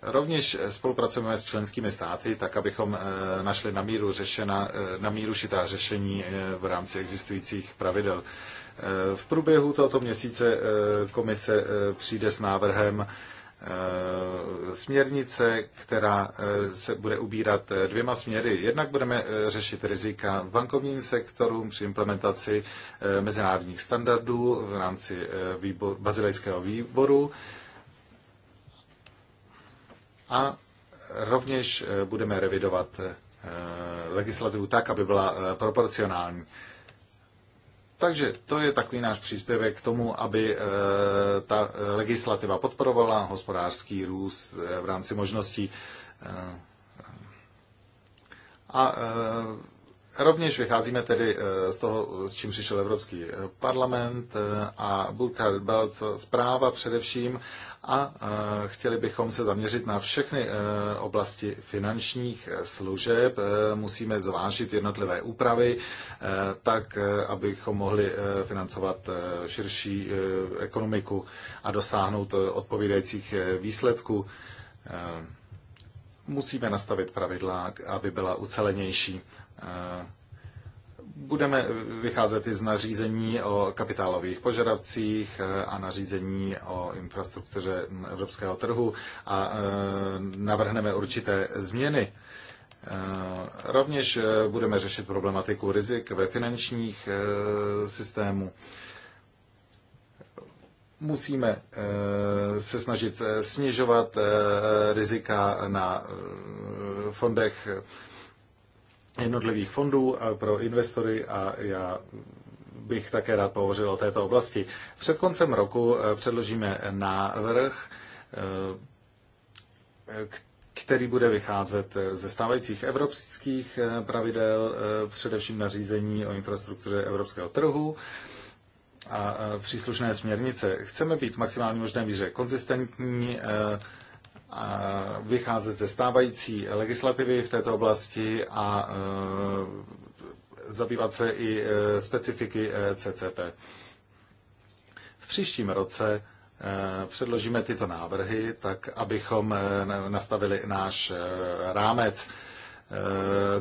Rovněž spolupracujeme s členskými státy, tak abychom našli na míru, řešena, na míru šitá řešení v rámci existujících pravidel. V průběhu tohoto měsíce komise přijde s návrhem Eh, směrnice, která eh, se bude ubírat eh, dvěma směry. Jednak budeme řešit rizika v bankovním sektoru při implementaci mezinárodních standardů v rámci výbor, bazilejského výboru a rovněž budeme revidovat legislativu tak, aby byla proporcionální. Takže to je takový náš příspěvek k tomu, aby eh, ta eh, legislativa podporovala hospodářský růst eh, v rámci možností. A rovněž vycházíme tedy z toho, s čím přišel Evropský parlament a Burkhard Belt zpráva především a e, chtěli bychom se zaměřit na všechny e, oblasti finančních e, služeb. Musíme zvážit jednotlivé úpravy tak, abychom mohli financovat širší ekonomiku a dosáhnout odpovídajících výsledků. Musíme nastavit pravidla, aby byla ucelenější budeme vycházet i z nařízení o kapitálových požadavcích eh, a nařízení o infrastruktuře hm, evropského trhu a eh, navrhneme určité změny. Eh, rovněž budeme řešit problematiku rizik ve finančních systému. Musíme se snažit snižovat rizika na fondech jednotlivých fondů pro investory a já bych také rád pohovořil o této oblasti. Před koncem roku eh, předložíme návrh, eh, který bude vycházet eh, ze stávajících evropských pravidel, především nařízení o infrastruktuře evropského trhu a příslušné směrnice. Chceme být v maximální možné míře konzistentní, vycházet ze stávající legislativy v této oblasti a e, zabývat se i e, specifiky e, CCP. V příštím roce předložíme tyto návrhy, tak abychom nastavili náš rámec.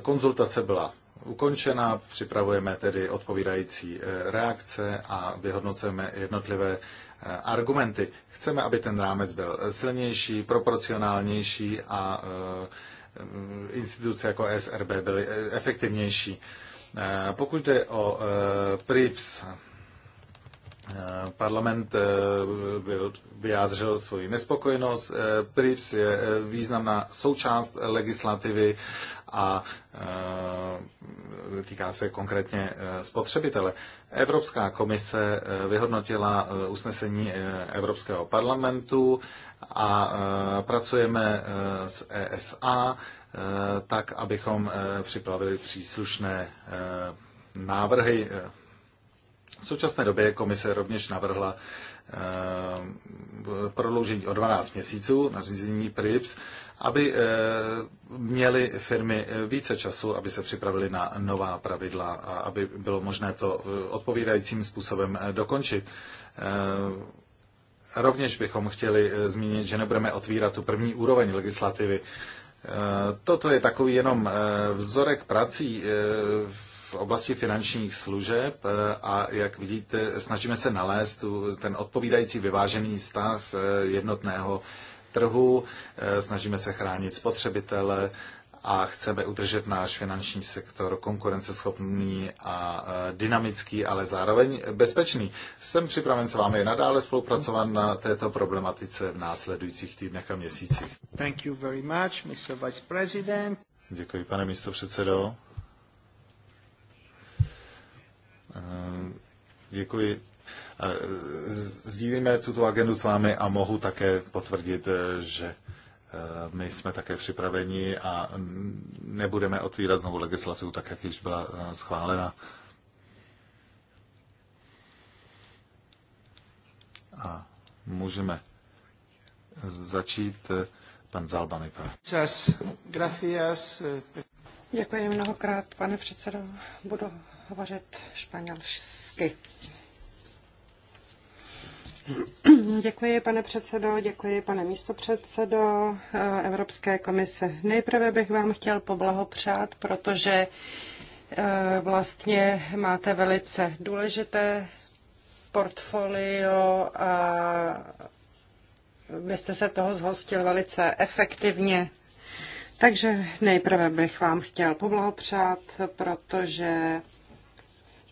Konzultace byla ukončena, připravujeme tedy odpovídající reakce a vyhodnocujeme jednotlivé Eh, argumenty. Chceme, aby ten rámec byl silnější, proporcionálnější a eh, instituce jako SRB byly eh, efektivnější. Pokud jde o PRIPS, parlament byl, vyjádřil svoji nespokojenost. PRIPS je významná součást legislativy a e, týká se konkrétně e, spotřebitele. Evropská komise e, vyhodnotila usnesení Evropského parlamentu a pracujeme s ESA tak, abychom připravili příslušné návrhy. V současné době komise rovněž navrhla prodloužení o 12 měsíců na řízení PRIPS aby eh, měly firmy eh, více času, aby se připravili na nová pravidla a aby bylo možné to eh, odpovídajícím způsobem dokončit. Rovněž bychom chtěli zmínit, že nebudeme otvírat tu první úroveň legislativy. Toto je takový jenom vzorek prací v oblasti finančních služeb a jak vidíte, snažíme se nalézt ten odpovídající vyvážený stav jednotného trhu, eh, snažíme se chránit spotřebitele a chceme udržet náš finanční sektor konkurenceschopný a eh, dynamický, ale zároveň bezpečný. Jsem připraven s vámi nadále spolupracovat na této problematice v následujících týdnech a měsících. Thank you very much, Mr. Vice President. Děkuji, pane místo předsedo. Eh, děkuji Eh, sdílíme tuto agendu s vámi a mohu také potvrdit, eh, že eh, my jsme také připraveni a nebudeme otvírat znovu legislativu, tak jak již byla schválena. A můžeme začít pan Zalbany. Děkuji mnohokrát, pane předsedo. Budu hovořit španělsky. Děkuji, pane předsedo, děkuji, pane místopředsedo eh, Evropské komise. Nejprve bych vám chtěl poblahopřát, protože eh, vlastně máte velice důležité portfolio a vy jste se toho zhostil velice efektivně. Takže nejprve bych vám chtěl poblahopřát, protože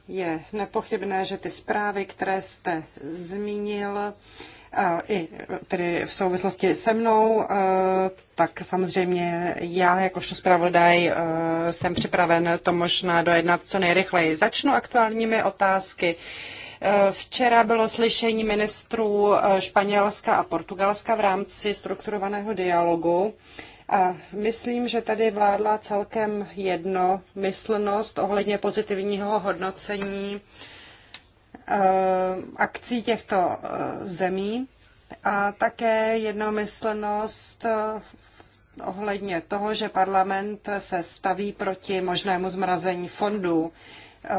je nepochybné, že ty zprávy, které jste zmínil, i tedy v souvislosti se mnou, tak samozřejmě já jakožto zpravodaj jsem připraven to možná dojednat co nejrychleji. Začnu aktuálními otázky. Včera bylo slyšení ministrů Španělska a Portugalska v rámci strukturovaného dialogu. A myslím, že tady vládla celkem jednomyslnost ohledně pozitivního hodnocení eh, akcí těchto eh, zemí a také jednomyslnost eh, ohledně toho, že parlament se staví proti možnému zmrazení fondů.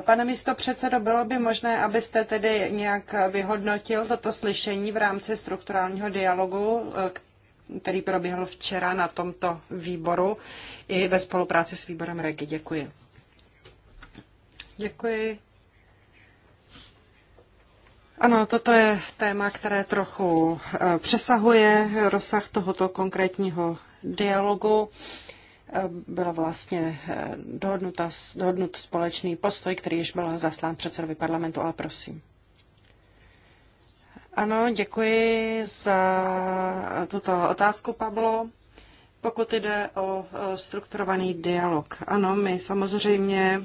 Pane místo předsedo, bylo by možné, abyste tedy nějak vyhodnotil toto slyšení v rámci strukturálního dialogu, který proběhl včera na tomto výboru i ve spolupráci s výborem REGI. Děkuji. Děkuji. Ano, toto je téma, které trochu eh, přesahuje rozsah tohoto konkrétního dialogu. Eh, byla vlastně eh, dohodnut společný postoj, který již byl zaslán předsedovi parlamentu, ale prosím. Ano, děkuji za tuto otázku, Pablo. Pokud jde o strukturovaný dialog, ano, my samozřejmě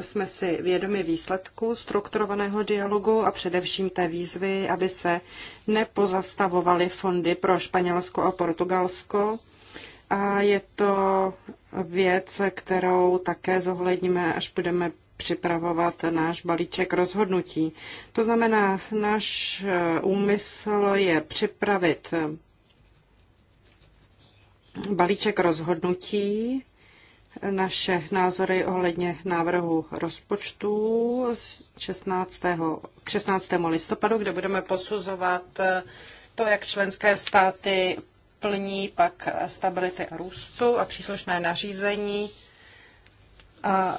jsme si vědomi výsledku strukturovaného dialogu a především té výzvy, aby se nepozastavovaly fondy pro Španělsko a Portugalsko. A je to věc, kterou také zohledníme, až budeme připravovat náš balíček rozhodnutí. To znamená, náš eh, úmysl je připravit eh, balíček rozhodnutí, eh, naše názory ohledně návrhu rozpočtu z 16. k 16. listopadu, kde budeme posuzovat to, jak členské státy plní pak stability a růstu a příslušné nařízení a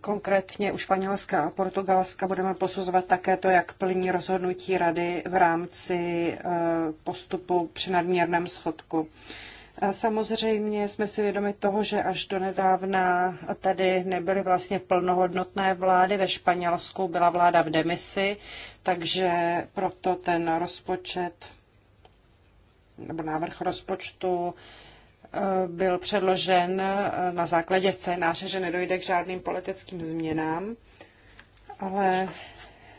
konkrétně u Španělska a Portugalska budeme posuzovat také to, jak plní rozhodnutí rady v rámci e, postupu při nadměrném schodku. E, samozřejmě jsme si vědomi toho, že až do nedávna tady nebyly vlastně plnohodnotné vlády. Ve Španělsku byla vláda v demisi, takže proto ten rozpočet nebo návrh rozpočtu byl předložen eh, na základě scénáře, že nedojde k žádným politickým změnám, ale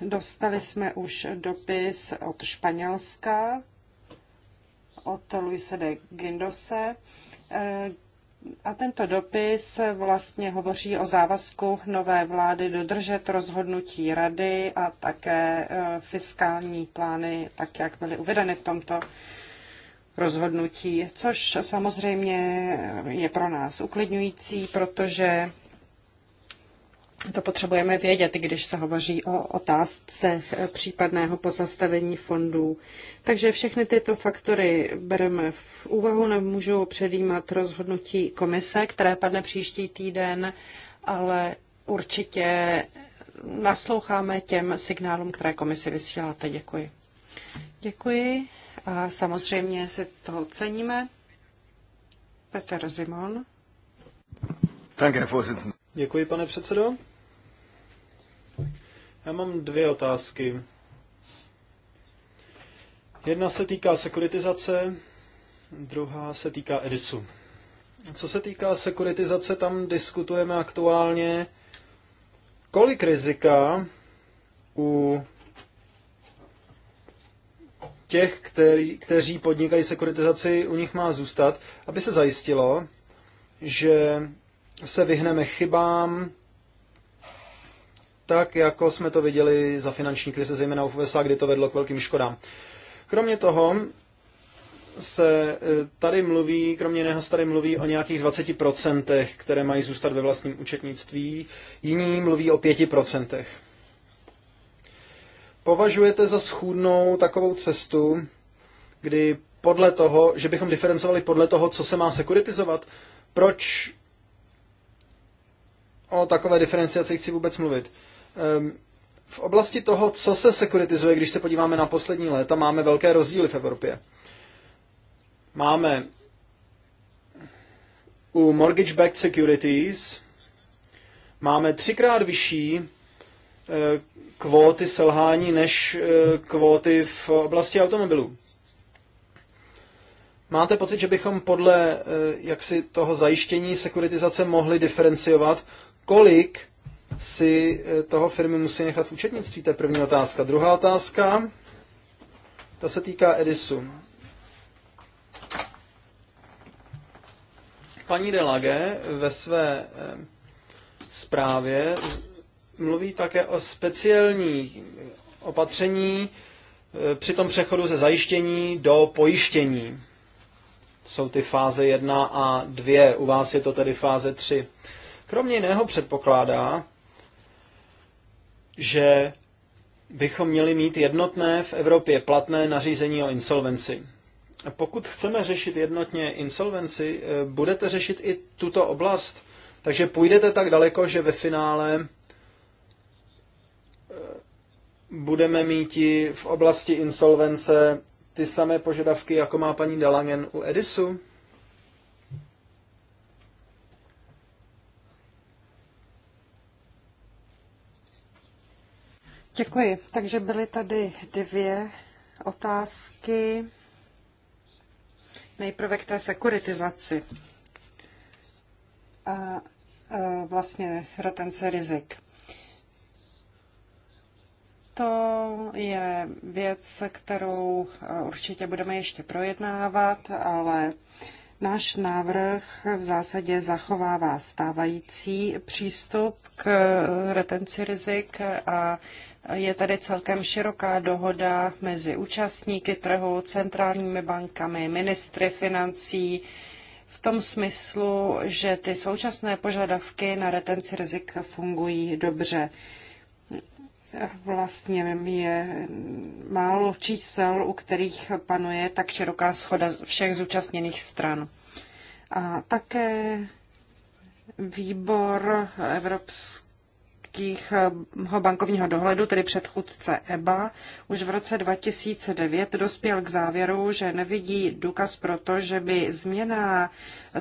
dostali jsme už dopis od Španělska, od Luise de Guindose, eh, a tento dopis vlastně hovoří o závazku nové vlády dodržet rozhodnutí rady a také eh, fiskální plány, tak jak byly uvedeny v tomto rozhodnutí, což samozřejmě je pro nás uklidňující, protože to potřebujeme vědět, když se hovoří o otázce případného pozastavení fondů. Takže všechny tyto faktory bereme v úvahu, nemůžu předjímat rozhodnutí komise, které padne příští týden, ale určitě nasloucháme těm signálům, které komise vysíláte. Děkuji. Děkuji. A samozřejmě si toho ceníme. Petr Zimon. Děkuji, pane předsedo. Já mám dvě otázky. Jedna se týká sekuritizace, druhá se týká Edisu. Co se týká sekuritizace, tam diskutujeme aktuálně, kolik rizika u těch, který, kteří podnikají sekuritizaci, u nich má zůstat, aby se zajistilo, že se vyhneme chybám, tak jako jsme to viděli za finanční krize, zejména u USA, kdy to vedlo k velkým škodám. Kromě toho se eh, tady mluví, kromě jiného se tady mluví o nějakých 20%, které mají zůstat ve vlastním účetnictví, jiní mluví o 5%. Považujete za schůdnou takovou cestu, kdy podle toho, že bychom diferencovali podle toho, co se má sekuritizovat, proč o takové diferenciaci chci vůbec mluvit? Ehm, v oblasti toho, co se sekuritizuje, když se podíváme na poslední léta, máme velké rozdíly v Evropě. Máme u mortgage-backed securities máme třikrát vyšší Eh, kvóty selhání než eh, kvóty v oblasti automobilů. Máte pocit, že bychom podle eh, jaksi toho zajištění sekuritizace mohli diferenciovat, kolik si toho firmy musí nechat v účetnictví? To je první otázka. Druhá otázka, ta se týká Edisu. Paní Delage ve své zprávě mluví také o speciální opatření e, při tom přechodu ze zajištění do pojištění. Jsou ty fáze 1 a 2, u vás je to tedy fáze 3. Kromě jiného předpokládá, že bychom měli mít jednotné v Evropě platné nařízení o insolvenci. Pokud chceme řešit jednotně insolvenci, e, budete řešit i tuto oblast, takže půjdete tak daleko, že ve finále budeme mít v oblasti insolvence ty samé požadavky, jako má paní Dalangen u Edisu? Děkuji. Takže byly tady dvě otázky. Nejprve k té sekuritizaci a vlastně retence rizik. To je věc, kterou eh, určitě budeme ještě projednávat, ale náš návrh v zásadě zachovává stávající přístup k retenci rizik a je tady celkem široká dohoda mezi účastníky trhu, centrálními bankami, ministry financí, v tom smyslu, že ty současné požadavky na retenci rizik fungují dobře vlastně je málo čísel, u kterých panuje tak široká schoda všech zúčastněných stran. A také výbor evropského bankovního dohledu, tedy předchůdce EBA, už v roce 2009 dospěl k závěru, že nevidí důkaz pro to, že by změna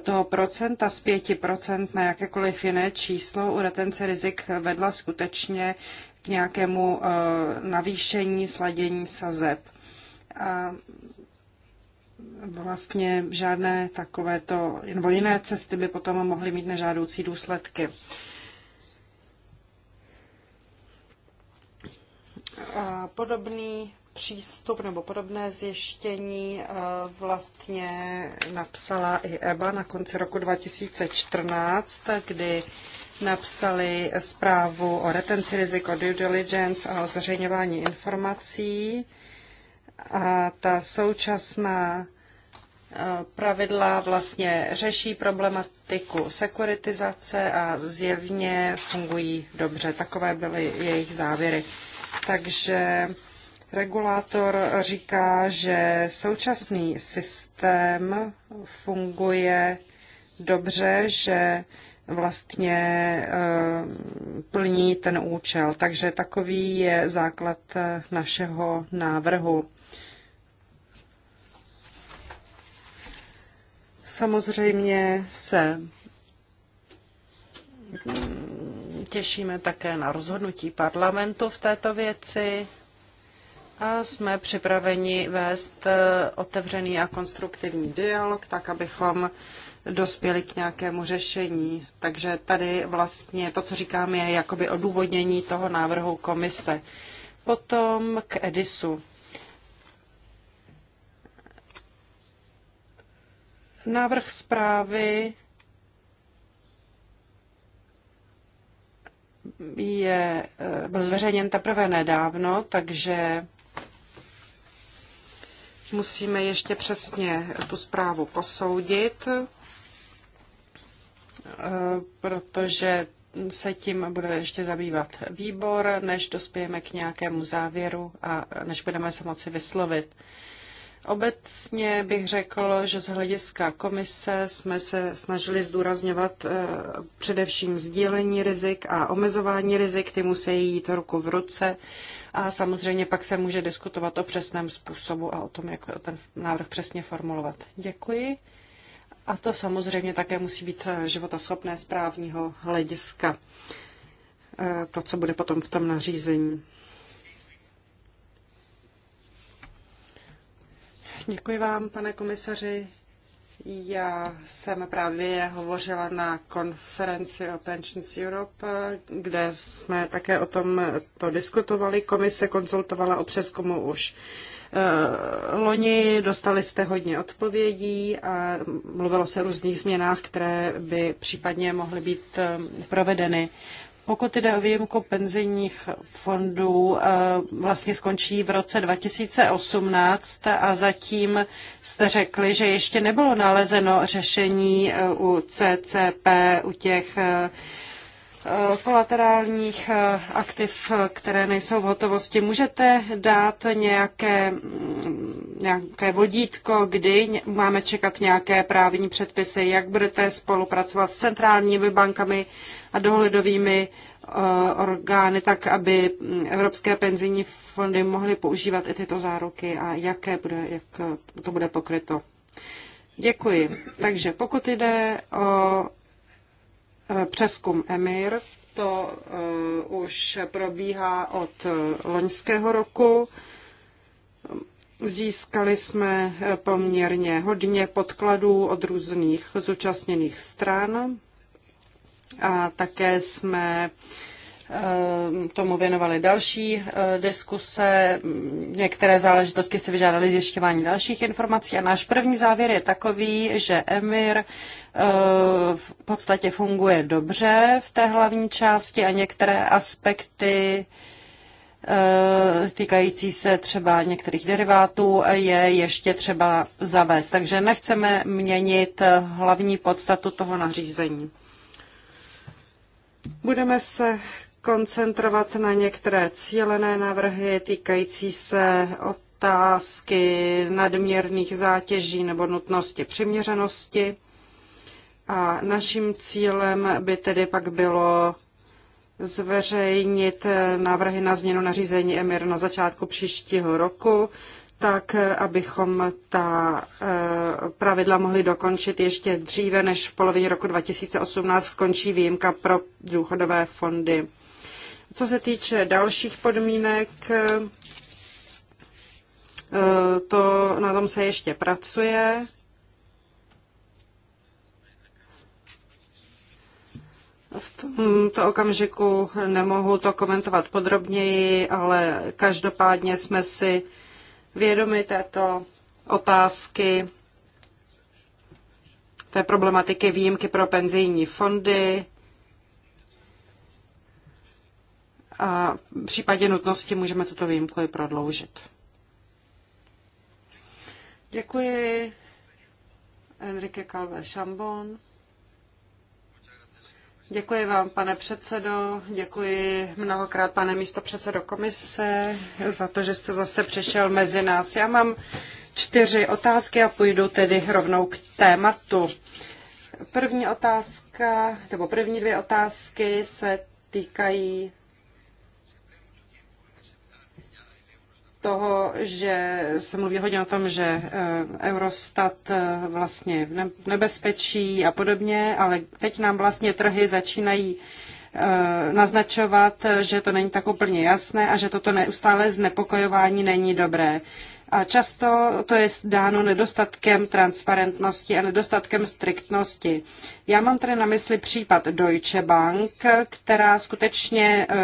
toho procenta z 5% na jakékoliv jiné číslo u retence rizik vedla skutečně k nějakému eh, navýšení sladění sazeb. A vlastně žádné takovéto nebo jiné cesty by potom mohly mít nežádoucí důsledky. A podobný přístup nebo podobné zjištění eh, vlastně napsala i EBA na konci roku 2014, kdy napsali zprávu o retenci rizik, o due diligence a o zveřejňování informací. A ta současná eh, pravidla vlastně řeší problematiku sekuritizace a zjevně fungují dobře. Takové byly jejich závěry. Takže regulátor říká, že současný systém funguje dobře, že vlastně eh, plní ten účel. Takže takový je základ eh, našeho návrhu. Samozřejmě se mm, těšíme také na rozhodnutí parlamentu v této věci a jsme připraveni vést eh, otevřený a konstruktivní dialog, tak abychom dospěli k nějakému řešení. Takže tady vlastně to, co říkám, je jakoby odůvodnění toho návrhu komise. Potom k Edisu. Návrh zprávy je, eh, byl zveřejněn teprve nedávno, takže musíme ještě přesně tu zprávu posoudit. Eh, protože se tím bude ještě zabývat výbor, než dospějeme k nějakému závěru a než budeme se moci vyslovit. Obecně bych řekl, že z hlediska komise jsme se snažili zdůrazňovat eh, především sdílení rizik a omezování rizik, ty musí jít ruku v ruce a samozřejmě pak se může diskutovat o přesném způsobu a o tom, jak ten návrh přesně formulovat. Děkuji a to samozřejmě také musí být eh, životaschopné z právního hlediska. Eh, to, co bude potom v tom nařízení. Děkuji vám, pane komisaři. Já jsem právě hovořila na konferenci o Pensions Europe, kde jsme také o tom to diskutovali. Komise konzultovala o přeskumu už Eh, loni, dostali jste hodně odpovědí a mluvilo se o různých změnách, které by případně mohly být eh, provedeny. Pokud jde o výjimku penzijních fondů, eh, vlastně skončí v roce 2018 a zatím jste řekli, že ještě nebylo nalezeno řešení u CCP, u těch Eh, kolaterálních eh, aktiv, které nejsou v hotovosti. Můžete dát nějaké, mm, nějaké vodítko, kdy máme čekat nějaké právní předpisy, jak budete spolupracovat s centrálními bankami a dohledovými eh, orgány, tak aby mm, evropské penzijní fondy mohly používat i tyto záruky a jaké bude, jak to bude pokryto. Děkuji. Takže pokud jde o Eh, přeskum EMIR, to eh, už probíhá od eh, loňského roku. Získali jsme poměrně hodně podkladů od různých zúčastněných stran a také jsme Eh, tomu věnovaly další eh, diskuse, některé záležitosti si vyžádaly zjišťování dalších informací a náš první závěr je takový, že Emir eh, v podstatě funguje dobře v té hlavní části a některé aspekty týkající se třeba některých derivátů je ještě třeba zavést. Takže nechceme měnit hlavní podstatu toho nařízení. Budeme se koncentrovat na některé cílené návrhy týkající se otázky nadměrných zátěží nebo nutnosti přiměřenosti. A naším cílem by tedy pak bylo zveřejnit návrhy na změnu nařízení EMIR na začátku příštího roku, tak abychom ta eh, pravidla mohli dokončit ještě dříve, než v polovině roku 2018 skončí výjimka pro důchodové fondy. Co se týče dalších podmínek, eh, to na tom se ještě pracuje. V tomto okamžiku nemohu to komentovat podrobněji, ale každopádně jsme si vědomi této otázky, té problematiky výjimky pro penzijní fondy. a v případě nutnosti můžeme tuto výjimku i prodloužit. Děkuji. Enrique Calve Šambon. Děkuji vám, pane předsedo, děkuji mnohokrát, pane místo předsedo komise, za to, že jste zase přišel mezi nás. Já mám čtyři otázky a půjdu tedy rovnou k tématu. První otázka, nebo první dvě otázky se týkají toho, že se mluví hodně o tom, že eh, Eurostat eh, vlastně v nebezpečí a podobně, ale teď nám vlastně trhy začínají eh, naznačovat, že to není tak úplně jasné a že toto neustále znepokojování není dobré. A často to je dáno nedostatkem transparentnosti a nedostatkem striktnosti. Já mám tady na mysli případ Deutsche Bank, která skutečně uh,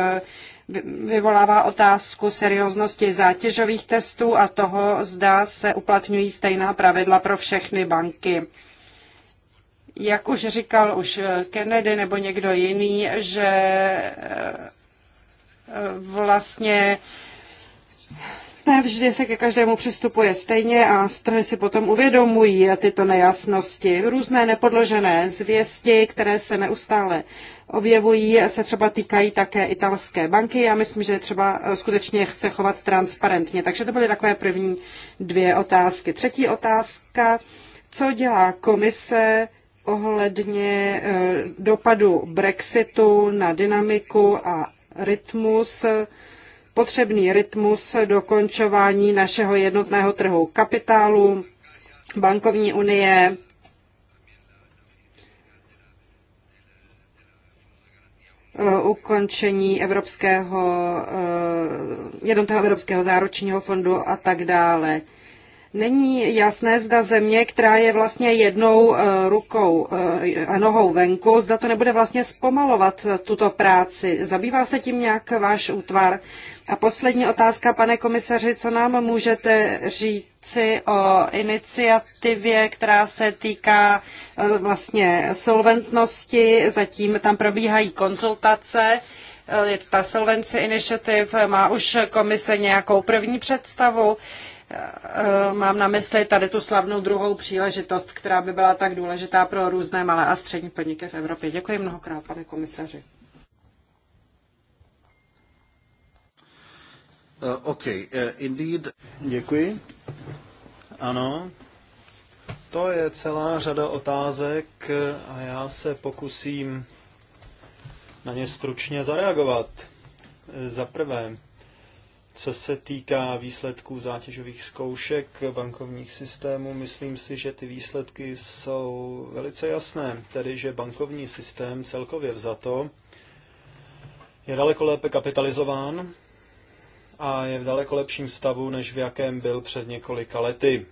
vyvolává otázku serióznosti zátěžových testů a toho, zda se uplatňují stejná pravidla pro všechny banky. Jak už říkal už Kennedy nebo někdo jiný, že eh, vlastně ne vždy se ke každému přistupuje stejně a strany si potom uvědomují tyto nejasnosti. Různé nepodložené zvěsti, které se neustále objevují, se třeba týkají také italské banky. Já myslím, že třeba eh, skutečně se chovat transparentně. Takže to byly takové první dvě otázky. Třetí otázka, co dělá komise ohledně eh, dopadu Brexitu na dynamiku a rytmus potřebný rytmus dokončování našeho jednotného trhu kapitálu, bankovní unie, eh, ukončení evropského, eh, jednotného evropského záručního fondu a tak dále. Není jasné, zda země, která je vlastně jednou eh, rukou eh, a nohou venku, zda to nebude vlastně zpomalovat eh, tuto práci. Zabývá se tím nějak váš útvar? A poslední otázka, pane komisaři, co nám můžete říci o iniciativě, která se týká vlastně solventnosti? Zatím tam probíhají konzultace. Ta Solvency Initiative má už komise nějakou první představu. Eh, mám na mysli tady tu slavnou druhou příležitost, která by byla tak důležitá pro různé malé a střední podniky v Evropě. Děkuji mnohokrát, pane komisaři. Uh, OK, uh, indeed. Děkuji. Ano. To je celá řada otázek a já se pokusím na ně stručně zareagovat. Za prvé, co se týká výsledků zátěžových zkoušek bankovních systémů, myslím si, že ty výsledky jsou velice jasné, tedy že bankovní systém celkově vzato je daleko lépe kapitalizován a je v daleko lepším stavu, než v jakém byl před několika lety.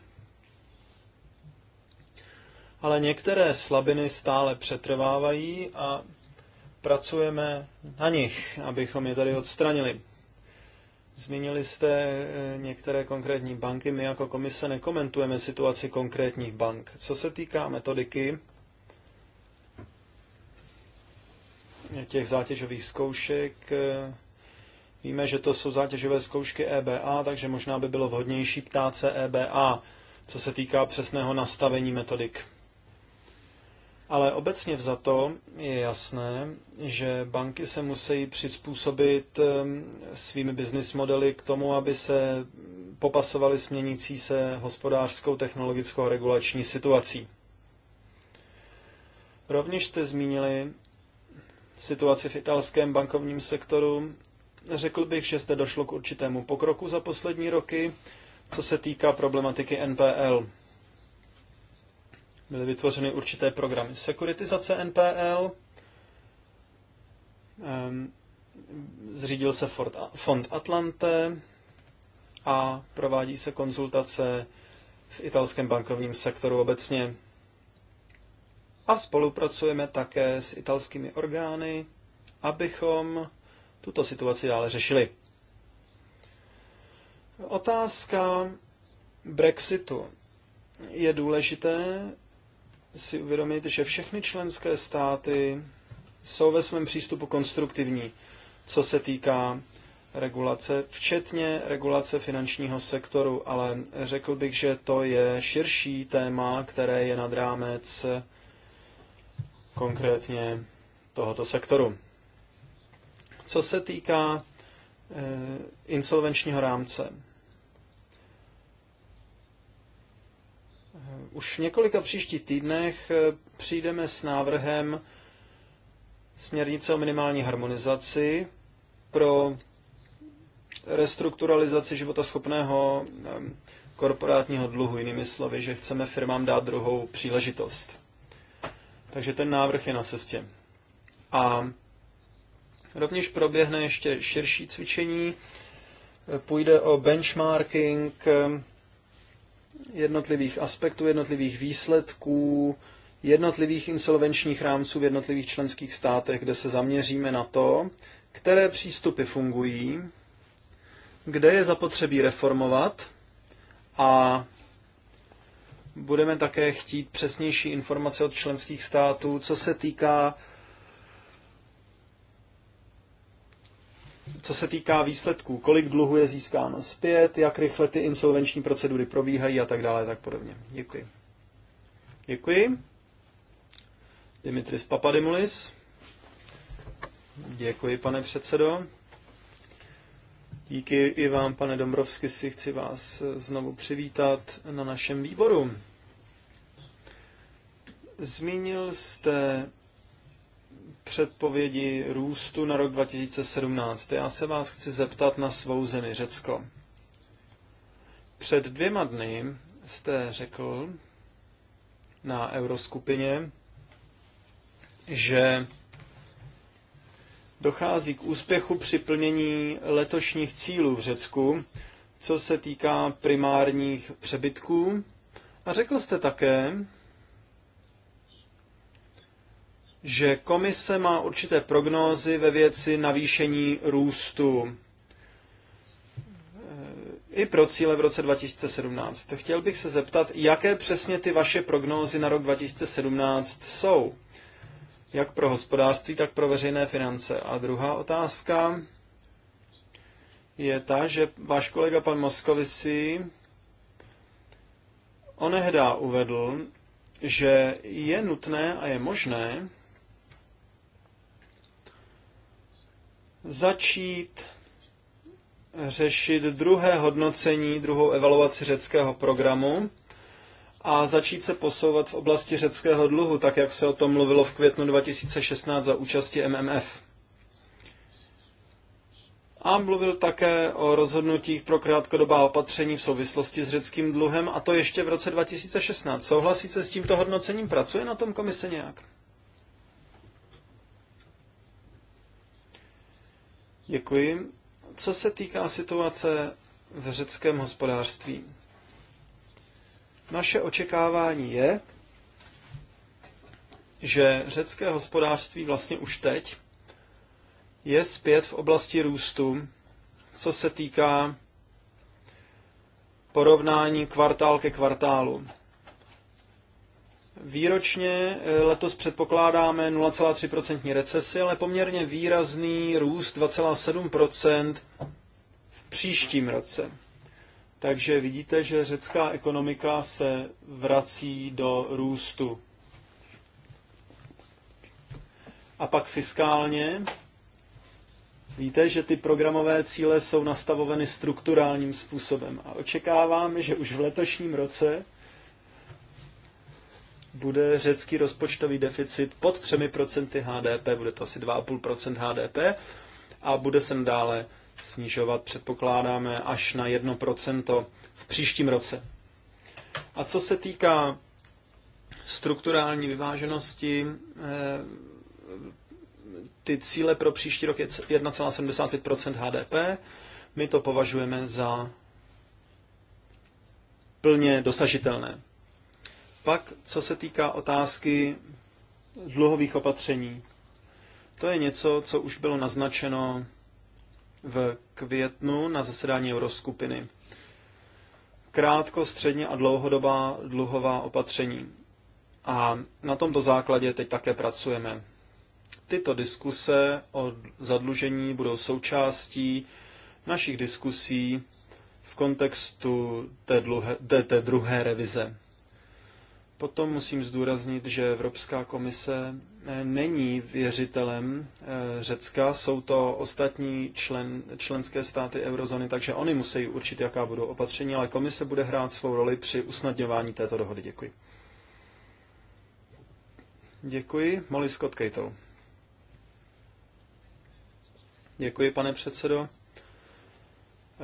Ale některé slabiny stále přetrvávají a pracujeme na nich, abychom je tady odstranili. Zmínili jste eh, některé konkrétní banky. My jako komise nekomentujeme situaci konkrétních bank. Co se týká metodiky těch zátěžových zkoušek, eh, víme, že to jsou zátěžové zkoušky EBA, takže možná by bylo vhodnější ptát se EBA, co se týká přesného nastavení metodik. Ale obecně vzato je jasné, že banky se musí přizpůsobit ehm, svými business modely k tomu, aby se popasovaly směnící se hospodářskou, technologickou regulační situací. Rovněž jste zmínili situaci v italském bankovním sektoru. Řekl bych, že zde došlo k určitému pokroku za poslední roky, co se týká problematiky NPL byly vytvořeny určité programy sekuritizace NPL, zřídil se fond Atlante a provádí se konzultace v italském bankovním sektoru obecně. A spolupracujeme také s italskými orgány, abychom tuto situaci dále řešili. Otázka Brexitu. Je důležité, si uvědomit, že všechny členské státy jsou ve svém přístupu konstruktivní, co se týká regulace, včetně regulace finančního sektoru, ale řekl bych, že to je širší téma, které je nad rámec konkrétně tohoto sektoru. Co se týká eh, insolvenčního rámce, už v několika příštích týdnech eh, přijdeme s návrhem směrnice o minimální harmonizaci pro restrukturalizaci života schopného eh, korporátního dluhu, jinými slovy, že chceme firmám dát druhou příležitost. Takže ten návrh je na cestě. A rovněž proběhne ještě širší cvičení. Půjde o benchmarking eh, jednotlivých aspektů, jednotlivých výsledků, jednotlivých insolvenčních rámců v jednotlivých členských státech, kde se zaměříme na to, které přístupy fungují, kde je zapotřebí reformovat a budeme také chtít přesnější informace od členských států, co se týká co se týká výsledků, kolik dluhu je získáno zpět, jak rychle ty insolvenční procedury probíhají a tak dále, tak podobně. Děkuji. Děkuji. Dimitris Papadimulis. Děkuji, pane předsedo. Díky i vám, pane Dombrovsky, si chci vás znovu přivítat na našem výboru. Zmínil jste předpovědi růstu na rok 2017. Já se vás chci zeptat na svou zemi Řecko. Před dvěma dny jste řekl na euroskupině, že dochází k úspěchu při plnění letošních cílů v Řecku, co se týká primárních přebytků. A řekl jste také, že komise má určité prognózy ve věci navýšení růstu e, i pro cíle v roce 2017. Chtěl bych se zeptat, jaké přesně ty vaše prognózy na rok 2017 jsou? Jak pro hospodářství, tak pro veřejné finance. A druhá otázka je ta, že váš kolega pan Moskovici onehdá uvedl, že je nutné a je možné, začít řešit druhé hodnocení, druhou evaluaci řeckého programu a začít se posouvat v oblasti řeckého dluhu, tak jak se o tom mluvilo v květnu 2016 za účasti MMF. A mluvil také o rozhodnutích pro krátkodobá opatření v souvislosti s řeckým dluhem, a to ještě v roce 2016. Souhlasíte s tímto hodnocením? Pracuje na tom komise nějak? Děkuji. Co se týká situace v řeckém hospodářství? Naše očekávání je, že řecké hospodářství vlastně už teď je zpět v oblasti růstu, co se týká porovnání kvartál ke kvartálu. Výročně eh, letos předpokládáme 0,3% recesi, ale poměrně výrazný růst 2,7% v příštím roce. Takže vidíte, že řecká ekonomika se vrací do růstu. A pak fiskálně. Víte, že ty programové cíle jsou nastavoveny strukturálním způsobem a očekáváme, že už v letošním roce bude řecký rozpočtový deficit pod 3% HDP, bude to asi 2,5% HDP a bude se dále snižovat, předpokládáme, až na 1% v příštím roce. A co se týká strukturální vyváženosti, eh, ty cíle pro příští rok je 1,75 HDP. My to považujeme za plně dosažitelné. Pak, co se týká otázky dluhových opatření, to je něco, co už bylo naznačeno v květnu na zasedání euroskupiny. Krátko, středně a dlouhodobá dluhová opatření. A na tomto základě teď také pracujeme. Tyto diskuse o zadlužení budou součástí našich diskusí v kontextu té, dluhe, té, té druhé revize. Potom musím zdůraznit, že Evropská komise eh, není věřitelem eh, Řecka, jsou to ostatní člen, členské státy eurozóny, takže oni musí určit, jaká budou opatření, ale komise bude hrát svou roli při usnadňování této dohody. Děkuji. Děkuji. Molly Scott Cato. Děkuji, pane předsedo.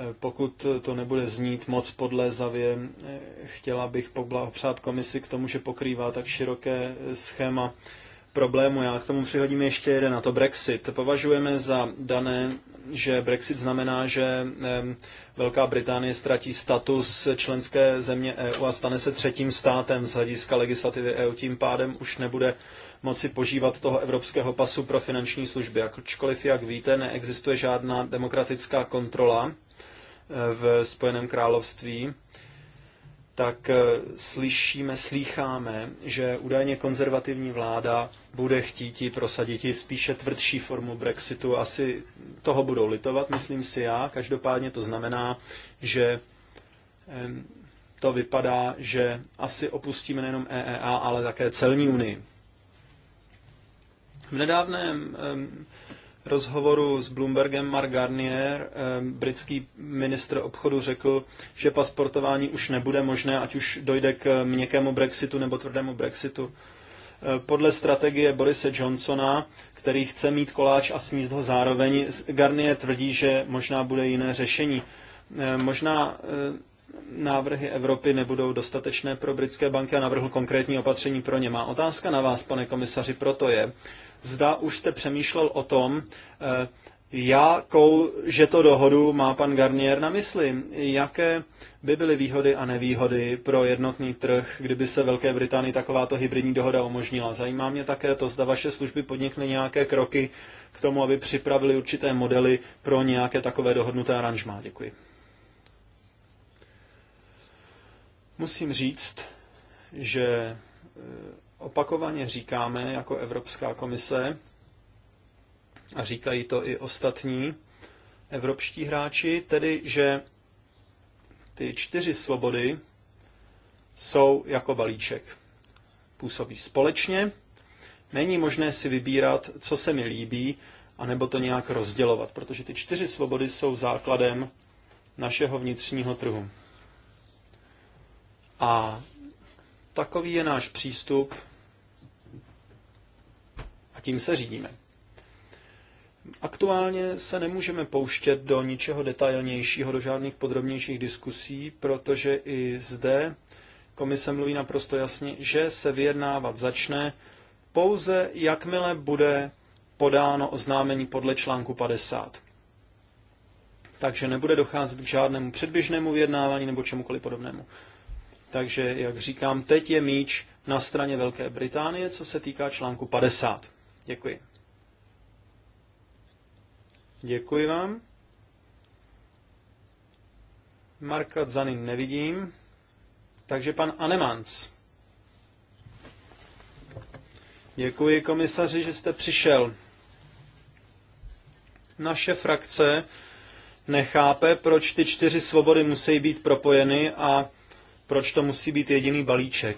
Eh, pokud to nebude znít moc podlézavě, eh, chtěla bych poblahopřát komisi k tomu, že pokrývá tak široké eh, schéma problému. Já k tomu přihodím ještě jeden, a to Brexit. Považujeme za dané, že Brexit znamená, že Velká Británie ztratí status členské země EU a stane se třetím státem z hlediska legislativy EU. Tím pádem už nebude moci požívat toho evropského pasu pro finanční služby. Ačkoliv, jak víte, neexistuje žádná demokratická kontrola v Spojeném království, tak eh, slyšíme, slýcháme, že údajně konzervativní vláda bude chtít prosadit spíše tvrdší formu Brexitu. Asi toho budou litovat, myslím si já. Každopádně to znamená, že to vypadá, že asi opustíme nejenom EEA, ale také celní unii. V nedávném rozhovoru s Bloombergem Mark Garnier, eh, britský ministr obchodu, řekl, že pasportování už nebude možné, ať už dojde k měkkému Brexitu nebo tvrdému Brexitu. Eh, podle strategie Borise Johnsona, který chce mít koláč a sníst ho zároveň, Garnier tvrdí, že možná bude jiné řešení. Eh, možná návrhy Evropy nebudou dostatečné pro britské banky a navrhl konkrétní opatření pro ně. Má otázka na vás, pane komisaři, proto je, zda už jste přemýšlel o tom, eh, jakou, že to dohodu má pan Garnier na mysli. Jaké by byly výhody a nevýhody pro jednotný trh, kdyby se Velké Británii takováto hybridní dohoda umožnila? Zajímá mě také to, zda vaše služby podnikly nějaké kroky k tomu, aby připravili určité modely pro nějaké takové dohodnuté aranžmá. Děkuji. Musím říct, že eh, opakovaně říkáme jako Evropská komise, a říkají to i ostatní evropští hráči, tedy že ty čtyři svobody jsou jako balíček. Působí společně, není možné si vybírat, co se mi líbí, anebo to nějak rozdělovat, protože ty čtyři svobody jsou základem našeho vnitřního trhu. A takový je náš přístup a tím se řídíme. Aktuálně se nemůžeme pouštět do ničeho detailnějšího, do žádných podrobnějších diskusí, protože i zde komise mluví naprosto jasně, že se vyjednávat začne pouze jakmile bude podáno oznámení podle článku 50. Takže nebude docházet k žádnému předběžnému vyjednávání nebo čemukoliv podobnému. Takže, jak říkám, teď je míč na straně Velké Británie, co se týká článku 50. Děkuji. Děkuji vám. Marka Zany nevidím. Takže pan Anemans. Děkuji komisaři, že jste přišel. Naše frakce nechápe, proč ty čtyři svobody musí být propojeny a proč to musí být jediný balíček?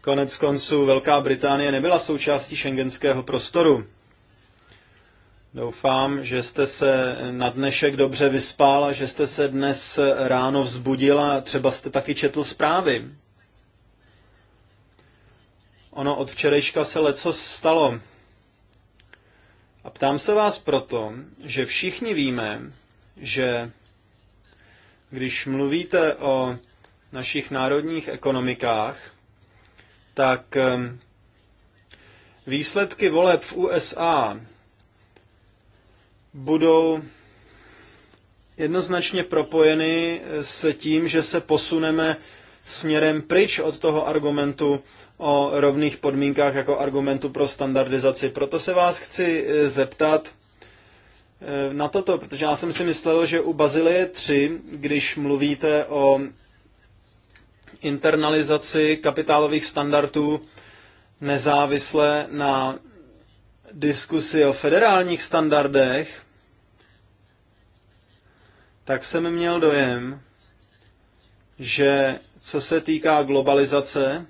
Konec konců Velká Británie nebyla součástí šengenského prostoru. Doufám, že jste se na dnešek dobře vyspal a že jste se dnes ráno vzbudil a třeba jste taky četl zprávy. Ono od včerejška se leco stalo. A ptám se vás proto, že všichni víme, že když mluvíte o našich národních ekonomikách, tak ehm, výsledky voleb v USA budou jednoznačně propojeny s tím, že se posuneme směrem pryč od toho argumentu o rovných podmínkách jako argumentu pro standardizaci. Proto se vás chci e, zeptat e, na toto, protože já jsem si myslel, že u Bazilie 3, když mluvíte o internalizaci kapitálových standardů nezávisle na diskusi o federálních standardech, tak jsem měl dojem, že co se týká globalizace,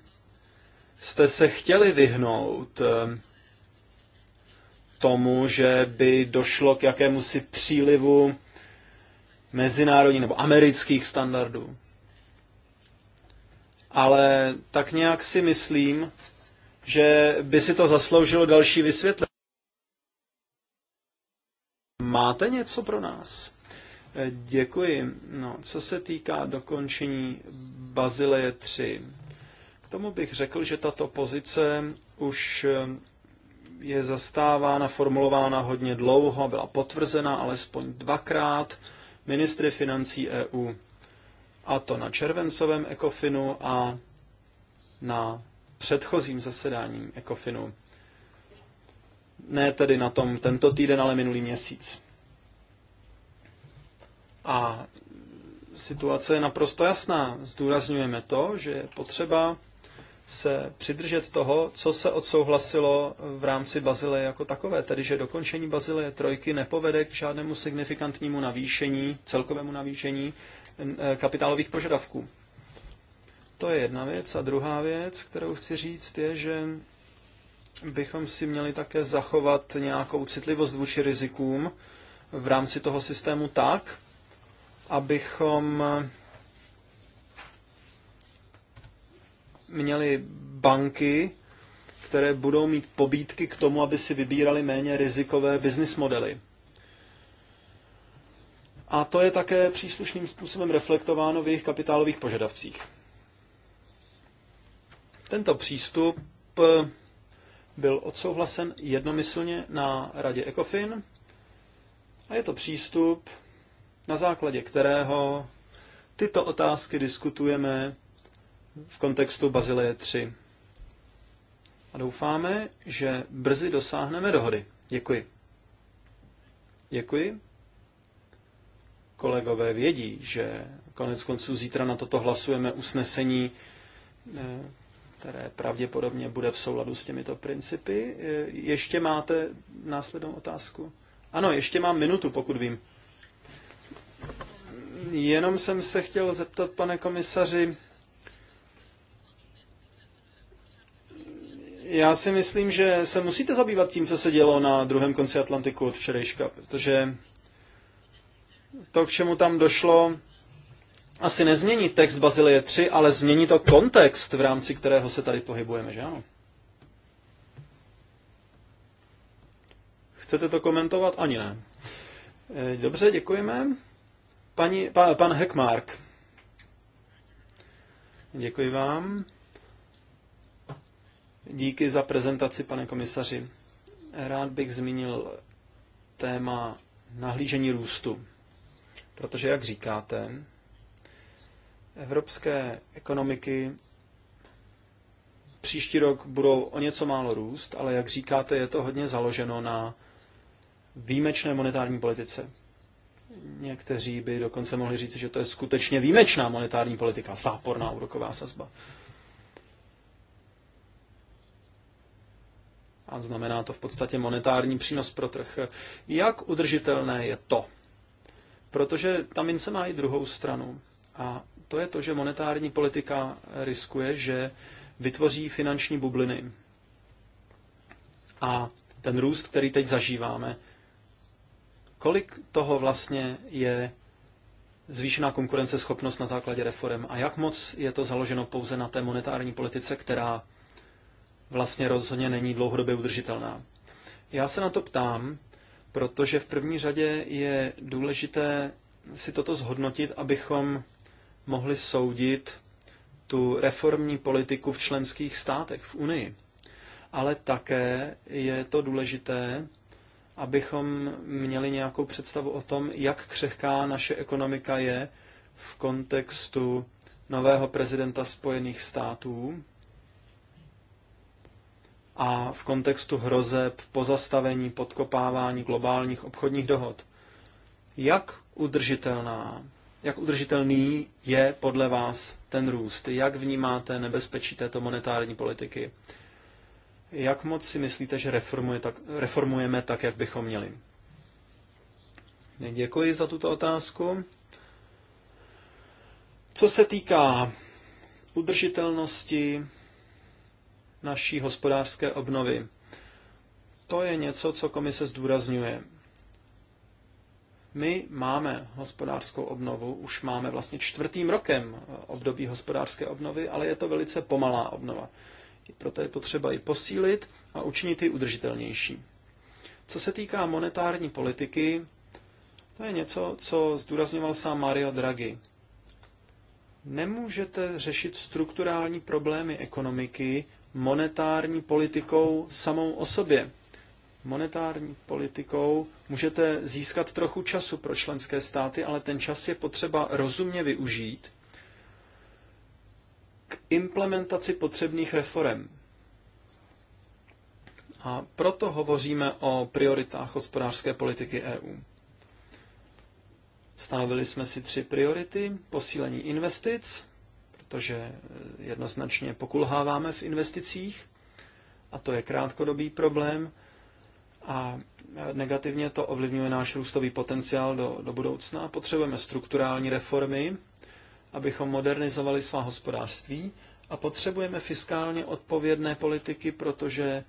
jste se chtěli vyhnout eh, tomu, že by došlo k jakémusi přílivu mezinárodních nebo amerických standardů. Ale tak nějak si myslím, že by si to zasloužilo další vysvětlení. Máte něco pro nás? Eh, děkuji. No, co se týká dokončení Bazileje 3, tomu bych řekl, že tato pozice už eh, je zastávána, formulována hodně dlouho, byla potvrzena alespoň dvakrát ministry financí EU. A to na červencovém ECOFINu a na předchozím zasedání ECOFINu. Ne tedy na tom tento týden, ale minulý měsíc. A situace je naprosto jasná. Zdůrazňujeme to, že je potřeba se přidržet toho, co se odsouhlasilo v rámci Bazile jako takové, tedy že dokončení Bazileje trojky nepovede k žádnému signifikantnímu navýšení, celkovému navýšení e, kapitálových požadavků. To je jedna věc. A druhá věc, kterou chci říct, je, že bychom si měli také zachovat nějakou citlivost vůči rizikům v rámci toho systému tak, abychom měli banky, které budou mít pobídky k tomu, aby si vybírali méně rizikové business modely. A to je také příslušným způsobem reflektováno v jejich kapitálových požadavcích. Tento přístup eh, byl odsouhlasen jednomyslně na radě ECOFIN a je to přístup, na základě kterého tyto otázky diskutujeme v kontextu Bazileje 3. A doufáme, že brzy dosáhneme dohody. Děkuji. Děkuji. Kolegové vědí, že konec konců zítra na toto hlasujeme usnesení, eh, které pravděpodobně bude v souladu s těmito principy. Eh, ještě máte následnou otázku? Ano, ještě mám minutu, pokud vím. Jenom jsem se chtěl zeptat, pane komisaři, Já si myslím, že se musíte zabývat tím, co se dělo na druhém konci Atlantiku od včerejška, protože to, k čemu tam došlo, asi nezmění text Bazilie 3, ale změní to kontext, v rámci kterého se tady pohybujeme, že ano? Chcete to komentovat? Ani ne. Eh, dobře, děkujeme. Pani, pa, pan Heckmark. Děkuji vám. Díky za prezentaci, pane komisaři. Rád bych zmínil téma nahlížení růstu. Protože, jak říkáte, evropské ekonomiky příští rok budou o něco málo růst, ale jak říkáte, je to hodně založeno na výjimečné monetární politice. Někteří by dokonce mohli říct, že to je skutečně výjimečná monetární politika, záporná úroková sazba. a znamená to v podstatě monetární přínos pro trh. Jak udržitelné je to? Protože ta mince má i druhou stranu. A to je to, že monetární politika riskuje, že vytvoří finanční bubliny. A ten růst, který teď zažíváme, kolik toho vlastně je zvýšená konkurenceschopnost na základě reform a jak moc je to založeno pouze na té monetární politice, která vlastně rozhodně není dlouhodobě udržitelná. Já se na to ptám, protože v první řadě je důležité si toto zhodnotit, abychom mohli soudit tu reformní politiku v členských státech, v Unii. Ale také je to důležité, abychom měli nějakou představu o tom, jak křehká naše ekonomika je v kontextu nového prezidenta Spojených států, a v kontextu hrozeb, pozastavení, podkopávání globálních obchodních dohod. Jak udržitelná, jak udržitelný je podle vás ten růst? Jak vnímáte nebezpečí této monetární politiky? Jak moc si myslíte, že reformuje tak, reformujeme tak, jak bychom měli? Děkuji za tuto otázku. Co se týká udržitelnosti naší hospodářské obnovy. To je něco, co komise zdůrazňuje. My máme hospodářskou obnovu, už máme vlastně čtvrtým rokem eh, období hospodářské obnovy, ale je to velice pomalá obnova. Proto je potřeba ji posílit a učinit ji udržitelnější. Co se týká monetární politiky, to je něco, co zdůrazňoval sám Mario Draghi. Nemůžete řešit strukturální problémy ekonomiky monetární politikou samou o sobě. Monetární politikou můžete získat trochu času pro členské státy, ale ten čas je potřeba rozumně využít k implementaci potřebných reform. A proto hovoříme o prioritách hospodářské politiky EU. Stanovili jsme si tři priority. Posílení investic, protože eh, jednoznačně pokulháváme v investicích a to je krátkodobý problém a negativně to ovlivňuje náš růstový potenciál do, do budoucna. Potřebujeme strukturální reformy, abychom modernizovali svá hospodářství a potřebujeme fiskálně odpovědné politiky, protože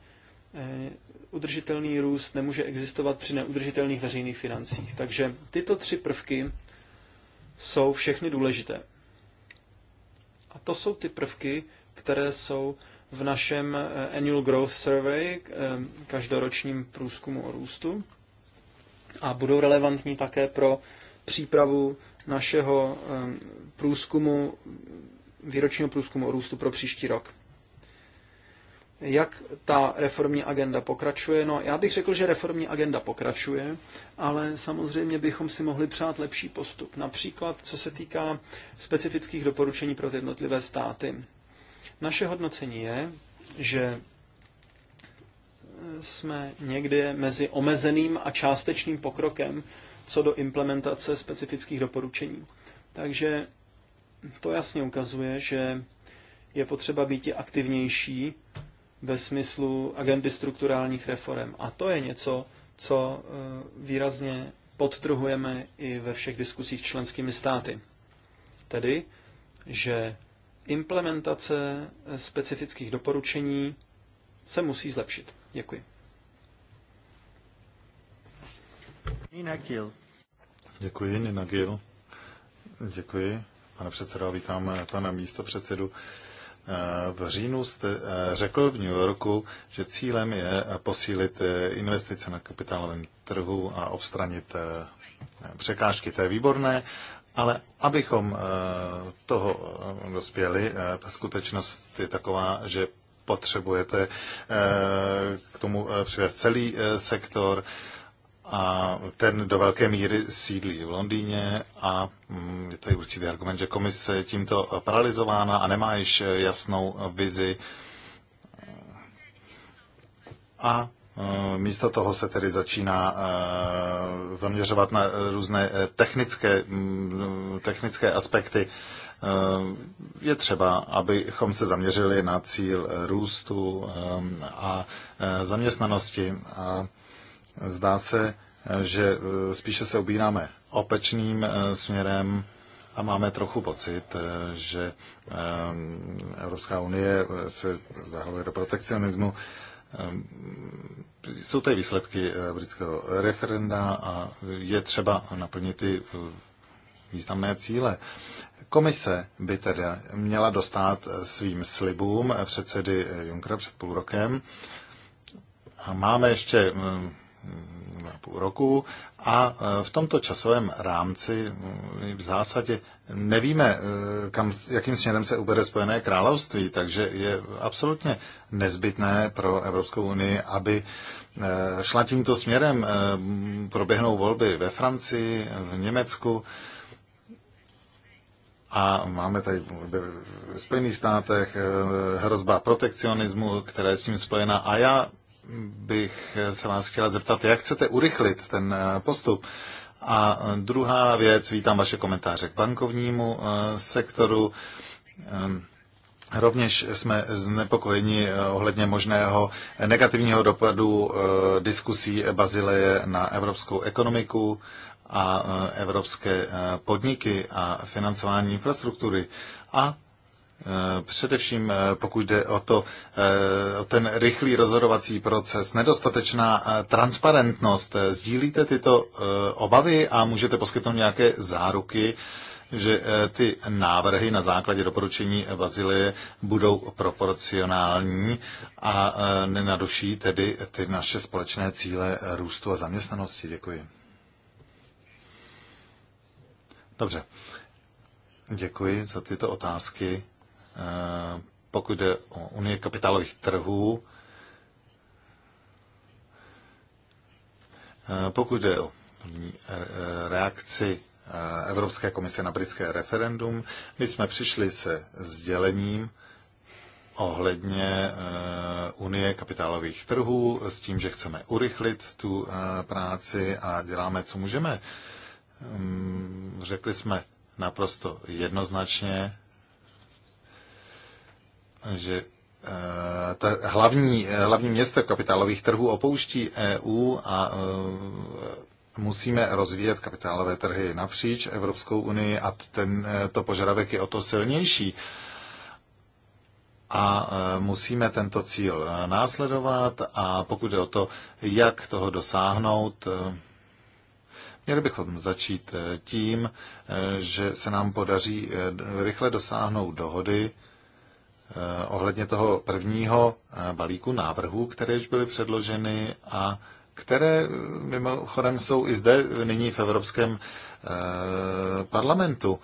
eh, udržitelný růst nemůže existovat při neudržitelných veřejných financích. Takže tyto tři prvky jsou všechny důležité. A to jsou ty prvky, které jsou v našem eh, Annual Growth Survey, eh, každoročním průzkumu o růstu, a budou relevantní také pro přípravu našeho eh, průzkumu, výročního průzkumu o růstu pro příští rok. Jak ta reformní agenda pokračuje? No, já bych řekl, že reformní agenda pokračuje, ale samozřejmě bychom si mohli přát lepší postup. Například, co se týká specifických doporučení pro jednotlivé státy. Naše hodnocení je, že jsme někde mezi omezeným a částečným pokrokem co do implementace specifických doporučení. Takže to jasně ukazuje, že je potřeba být aktivnější ve smyslu agendy strukturálních reform. A to je něco, co e, výrazně podtrhujeme i ve všech diskusích členskými státy. Tedy, že implementace e, specifických doporučení se musí zlepšit. Děkuji. Nina Gil. Děkuji, Nina Gil. Děkuji, pane předsedo, vítám pana místo předsedu. V říjnu jste eh, řekl v New Yorku, že cílem je eh, posílit eh, investice na kapitálovém trhu a obstranit překážky. To je výborné, ale abychom toho dospěli, ta skutečnost je taková, že potřebujete k tomu přivést celý sektor a ten do velké míry sídlí v Londýně a mm, je tady určitý argument, že komise je tímto paralizována a nemá již eh, jasnou eh, vizi. A eh, místo toho se tedy začíná zaměřovat na různé technické, mm, technické aspekty. Je třeba, abychom se zaměřili na cíl růstu a zaměstnanosti a Zdá se, že eh, spíše se ubíráme opečným eh, směrem a máme trochu pocit, eh, že Evropská unie se zahaluje do protekcionismu. Jsou tady výsledky britského referenda a je třeba naplnit ty významné cíle. Komise by tedy měla dostat svým slibům předsedy Junckera před půl rokem. A máme ještě půl roku a e, v tomto časovém rámci e, v zásadě nevíme, e, kam, jakým směrem se ubere Spojené království, takže je absolutně nezbytné pro Evropskou unii, aby šla tímto směrem. Proběhnou volby ve Francii, v Německu a máme tady v Spojených státech hrozba protekcionismu, která je s tím spojená a já bych se vás chtěla zeptat, jak chcete urychlit ten eh, postup. A eh, druhá věc, vítám vaše komentáře k bankovnímu eh, sektoru. Ehm, rovněž jsme znepokojeni ohledně možného negativního dopadu diskusí Bazileje na evropskou ekonomiku a evropské podniky a financování infrastruktury. A Eh, především eh, pokud jde o, to, eh, o ten rychlý rozhodovací proces, nedostatečná transparentnost, sdílíte tyto obavy a můžete poskytnout nějaké záruky, že ty návrhy na základě doporučení Vazilie budou proporcionální a nenaruší tedy ty naše společné cíle růstu a zaměstnanosti. Děkuji. Dobře. Děkuji za tyto otázky pokud jde o Unie kapitálových trhů, pokud jde o reakci Evropské komise na britské referendum, my jsme přišli se sdělením ohledně eh, Unie kapitálových trhů s tím, že chceme urychlit tu eh, práci a děláme, co můžeme. Mm, řekli jsme naprosto jednoznačně, že eh, ta hlavní, eh, hlavní město kapitálových trhů opouští EU a eh, musíme rozvíjet kapitálové trhy napříč Evropskou unii a ten, to požadavek je o to silnější. A musíme tento cíl následovat a pokud je o to, jak toho dosáhnout, Měli bychom začít tím, že se nám podaří rychle dosáhnout dohody Eh, ohledně toho prvního eh, balíku návrhů, které už byly předloženy a které eh, mimochodem jsou i zde nyní v Evropském parlamentu.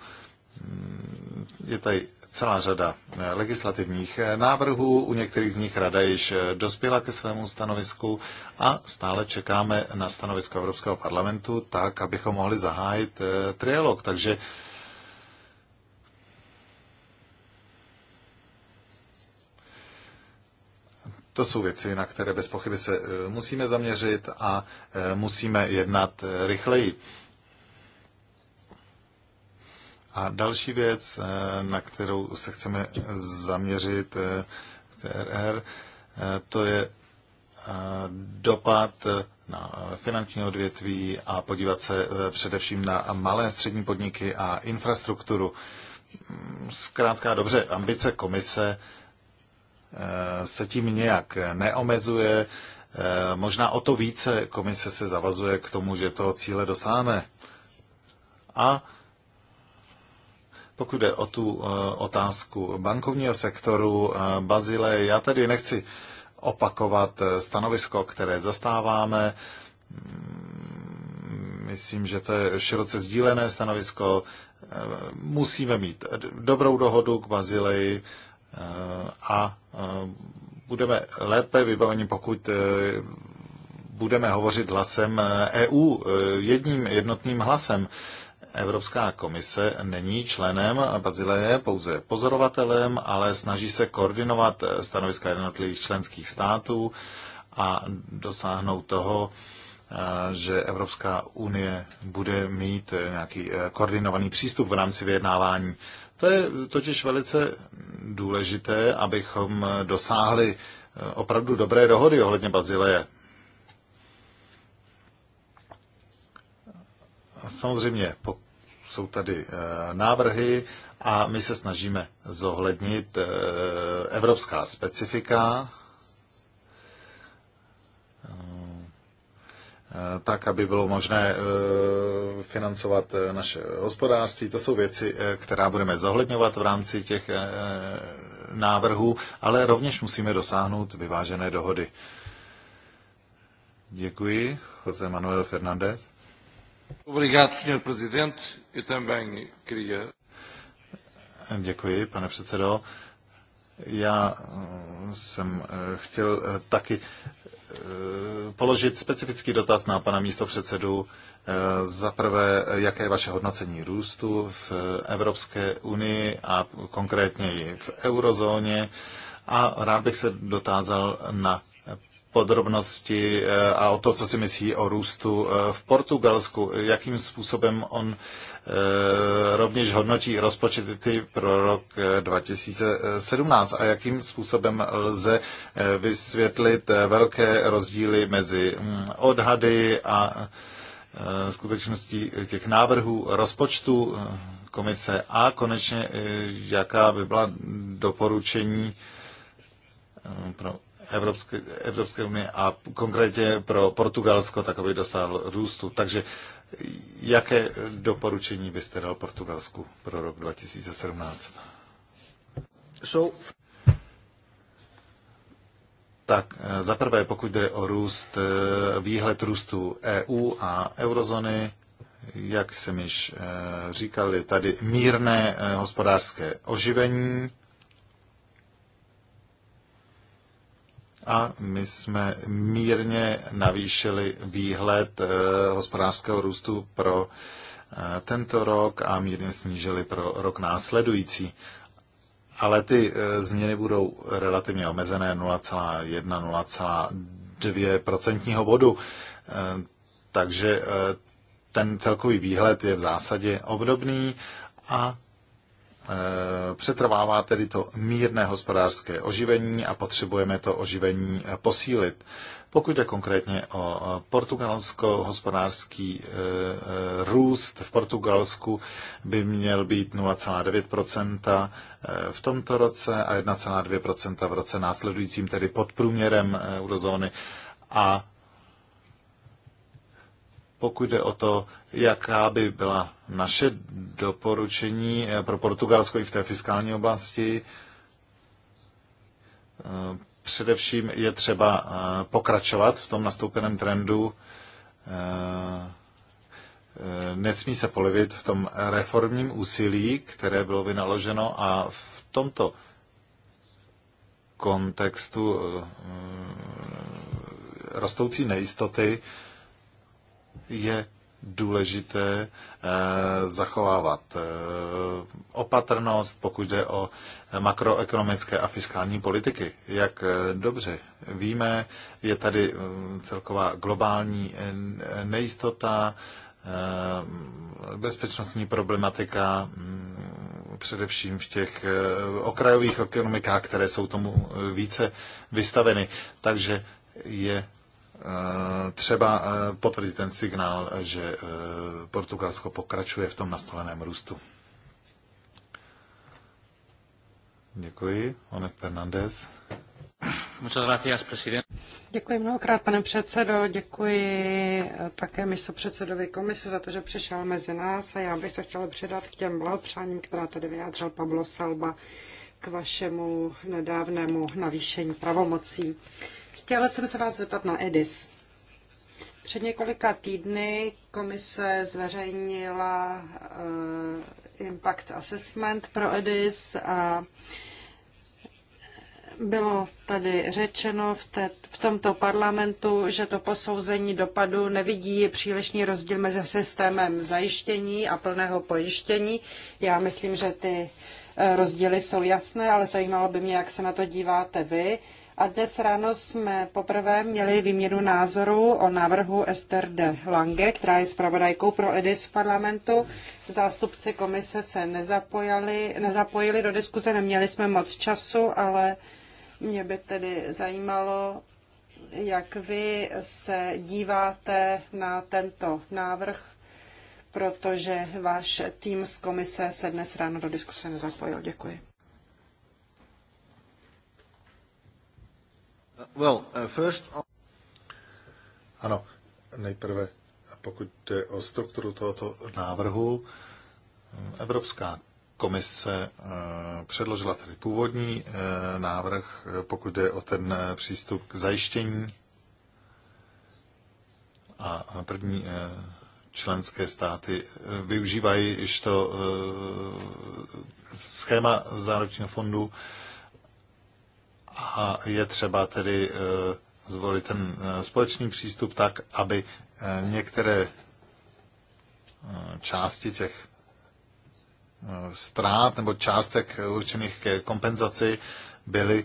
Mm, je tady celá řada legislativních návrhů, u některých z nich rada již dospěla ke svému stanovisku a stále čekáme na stanovisko Evropského parlamentu tak, abychom mohli zahájit trialog. Takže To jsou věci, na které bez pochyby se eh, musíme zaměřit a eh, musíme jednat eh, rychleji. A další věc, na kterou se chceme zaměřit, CRR, to je dopad na finanční odvětví a podívat se především na malé střední podniky a infrastrukturu. Mm, zkrátka dobře, ambice komise Eh, se tím nějak neomezuje. Eh, možná o to více komise se zavazuje k tomu, že toho cíle dosáhne. A pokud jde o tu eh, otázku bankovního sektoru, Bazile, já tady nechci opakovat stanovisko, které zastáváme. Mm, myslím, že to je široce sdílené stanovisko. Musíme mít dobrou dohodu k Bazileji Eh, a eh, budeme lépe vybaveni, pokud eh, budeme hovořit hlasem EU, e jedním jednotným hlasem. Evropská komise není členem Bazileje, pouze pozorovatelem, ale snaží se koordinovat stanoviska jednotlivých členských států a dosáhnout toho, že Evropská unie bude mít nějaký koordinovaný přístup v rámci vyjednávání to je totiž velice důležité, abychom dosáhli eh, opravdu dobré dohody ohledně Bazileje. Samozřejmě jsou tady eh, návrhy a my se snažíme zohlednit eh, evropská specifika Eh, tak, aby bylo možné eh, financovat eh, naše hospodářství. To jsou věci, která budeme zohledňovat v rámci těch návrhů, ale rovněž musíme dosáhnout vyvážené dohody. Děkuji. Jose Manuel Fernández. Obrigado, senhor presidente. Eu também queria... Děkuji, pane předsedo. Já jsem chtěl taky Eh, položit specifický dotaz na pana místopředsedu. Eh, za prvé, jaké je vaše hodnocení růstu v Evropské unii a konkrétně i v eurozóně. A rád bych se dotázal na podrobnosti eh, a o to, co si myslí o růstu v Portugalsku, jakým způsobem on Eh, rovněž hodnotí rozpočty pro rok 2017 eh, a jakým způsobem lze eh, vysvětlit velké rozdíly mezi mm, odhady a skutečností těch návrhů rozpočtu komise a konečně jaká by byla doporučení pro Evropské, Evropské unie a konkrétně pro Portugalsko, tak aby dosáhl růstu. Takže Jaké doporučení byste dal Portugalsku pro rok 2017? So... Tak, eh, za prvé, pokud jde o růst, eh, výhled růstu EU a eurozóny, jak jsem již eh, říkali, tady mírné hospodářské oživení, a my jsme mírně navýšili výhled eh, hospodářského růstu pro eh, tento rok a mírně snížili pro rok následující. Ale ty eh, změny budou relativně omezené 0,1-0,2 procentního bodu, takže ten celkový výhled je v zásadě obdobný a Eh, přetrvává tedy to mírné hospodářské oživení a potřebujeme to oživení eh, posílit. Pokud je konkrétně o portugalsko, hospodářský eh, růst v Portugalsku by měl být 0,9 v tomto roce a 1,2 v roce následujícím, tedy pod průměrem eurozóny. A pokud jde o to, jaká by byla naše doporučení eh, pro Portugalsko i v té fiskální oblasti eh, především je třeba eh, pokračovat v tom nastoupeném trendu. Nesmí se polivit v tom reformním úsilí, které bylo vynaloženo a v tomto kontextu rostoucí nejistoty je důležité eh, zachovávat eh, opatrnost, pokud jde o makroekonomické a fiskální politiky. Jak eh, dobře víme, je tady mm, celková globální nejistota, bezpečnostní problematika, mm, především v těch okrajových ekonomikách, které jsou tomu více vystaveny. Takže je Eh, třeba eh, potvrdit ten signál, že eh, Portugalsko pokračuje v tom nastaveném růstu. Děkuji. Onet Fernández. Děkuji mnohokrát, pane předsedo. Děkuji také místo předsedovi komise za to, že přišel mezi nás a já bych se chtěla přidat k těm blahopřáním, která tady vyjádřil Pablo Salba k vašemu nedávnému navýšení pravomocí. Chtěla jsem se vás zeptat na EDIS. Před několika týdny komise zveřejnila uh, Impact Assessment pro EDIS a bylo tady řečeno v, te, v tomto parlamentu, že to posouzení dopadu nevidí přílišný rozdíl mezi systémem zajištění a plného pojištění. Já myslím, že ty eh, rozdíly jsou jasné, ale zajímalo by mě, jak se na to díváte vy. Uh, a dnes ráno jsme poprvé měli výměnu názoru o návrhu Esther de Lange, která je zpravodajkou pro EDIS v parlamentu. Zástupci komise se nezapojili, nezapojili do diskuze, neměli jsme moc času, ale mě by tedy zajímalo, jak vy se díváte na tento návrh, protože váš tým z komise se dnes ráno do diskuse nezapojil. Děkuji. Well, uh, first on... Ano, nejprve pokud jde o strukturu tohoto návrhu, mm, Evropská komise eh, předložila tedy původní eh, návrh, eh, pokud jde o ten přístup k zajištění a první členské státy využívají již to schéma záručního fondu a je třeba tedy eh, zvolit ten eh, společný přístup tak, aby eh, některé části těch ztrát nebo částek určených ke kompenzaci byly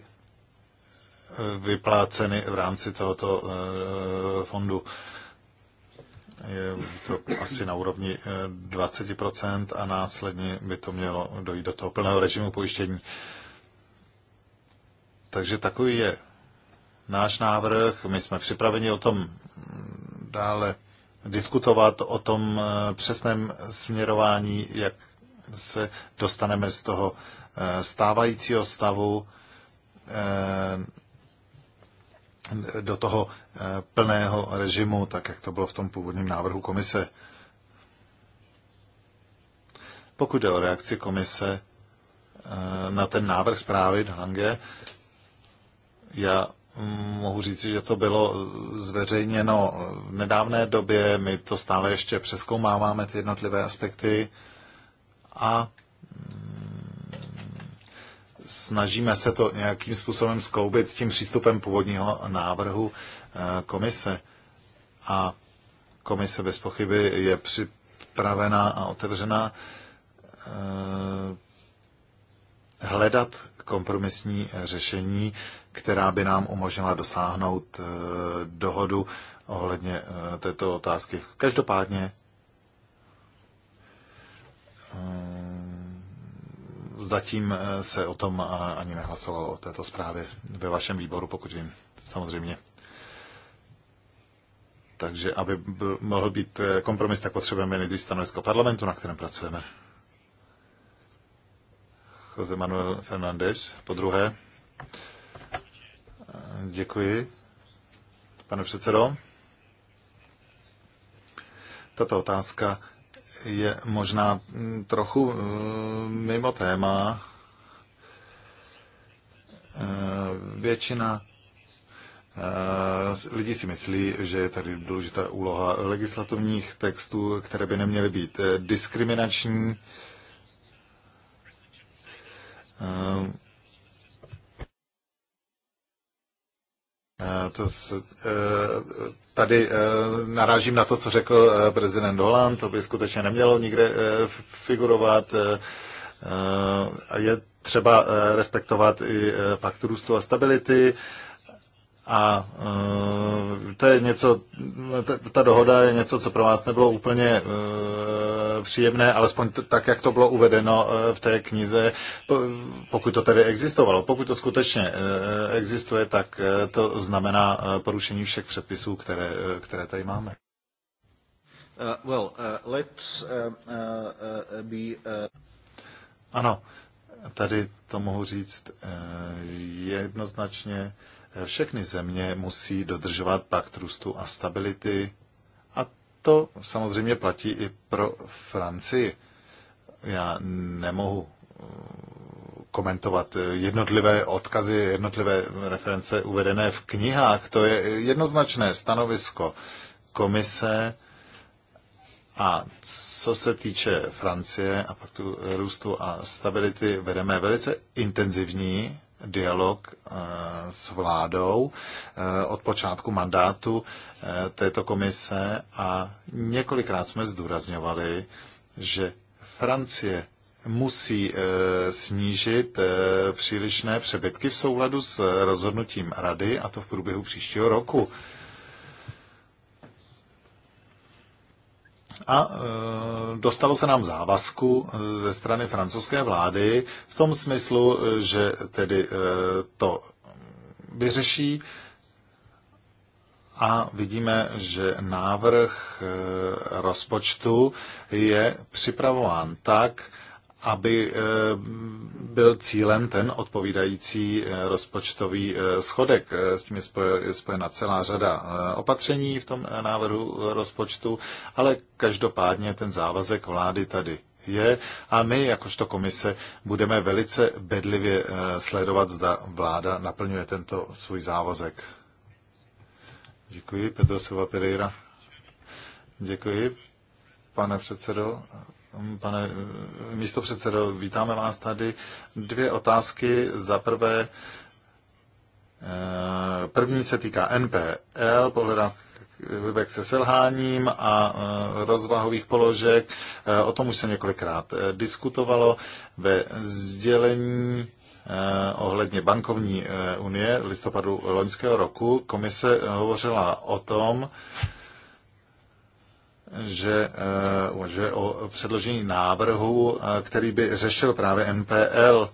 vypláceny v rámci tohoto fondu. Je to asi na úrovni 20% a následně by to mělo dojít do toho plného režimu pojištění. Takže takový je náš návrh. My jsme připraveni o tom mm, dále diskutovat, o tom eh, přesném směrování, jak se dostaneme z toho eh, stávajícího stavu eh, do toho plného režimu, tak jak to bylo v tom původním návrhu komise. Pokud jde o reakci komise na ten návrh zprávy Lange, já mohu říct, že to bylo zveřejněno v nedávné době, my to stále ještě přeskoumáváme, ty jednotlivé aspekty a mm, snažíme se to nějakým způsobem skloubit s tím přístupem původního návrhu eh, komise. A komise bez pochyby je připravená a otevřená eh, hledat kompromisní řešení která by nám umožnila dosáhnout eh, dohodu ohledně eh, této otázky. Každopádně eh, zatím se o tom ani nehlasovalo o této zprávě ve vašem výboru, pokud vím, samozřejmě. Takže aby byl, mohl být kompromis, tak potřebujeme nejdřív stanovisko parlamentu, na kterém pracujeme. Jose Manuel Fernández, po druhé. Děkuji, pane předsedo. Tato otázka je možná trochu eh, mimo téma. Eh, většina eh, lidí si myslí, že je tady důležitá úloha legislativních textů, které by neměly být diskriminační. Eh, to se, eh, tady eh, narážím na to, co řekl prezident Holland, to by skutečně nemělo nikde figurovat. Je třeba respektovat i paktu růstu a stability. A eh, to je něco, ta dohoda je něco, co pro vás nebylo úplně eh, příjemné, alespoň tak, jak to bylo uvedeno eh, v té knize, pokud to tedy existovalo. Pokud to skutečně existuje, tak to znamená porušení všech předpisů, které, které tady máme. Uh, well, uh, let's uh, uh, be... Uh... Ano, tady to mohu říct uh, jednoznačně. Uh, všechny země musí dodržovat pakt růstu a stability a to samozřejmě platí i pro Francii. Já nemohu uh, komentovat jednotlivé odkazy, jednotlivé reference uvedené v knihách. To je jednoznačné stanovisko komise. A co se týče Francie a pak tu růstu a stability, vedeme velice intenzivní dialog eh, s vládou eh, od počátku mandátu eh, této komise a několikrát jsme zdůrazňovali, že Francie musí snížit přílišné přebytky v souladu s rozhodnutím rady a to v průběhu příštího roku. a e, dostalo se nám závazku e, ze strany francouzské vlády v tom smyslu, e, že tedy to vyřeší a vidíme, že návrh rozpočtu je připravován tak, aby eh, byl cílem ten odpovídající eh, rozpočtový eh, schodek. S tím je spojena celá řada opatření v tom návrhu rozpočtu, ale každopádně ten závazek vlády tady je a my, jakožto komise, budeme velice bedlivě sledovat, zda vláda naplňuje tento svůj závazek. Děkuji, Pedro Silva Pereira. Děkuji, pane předsedo. Pane eh, místo předsedo, vítáme vás tady. Dvě otázky. Za prvé, eh, první se týká NPL, pohledám Vybek se selháním a eh, rozvahových položek. O tom už se několikrát diskutovalo ve sdělení ohledně bankovní unie v listopadu loňského roku. Komise hovořila o tom, že uvažuje eh, o předložení návrhu, eh, který by řešil právě NPL. Eh,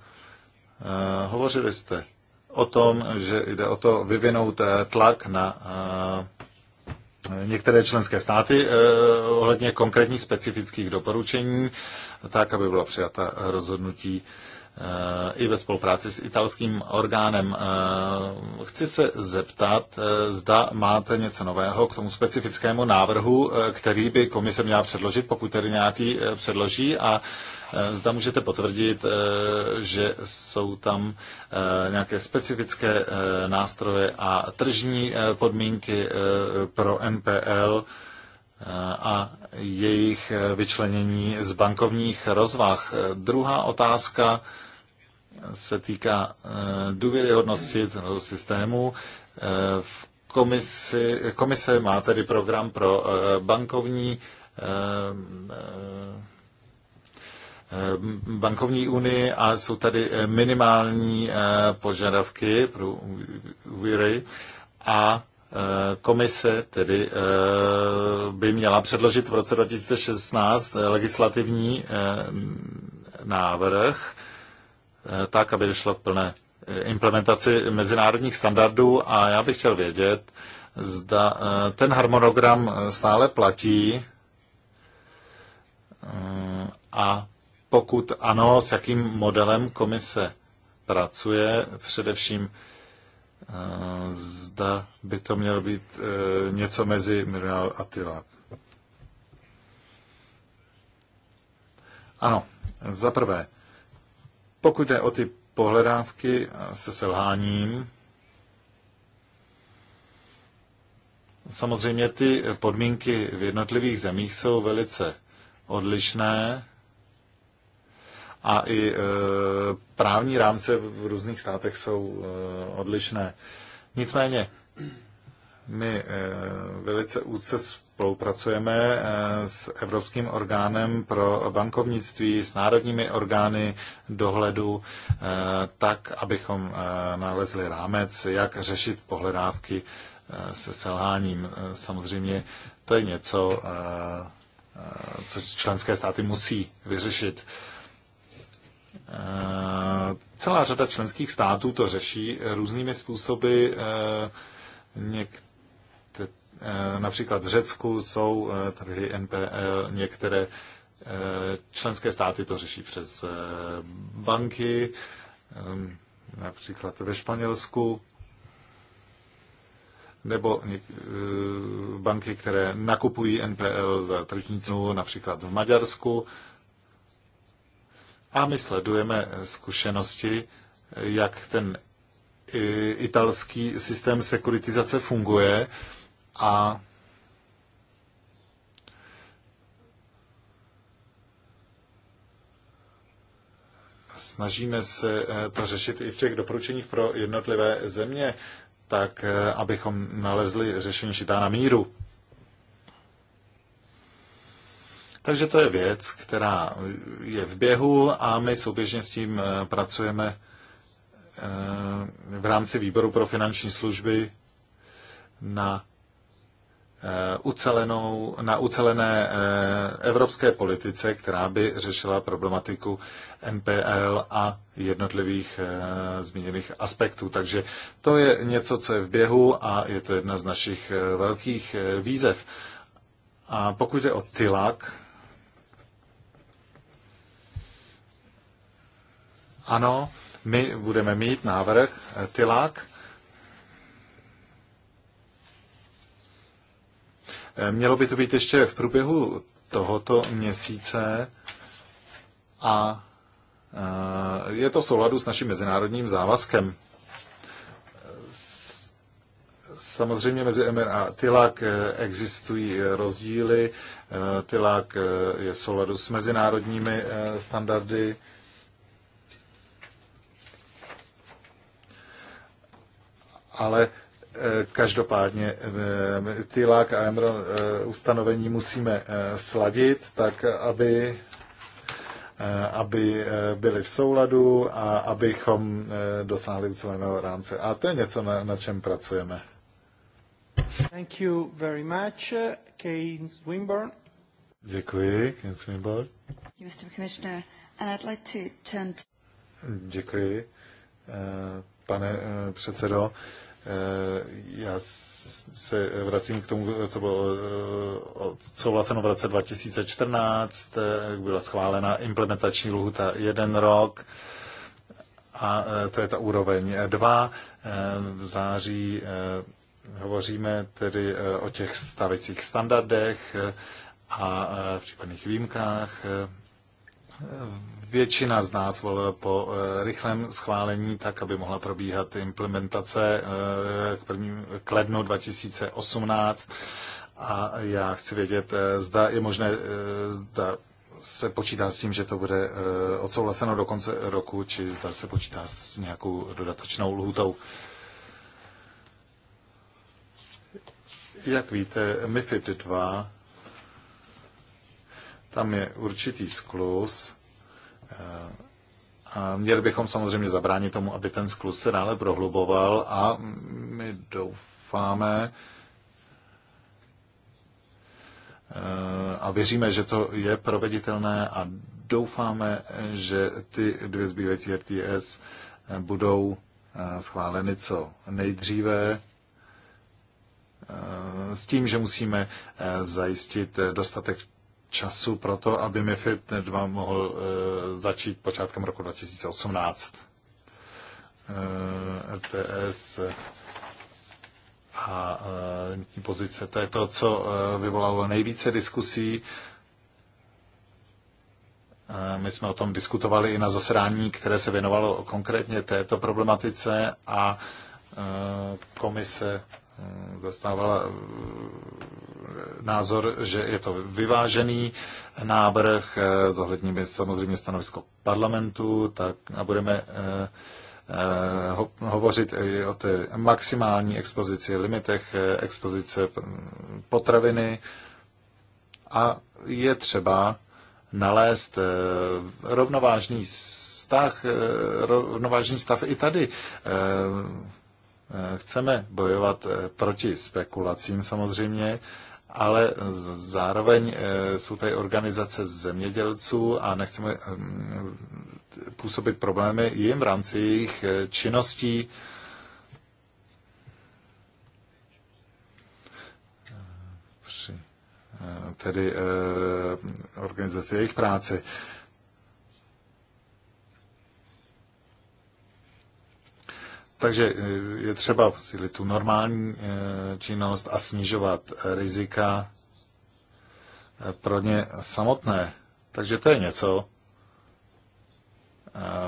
hovořili jste o tom, že jde o to vyvinout tlak na některé členské státy ohledně konkrétních specifických doporučení, tak, aby byla přijata rozhodnutí i ve spolupráci s italským orgánem. Eh, chci se zeptat, eh, zda máte něco nového k tomu specifickému návrhu, eh, který by komise měla předložit, pokud tedy nějaký předloží a zda můžete potvrdit, že jsou tam nějaké specifické nástroje a tržní podmínky pro NPL, a jejich vyčlenění z bankovních rozvah. Druhá otázka se týká eh, důvěryhodnosti celého systému. Eh, v komisi, komise má tedy program pro eh, bankovní bankovní unii a jsou tady minimální požadavky pro úvěry a komise tedy by měla předložit v roce 2016 legislativní návrh Eh, tak, aby došlo k plné eh, implementaci mezinárodních standardů a já bych chtěl vědět, zda eh, ten harmonogram stále platí a pokud ano, s jakým modelem komise pracuje, především zda by to mělo být něco mezi Miral a Tila. Ano, za prvé, pokud jde o ty pohledávky se selháním, samozřejmě ty podmínky v jednotlivých zemích jsou velice odlišné a i e, právní rámce v různých státech jsou e, odlišné. Nicméně my e, velice úzce spolupracujeme eh, s Evropským orgánem pro bankovnictví, s národními orgány dohledu, eh, tak, abychom eh, nalezli rámec, jak řešit pohledávky se selháním. Samozřejmě to je něco, co členské státy musí vyřešit. Celá řada členských států to řeší různými způsoby. Někteří Eh, například v Řecku jsou eh, trhy NPL, některé eh, členské státy to řeší přes banky, například ve Španělsku, nebo banky, které nakupují NPL za tržní cenu, například v Maďarsku. A my sledujeme zkušenosti, jak ten italský systém sekuritizace funguje a snažíme se eh, to řešit i v těch doporučeních pro jednotlivé země, tak eh, abychom nalezli řešení šitá na míru. Takže to je věc, která je v běhu a my souběžně s tím eh, pracujeme v rámci výboru pro finanční služby na Eh, ucelenou, na ucelené eh, evropské politice, která by řešila problematiku NPL a jednotlivých eh, zmíněných aspektů. Takže to je něco, co je v běhu a je to jedna z našich velkých výzev. A pokud je o TILAK, ano, my budeme mít návrh TILAK, Eh, mělo by to být ještě v průběhu tohoto měsíce a eh, je to v souladu s naším mezinárodním závazkem. Samozřejmě mezi MR a TILAK eh, existují rozdíly. TILAK je v souladu s mezinárodními standardy. Ale Každopádně eh, ty lák a emron eh, ustanovení musíme eh, sladit tak, aby aby byly v souladu a abychom dosáhli uceleného rámce. A to je něco, na, na čem pracujeme. Thank you very much, Kane Swinburne. Děkuji, Keynes Swinburne. Mr. Commissioner, and I'd like to turn to... Děkuji, pane předsedo. Eh, já se vracím k tomu, co bylo eh, souhlaseno v roce 2014, eh, byla schválena implementační lhuta jeden rok a to je ta úroveň 2. V září hovoříme tedy o těch stavicích standardech a případných výjimkách. Většina z nás volila po eh, rychlém schválení, tak aby mohla probíhat implementace eh, k, první, k lednu 2018. A já chci vědět, eh, zda je možné, zda se počítá s tím, že to bude odsouhlaseno do konce roku, či zda se počítá s nějakou dodatečnou lhutou? Jak víte, MIFID 2 tam je určitý sklus a měli bychom samozřejmě zabránit tomu, aby ten sklus se dále prohluboval a my doufáme eh, a věříme, že to je proveditelné a doufáme, že ty dvě zbývající RTS budou eh, schváleny co nejdříve eh, s tím, že musíme zajistit dostatek času pro to, aby MIFID 2 mohl eh, začít počátkem roku 2018. Eh, RTS eh, a uh, pozice. To je to, co vyvolalo nejvíce diskusí. My jsme o tom diskutovali i na zasedání, které se věnovalo konkrétně této problematice a komise Eh, zastávala eh, názor, že je to vyvážený návrh, eh, zohledníme samozřejmě stanovisko parlamentu tak a budeme hovořit i o té maximální expozici, limitech expozice potraviny a je třeba nalézt rovnovážný vztah, rovnovážný stav i tady. Eh, chceme bojovat eh, proti spekulacím samozřejmě, ale zároveň eh, jsou tady organizace zemědělců a nechceme hm, působit problémy jim v rámci jejich činností. tedy organizace jejich práce. Takže eh, je třeba tu normální eh, činnost a snižovat eh, rizika pro ně samotné. Takže to je něco,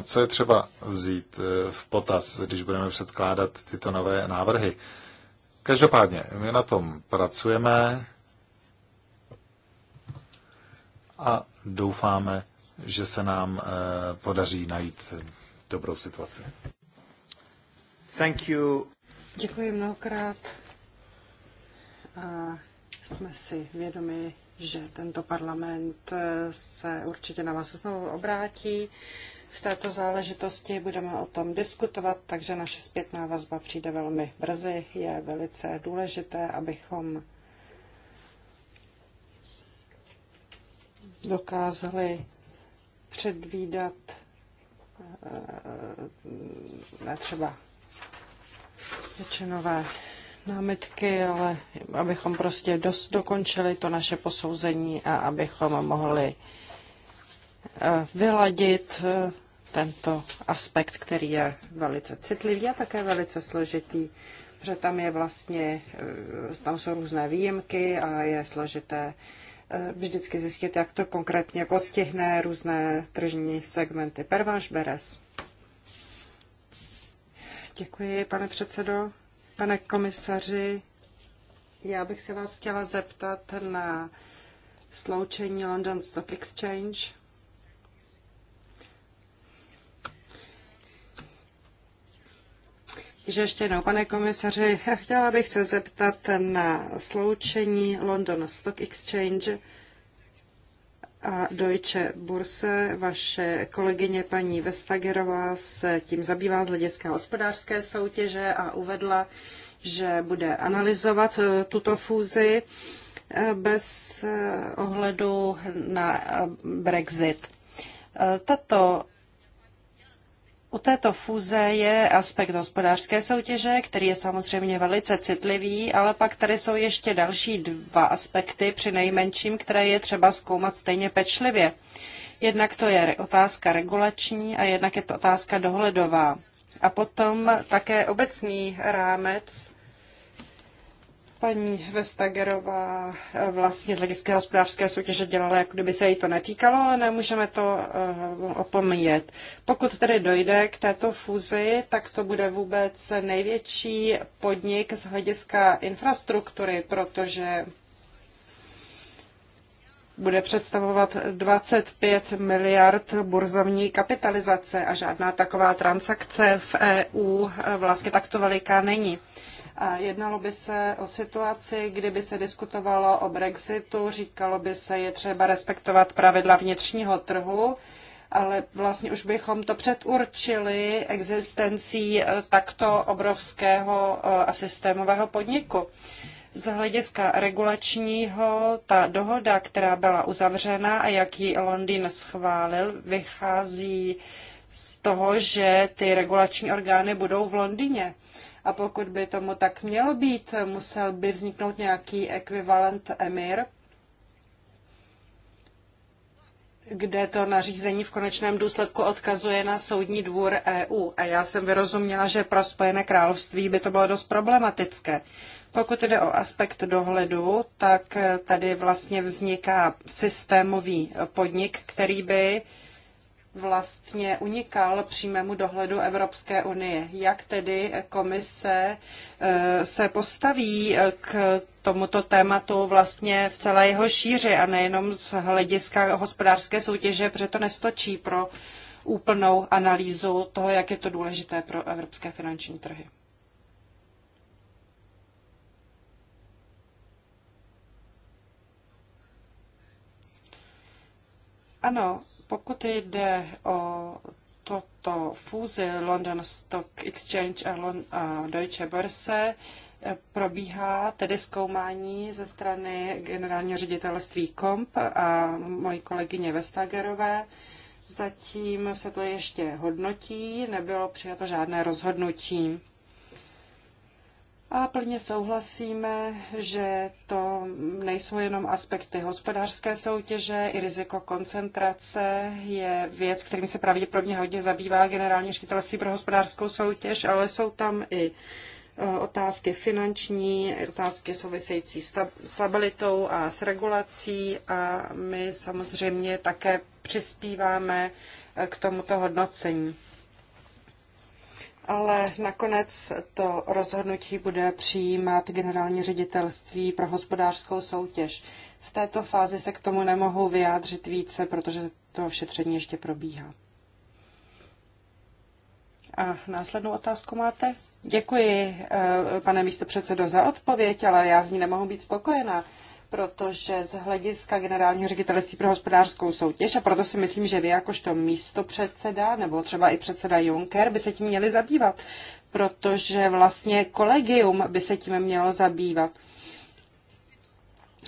co je třeba vzít v potaz, když budeme předkládat tyto nové návrhy. Každopádně, my na tom pracujeme a doufáme, že se nám podaří najít dobrou situaci. Thank you. Děkuji mnohokrát. A jsme si vědomi, že tento parlament eh, se určitě na vás znovu obrátí. V této záležitosti budeme o tom diskutovat, takže naše zpětná vazba přijde velmi brzy. Je velice důležité, abychom dokázali předvídat eh, ne třeba nové námitky, ale abychom prostě dost dokončili to naše posouzení a abychom mohli eh, vyladit eh, tento aspekt, který je velice citlivý a také velice složitý, protože tam je vlastně, eh, tam jsou různé výjimky a je složité vždycky zjistit, jak to konkrétně postihne různé tržní segmenty. Pervanš Beres. Děkuji, pane předsedo. Pane komisaři, já bych se vás chtěla zeptat na sloučení London Stock Exchange. Takže ještě jednou, pane komisaři, chtěla bych se zeptat na sloučení London Stock Exchange a Deutsche Burse. Vaše kolegyně paní Vestagerová se tím zabývá z hlediska hospodářské soutěže a uvedla, že bude analyzovat e, tuto fúzi e, bez e, ohledu na Brexit. Tato u této fúze je aspekt hospodářské soutěže, který je samozřejmě velice citlivý, ale pak tady jsou ještě další dva aspekty, při nejmenším, které je třeba zkoumat stejně pečlivě. Jednak to je otázka regulační a jednak je to otázka dohledová. A potom také obecný rámec Paní Vestagerová eh, vlastně z hlediska hospodářské soutěže dělala, jako kdyby se jí to netýkalo, ale nemůžeme to eh, opomíjet. Pokud tedy dojde k této fuzi, tak to bude vůbec největší podnik z hlediska infrastruktury, protože bude představovat 25 miliard burzovní kapitalizace a žádná taková transakce v EU eh, vlastně takto veliká není jednalo by se o situaci, kdyby se diskutovalo o Brexitu, říkalo by se, je třeba respektovat pravidla vnitřního trhu, ale vlastně už bychom to předurčili existencí eh, takto obrovského eh, a systémového podniku. Z hlediska regulačního ta dohoda, která byla uzavřena a jak ji Londýn schválil, vychází z toho, že ty regulační orgány budou v Londýně. A pokud by tomu tak mělo být, musel by vzniknout nějaký ekvivalent emir, kde to nařízení v konečném důsledku odkazuje na soudní dvůr EU. A já jsem vyrozuměla, že pro Spojené království by to bylo dost problematické. Pokud jde o aspekt dohledu, tak tady vlastně vzniká systémový podnik, který by uh, vlastně unikal přímému dohledu Evropské unie. Jak tedy komise eh, se postaví eh, k tomuto tématu vlastně v celé jeho šíři a nejenom z hlediska hospodářské soutěže, protože to nestočí pro úplnou analýzu toho, jak je to důležité pro evropské finanční trhy. Ano, pokud jde o toto fúzi London Stock Exchange a, Deutsche Börse, eh, probíhá tedy zkoumání ze strany generálního ředitelství KOMP a mojí kolegyně Vestagerové. Zatím se to ještě hodnotí, nebylo přijato žádné rozhodnutí. A plně souhlasíme, že to nejsou jenom aspekty hospodářské soutěže, i riziko koncentrace je věc, kterým se pravděpodobně hodně zabývá generální ředitelství pro hospodářskou soutěž, ale jsou tam i e, otázky finanční, otázky související s stabilitou a s regulací a my samozřejmě také přispíváme e, k tomuto hodnocení ale nakonec to rozhodnutí bude přijímat generální ředitelství pro hospodářskou soutěž. V této fázi se k tomu nemohu vyjádřit více, protože to šetření ještě probíhá. A následnou otázku máte? Děkuji, eh, pane místopředsedo, za odpověď, ale já z ní nemohu být spokojená protože z hlediska generálního ředitelství pro hospodářskou soutěž, a proto si myslím, že vy jakožto místo předseda, nebo třeba i předseda Juncker, by se tím měli zabývat, protože vlastně kolegium by se tím mělo zabývat.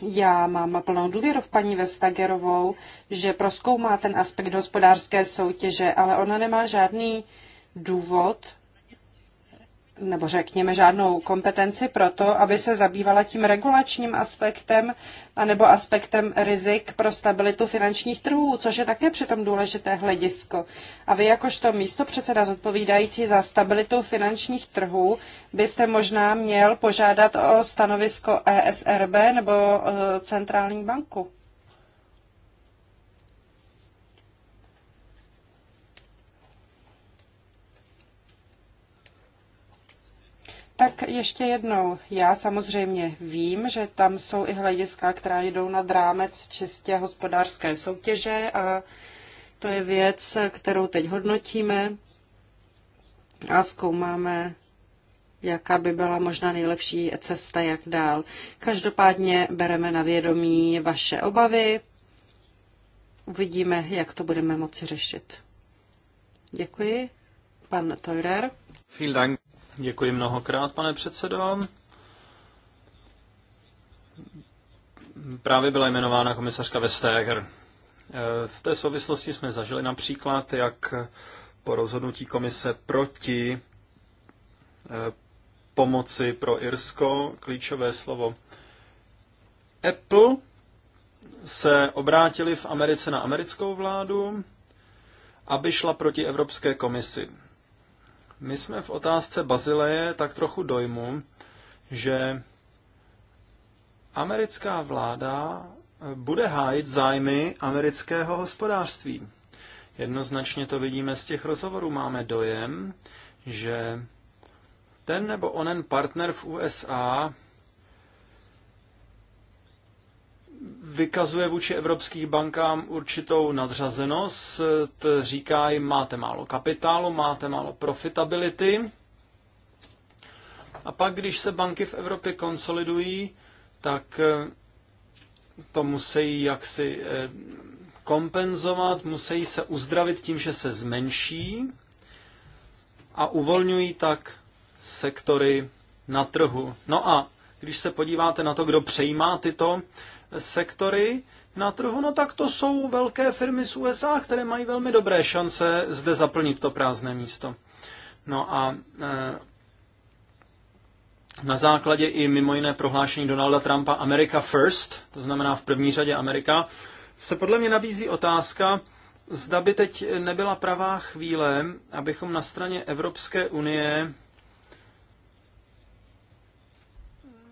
Já mám plnou důvěru v paní Vestagerovou, že proskoumá ten aspekt hospodářské soutěže, ale ona nemá žádný důvod nebo řekněme, žádnou kompetenci pro to, aby se zabývala tím regulačním aspektem anebo aspektem rizik pro stabilitu finančních trhů, což je také přitom důležité hledisko. A vy jakožto místo předseda zodpovídající za stabilitu finančních trhů byste možná měl požádat o stanovisko ESRB nebo e, Centrální banku. Tak ještě jednou, já samozřejmě vím, že tam jsou i hlediska, která jdou nad rámec čistě hospodářské soutěže a to je věc, kterou teď hodnotíme a zkoumáme, jaká by byla možná nejlepší cesta, jak dál. Každopádně bereme na vědomí vaše obavy, uvidíme, jak to budeme moci řešit. Děkuji, pan Teurer. Vielen Dank. Děkuji mnohokrát, pane předsedo. Právě byla jmenována komisařka Vestager. V té souvislosti jsme zažili například, jak po rozhodnutí komise proti eh, pomoci pro Irsko, klíčové slovo Apple, se obrátili v Americe na americkou vládu, aby šla proti Evropské komisi. My jsme v otázce Bazileje tak trochu dojmu, že americká vláda eh, bude hájit zájmy amerického hospodářství. Jednoznačně to vidíme z těch rozhovorů. Máme dojem, že ten nebo onen partner v USA vykazuje vůči evropských bankám určitou nadřazenost, říká jim, máte málo kapitálu, máte málo profitability. A pak, když se banky v Evropě konsolidují, tak eh, to musí jaksi eh, kompenzovat, musí se uzdravit tím, že se zmenší a uvolňují tak sektory na trhu. No a když se podíváte na to, kdo přejímá tyto sektory na trhu, no tak to jsou velké firmy z USA, které mají velmi dobré šance zde zaplnit to prázdné místo. No a e, na základě i mimo jiné prohlášení Donalda Trumpa America First, to znamená v první řadě Amerika, se podle mě nabízí otázka, zda by teď nebyla pravá chvíle, abychom na straně Evropské unie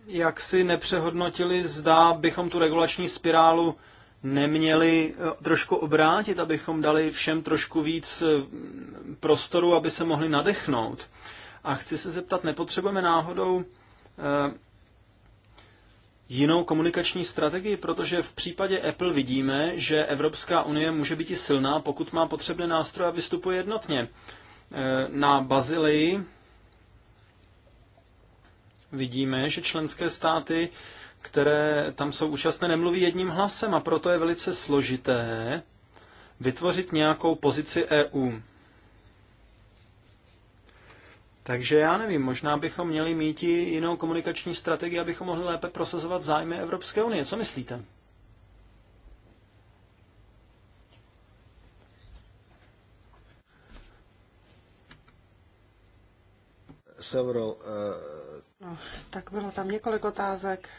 jak si nepřehodnotili, zda bychom tu regulační spirálu neměli eh, trošku obrátit, abychom dali všem trošku víc eh, prostoru, aby se mohli nadechnout. A chci se zeptat, nepotřebujeme náhodou eh, jinou komunikační strategii, protože v případě Apple vidíme, že Evropská unie může být i silná, pokud má potřebné nástroje a vystupuje jednotně. Na Bazilii vidíme, že členské státy, které tam jsou účastné, nemluví jedním hlasem a proto je velice složité vytvořit nějakou pozici EU. Takže já nevím, možná bychom měli mít i jinou komunikační strategii, abychom mohli lépe prosazovat zájmy Evropské unie. Co myslíte? Several, uh No, tak bylo tam několik otázek.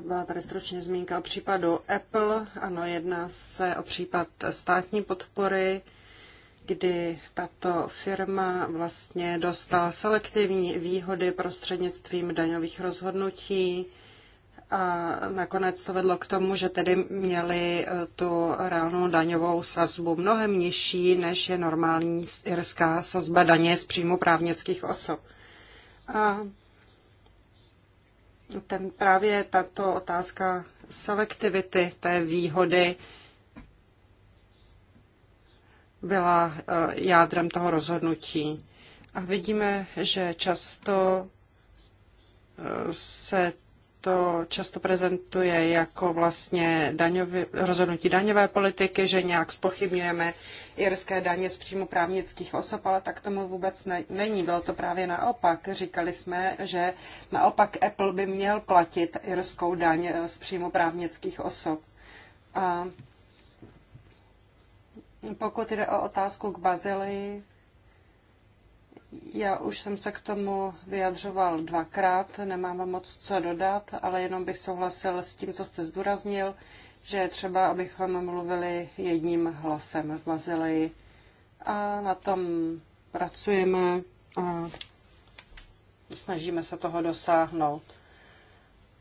Byla tady stručně zmínka o případu Apple. Ano, jedná se o případ státní podpory, kdy tato firma vlastně dostala selektivní výhody prostřednictvím daňových rozhodnutí a nakonec to vedlo k tomu, že tedy měli eh, tu reálnou daňovou sazbu mnohem nižší, než je normální irská sazba daně z příjmu právnických osob. A ten, právě tato otázka selektivity, té výhody, byla eh, jádrem toho rozhodnutí. A vidíme, že často eh, se to často prezentuje jako vlastně daňový, rozhodnutí daňové politiky, že nějak spochybňujeme irské daně z příjmu právnických osob, ale tak tomu vůbec ne, není. Bylo to právě naopak. Říkali jsme, že naopak Apple by měl platit irskou daň eh, z příjmu právnických osob. A pokud jde o otázku k Bazilii, já už jsem se k tomu vyjadřoval dvakrát, nemám moc co dodat, ale jenom bych souhlasil s tím, co jste zdůraznil, že je třeba, abychom mluvili jedním hlasem v Mazileji. A na tom pracujeme a snažíme se toho dosáhnout.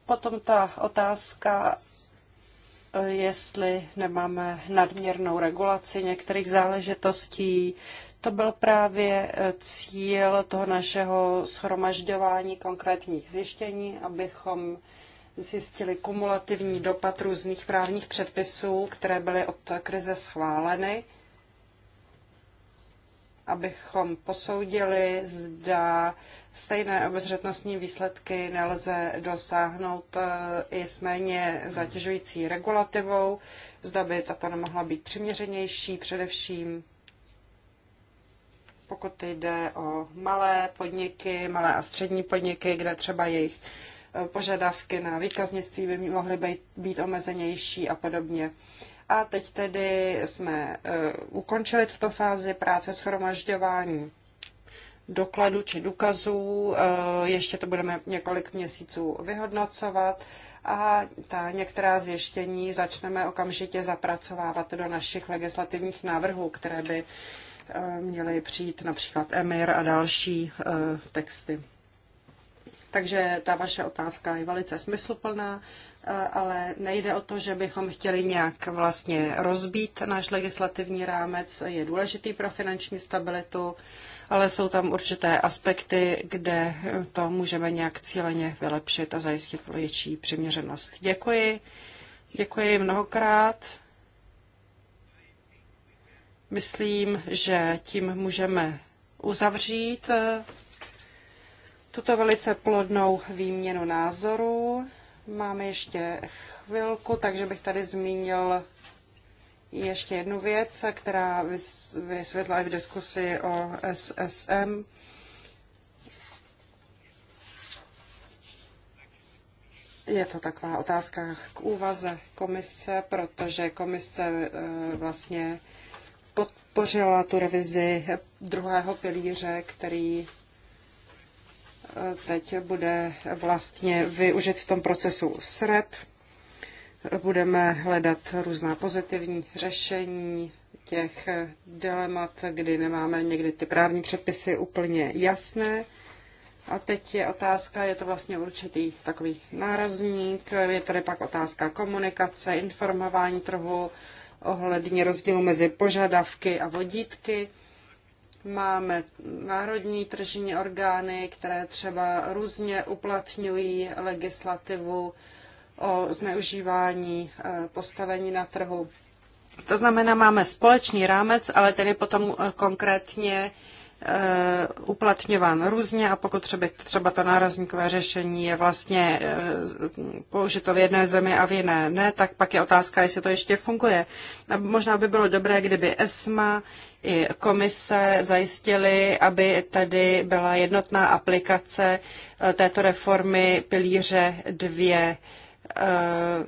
Potom ta otázka, jestli nemáme nadměrnou regulaci některých záležitostí, to byl právě eh, cíl toho našeho schromažďování konkrétních zjištění, abychom zjistili kumulativní dopad různých právních předpisů, které byly od krize schváleny, abychom posoudili, zda stejné obezřetnostní výsledky nelze dosáhnout eh, i s méně zatěžující regulativou, zda by tato nemohla být přiměřenější, především pokud jde o malé podniky, malé a střední podniky, kde třeba jejich e, požadavky na výkaznictví by mohly být, být omezenější a podobně. A teď tedy jsme uh, ukončili tuto fázi práce schromažďování dokladů či důkazů. Uh, ještě to budeme několik měsíců vyhodnocovat a ta některá zjištění začneme okamžitě zapracovávat do našich legislativních návrhů, které by uh, Eh, měly přijít například Emir a další eh, texty. Takže ta vaše otázka je velice smysluplná, eh, ale nejde o to, že bychom chtěli nějak vlastně rozbít náš legislativní rámec. Je důležitý pro finanční stabilitu, ale jsou tam určité aspekty, kde to můžeme nějak cíleně vylepšit a zajistit větší přiměřenost. Děkuji. Děkuji mnohokrát. Myslím, že tím můžeme uzavřít eh, tuto velice plodnou výměnu názorů. Máme ještě chvilku, takže bych tady zmínil ještě jednu věc, která vysvětla i v diskusi o SSM. Je to taková otázka k úvaze komise, protože komise eh, vlastně podpořila tu revizi druhého pilíře, který eh, teď bude vlastně využit v tom procesu SREP. Budeme hledat různá pozitivní řešení těch dilemat, kdy nemáme někdy ty právní předpisy úplně jasné. A teď je otázka, je to vlastně určitý takový nárazník, je tady pak otázka komunikace, informování trhu, ohledně rozdílu mezi požadavky a vodítky. Máme národní tržní orgány, které třeba různě uplatňují legislativu o zneužívání eh, postavení na trhu. To znamená, máme společný rámec, ale tedy potom eh, konkrétně Eh, uplatňován různě a pokud třeba, třeba to nárazníkové řešení je vlastně eh, použito v jedné zemi a v jiné ne, tak pak je otázka, jestli to ještě funguje. A možná by bylo dobré, kdyby ESMA i komise zajistili, aby tady byla jednotná aplikace eh, této reformy pilíře 2 Eh,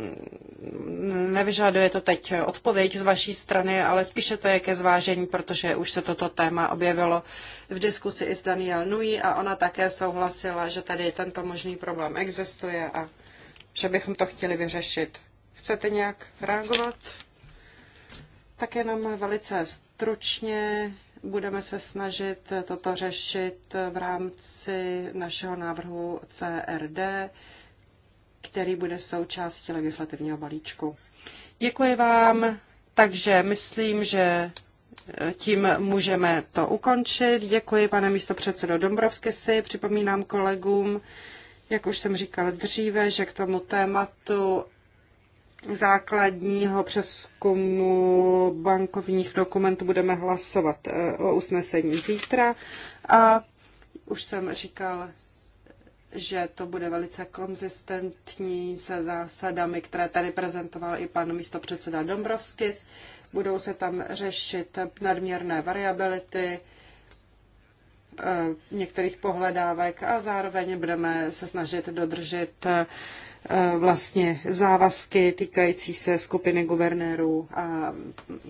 nevyžaduje to teď odpověď z vaší strany, ale spíše to je ke zvážení, protože už se toto téma objevilo v diskusi i s Daniel Nui a ona také souhlasila, že tady tento možný problém existuje a že bychom to chtěli vyřešit. Chcete nějak reagovat? Tak jenom velice stručně budeme se snažit toto řešit v rámci našeho návrhu CRD který bude součástí legislativního balíčku. Děkuji vám, takže myslím, že eh, tím můžeme to ukončit. Děkuji, pane místopředsedo Dombrovsky si. Připomínám kolegům, jak už jsem říkal dříve, že k tomu tématu základního přeskumu bankovních dokumentů budeme hlasovat eh, o usnesení zítra. A už jsem říkal že to bude velice konzistentní se zásadami, které tady prezentoval i pan místopředseda Dombrovskis. Budou se tam řešit nadměrné variability eh, některých pohledávek a zároveň budeme se snažit dodržet eh, vlastně závazky týkající se skupiny guvernérů a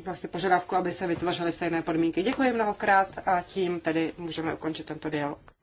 vlastně požadavku, aby se vytvořily stejné podmínky. Děkuji mnohokrát a tím tedy můžeme ukončit tento dialog.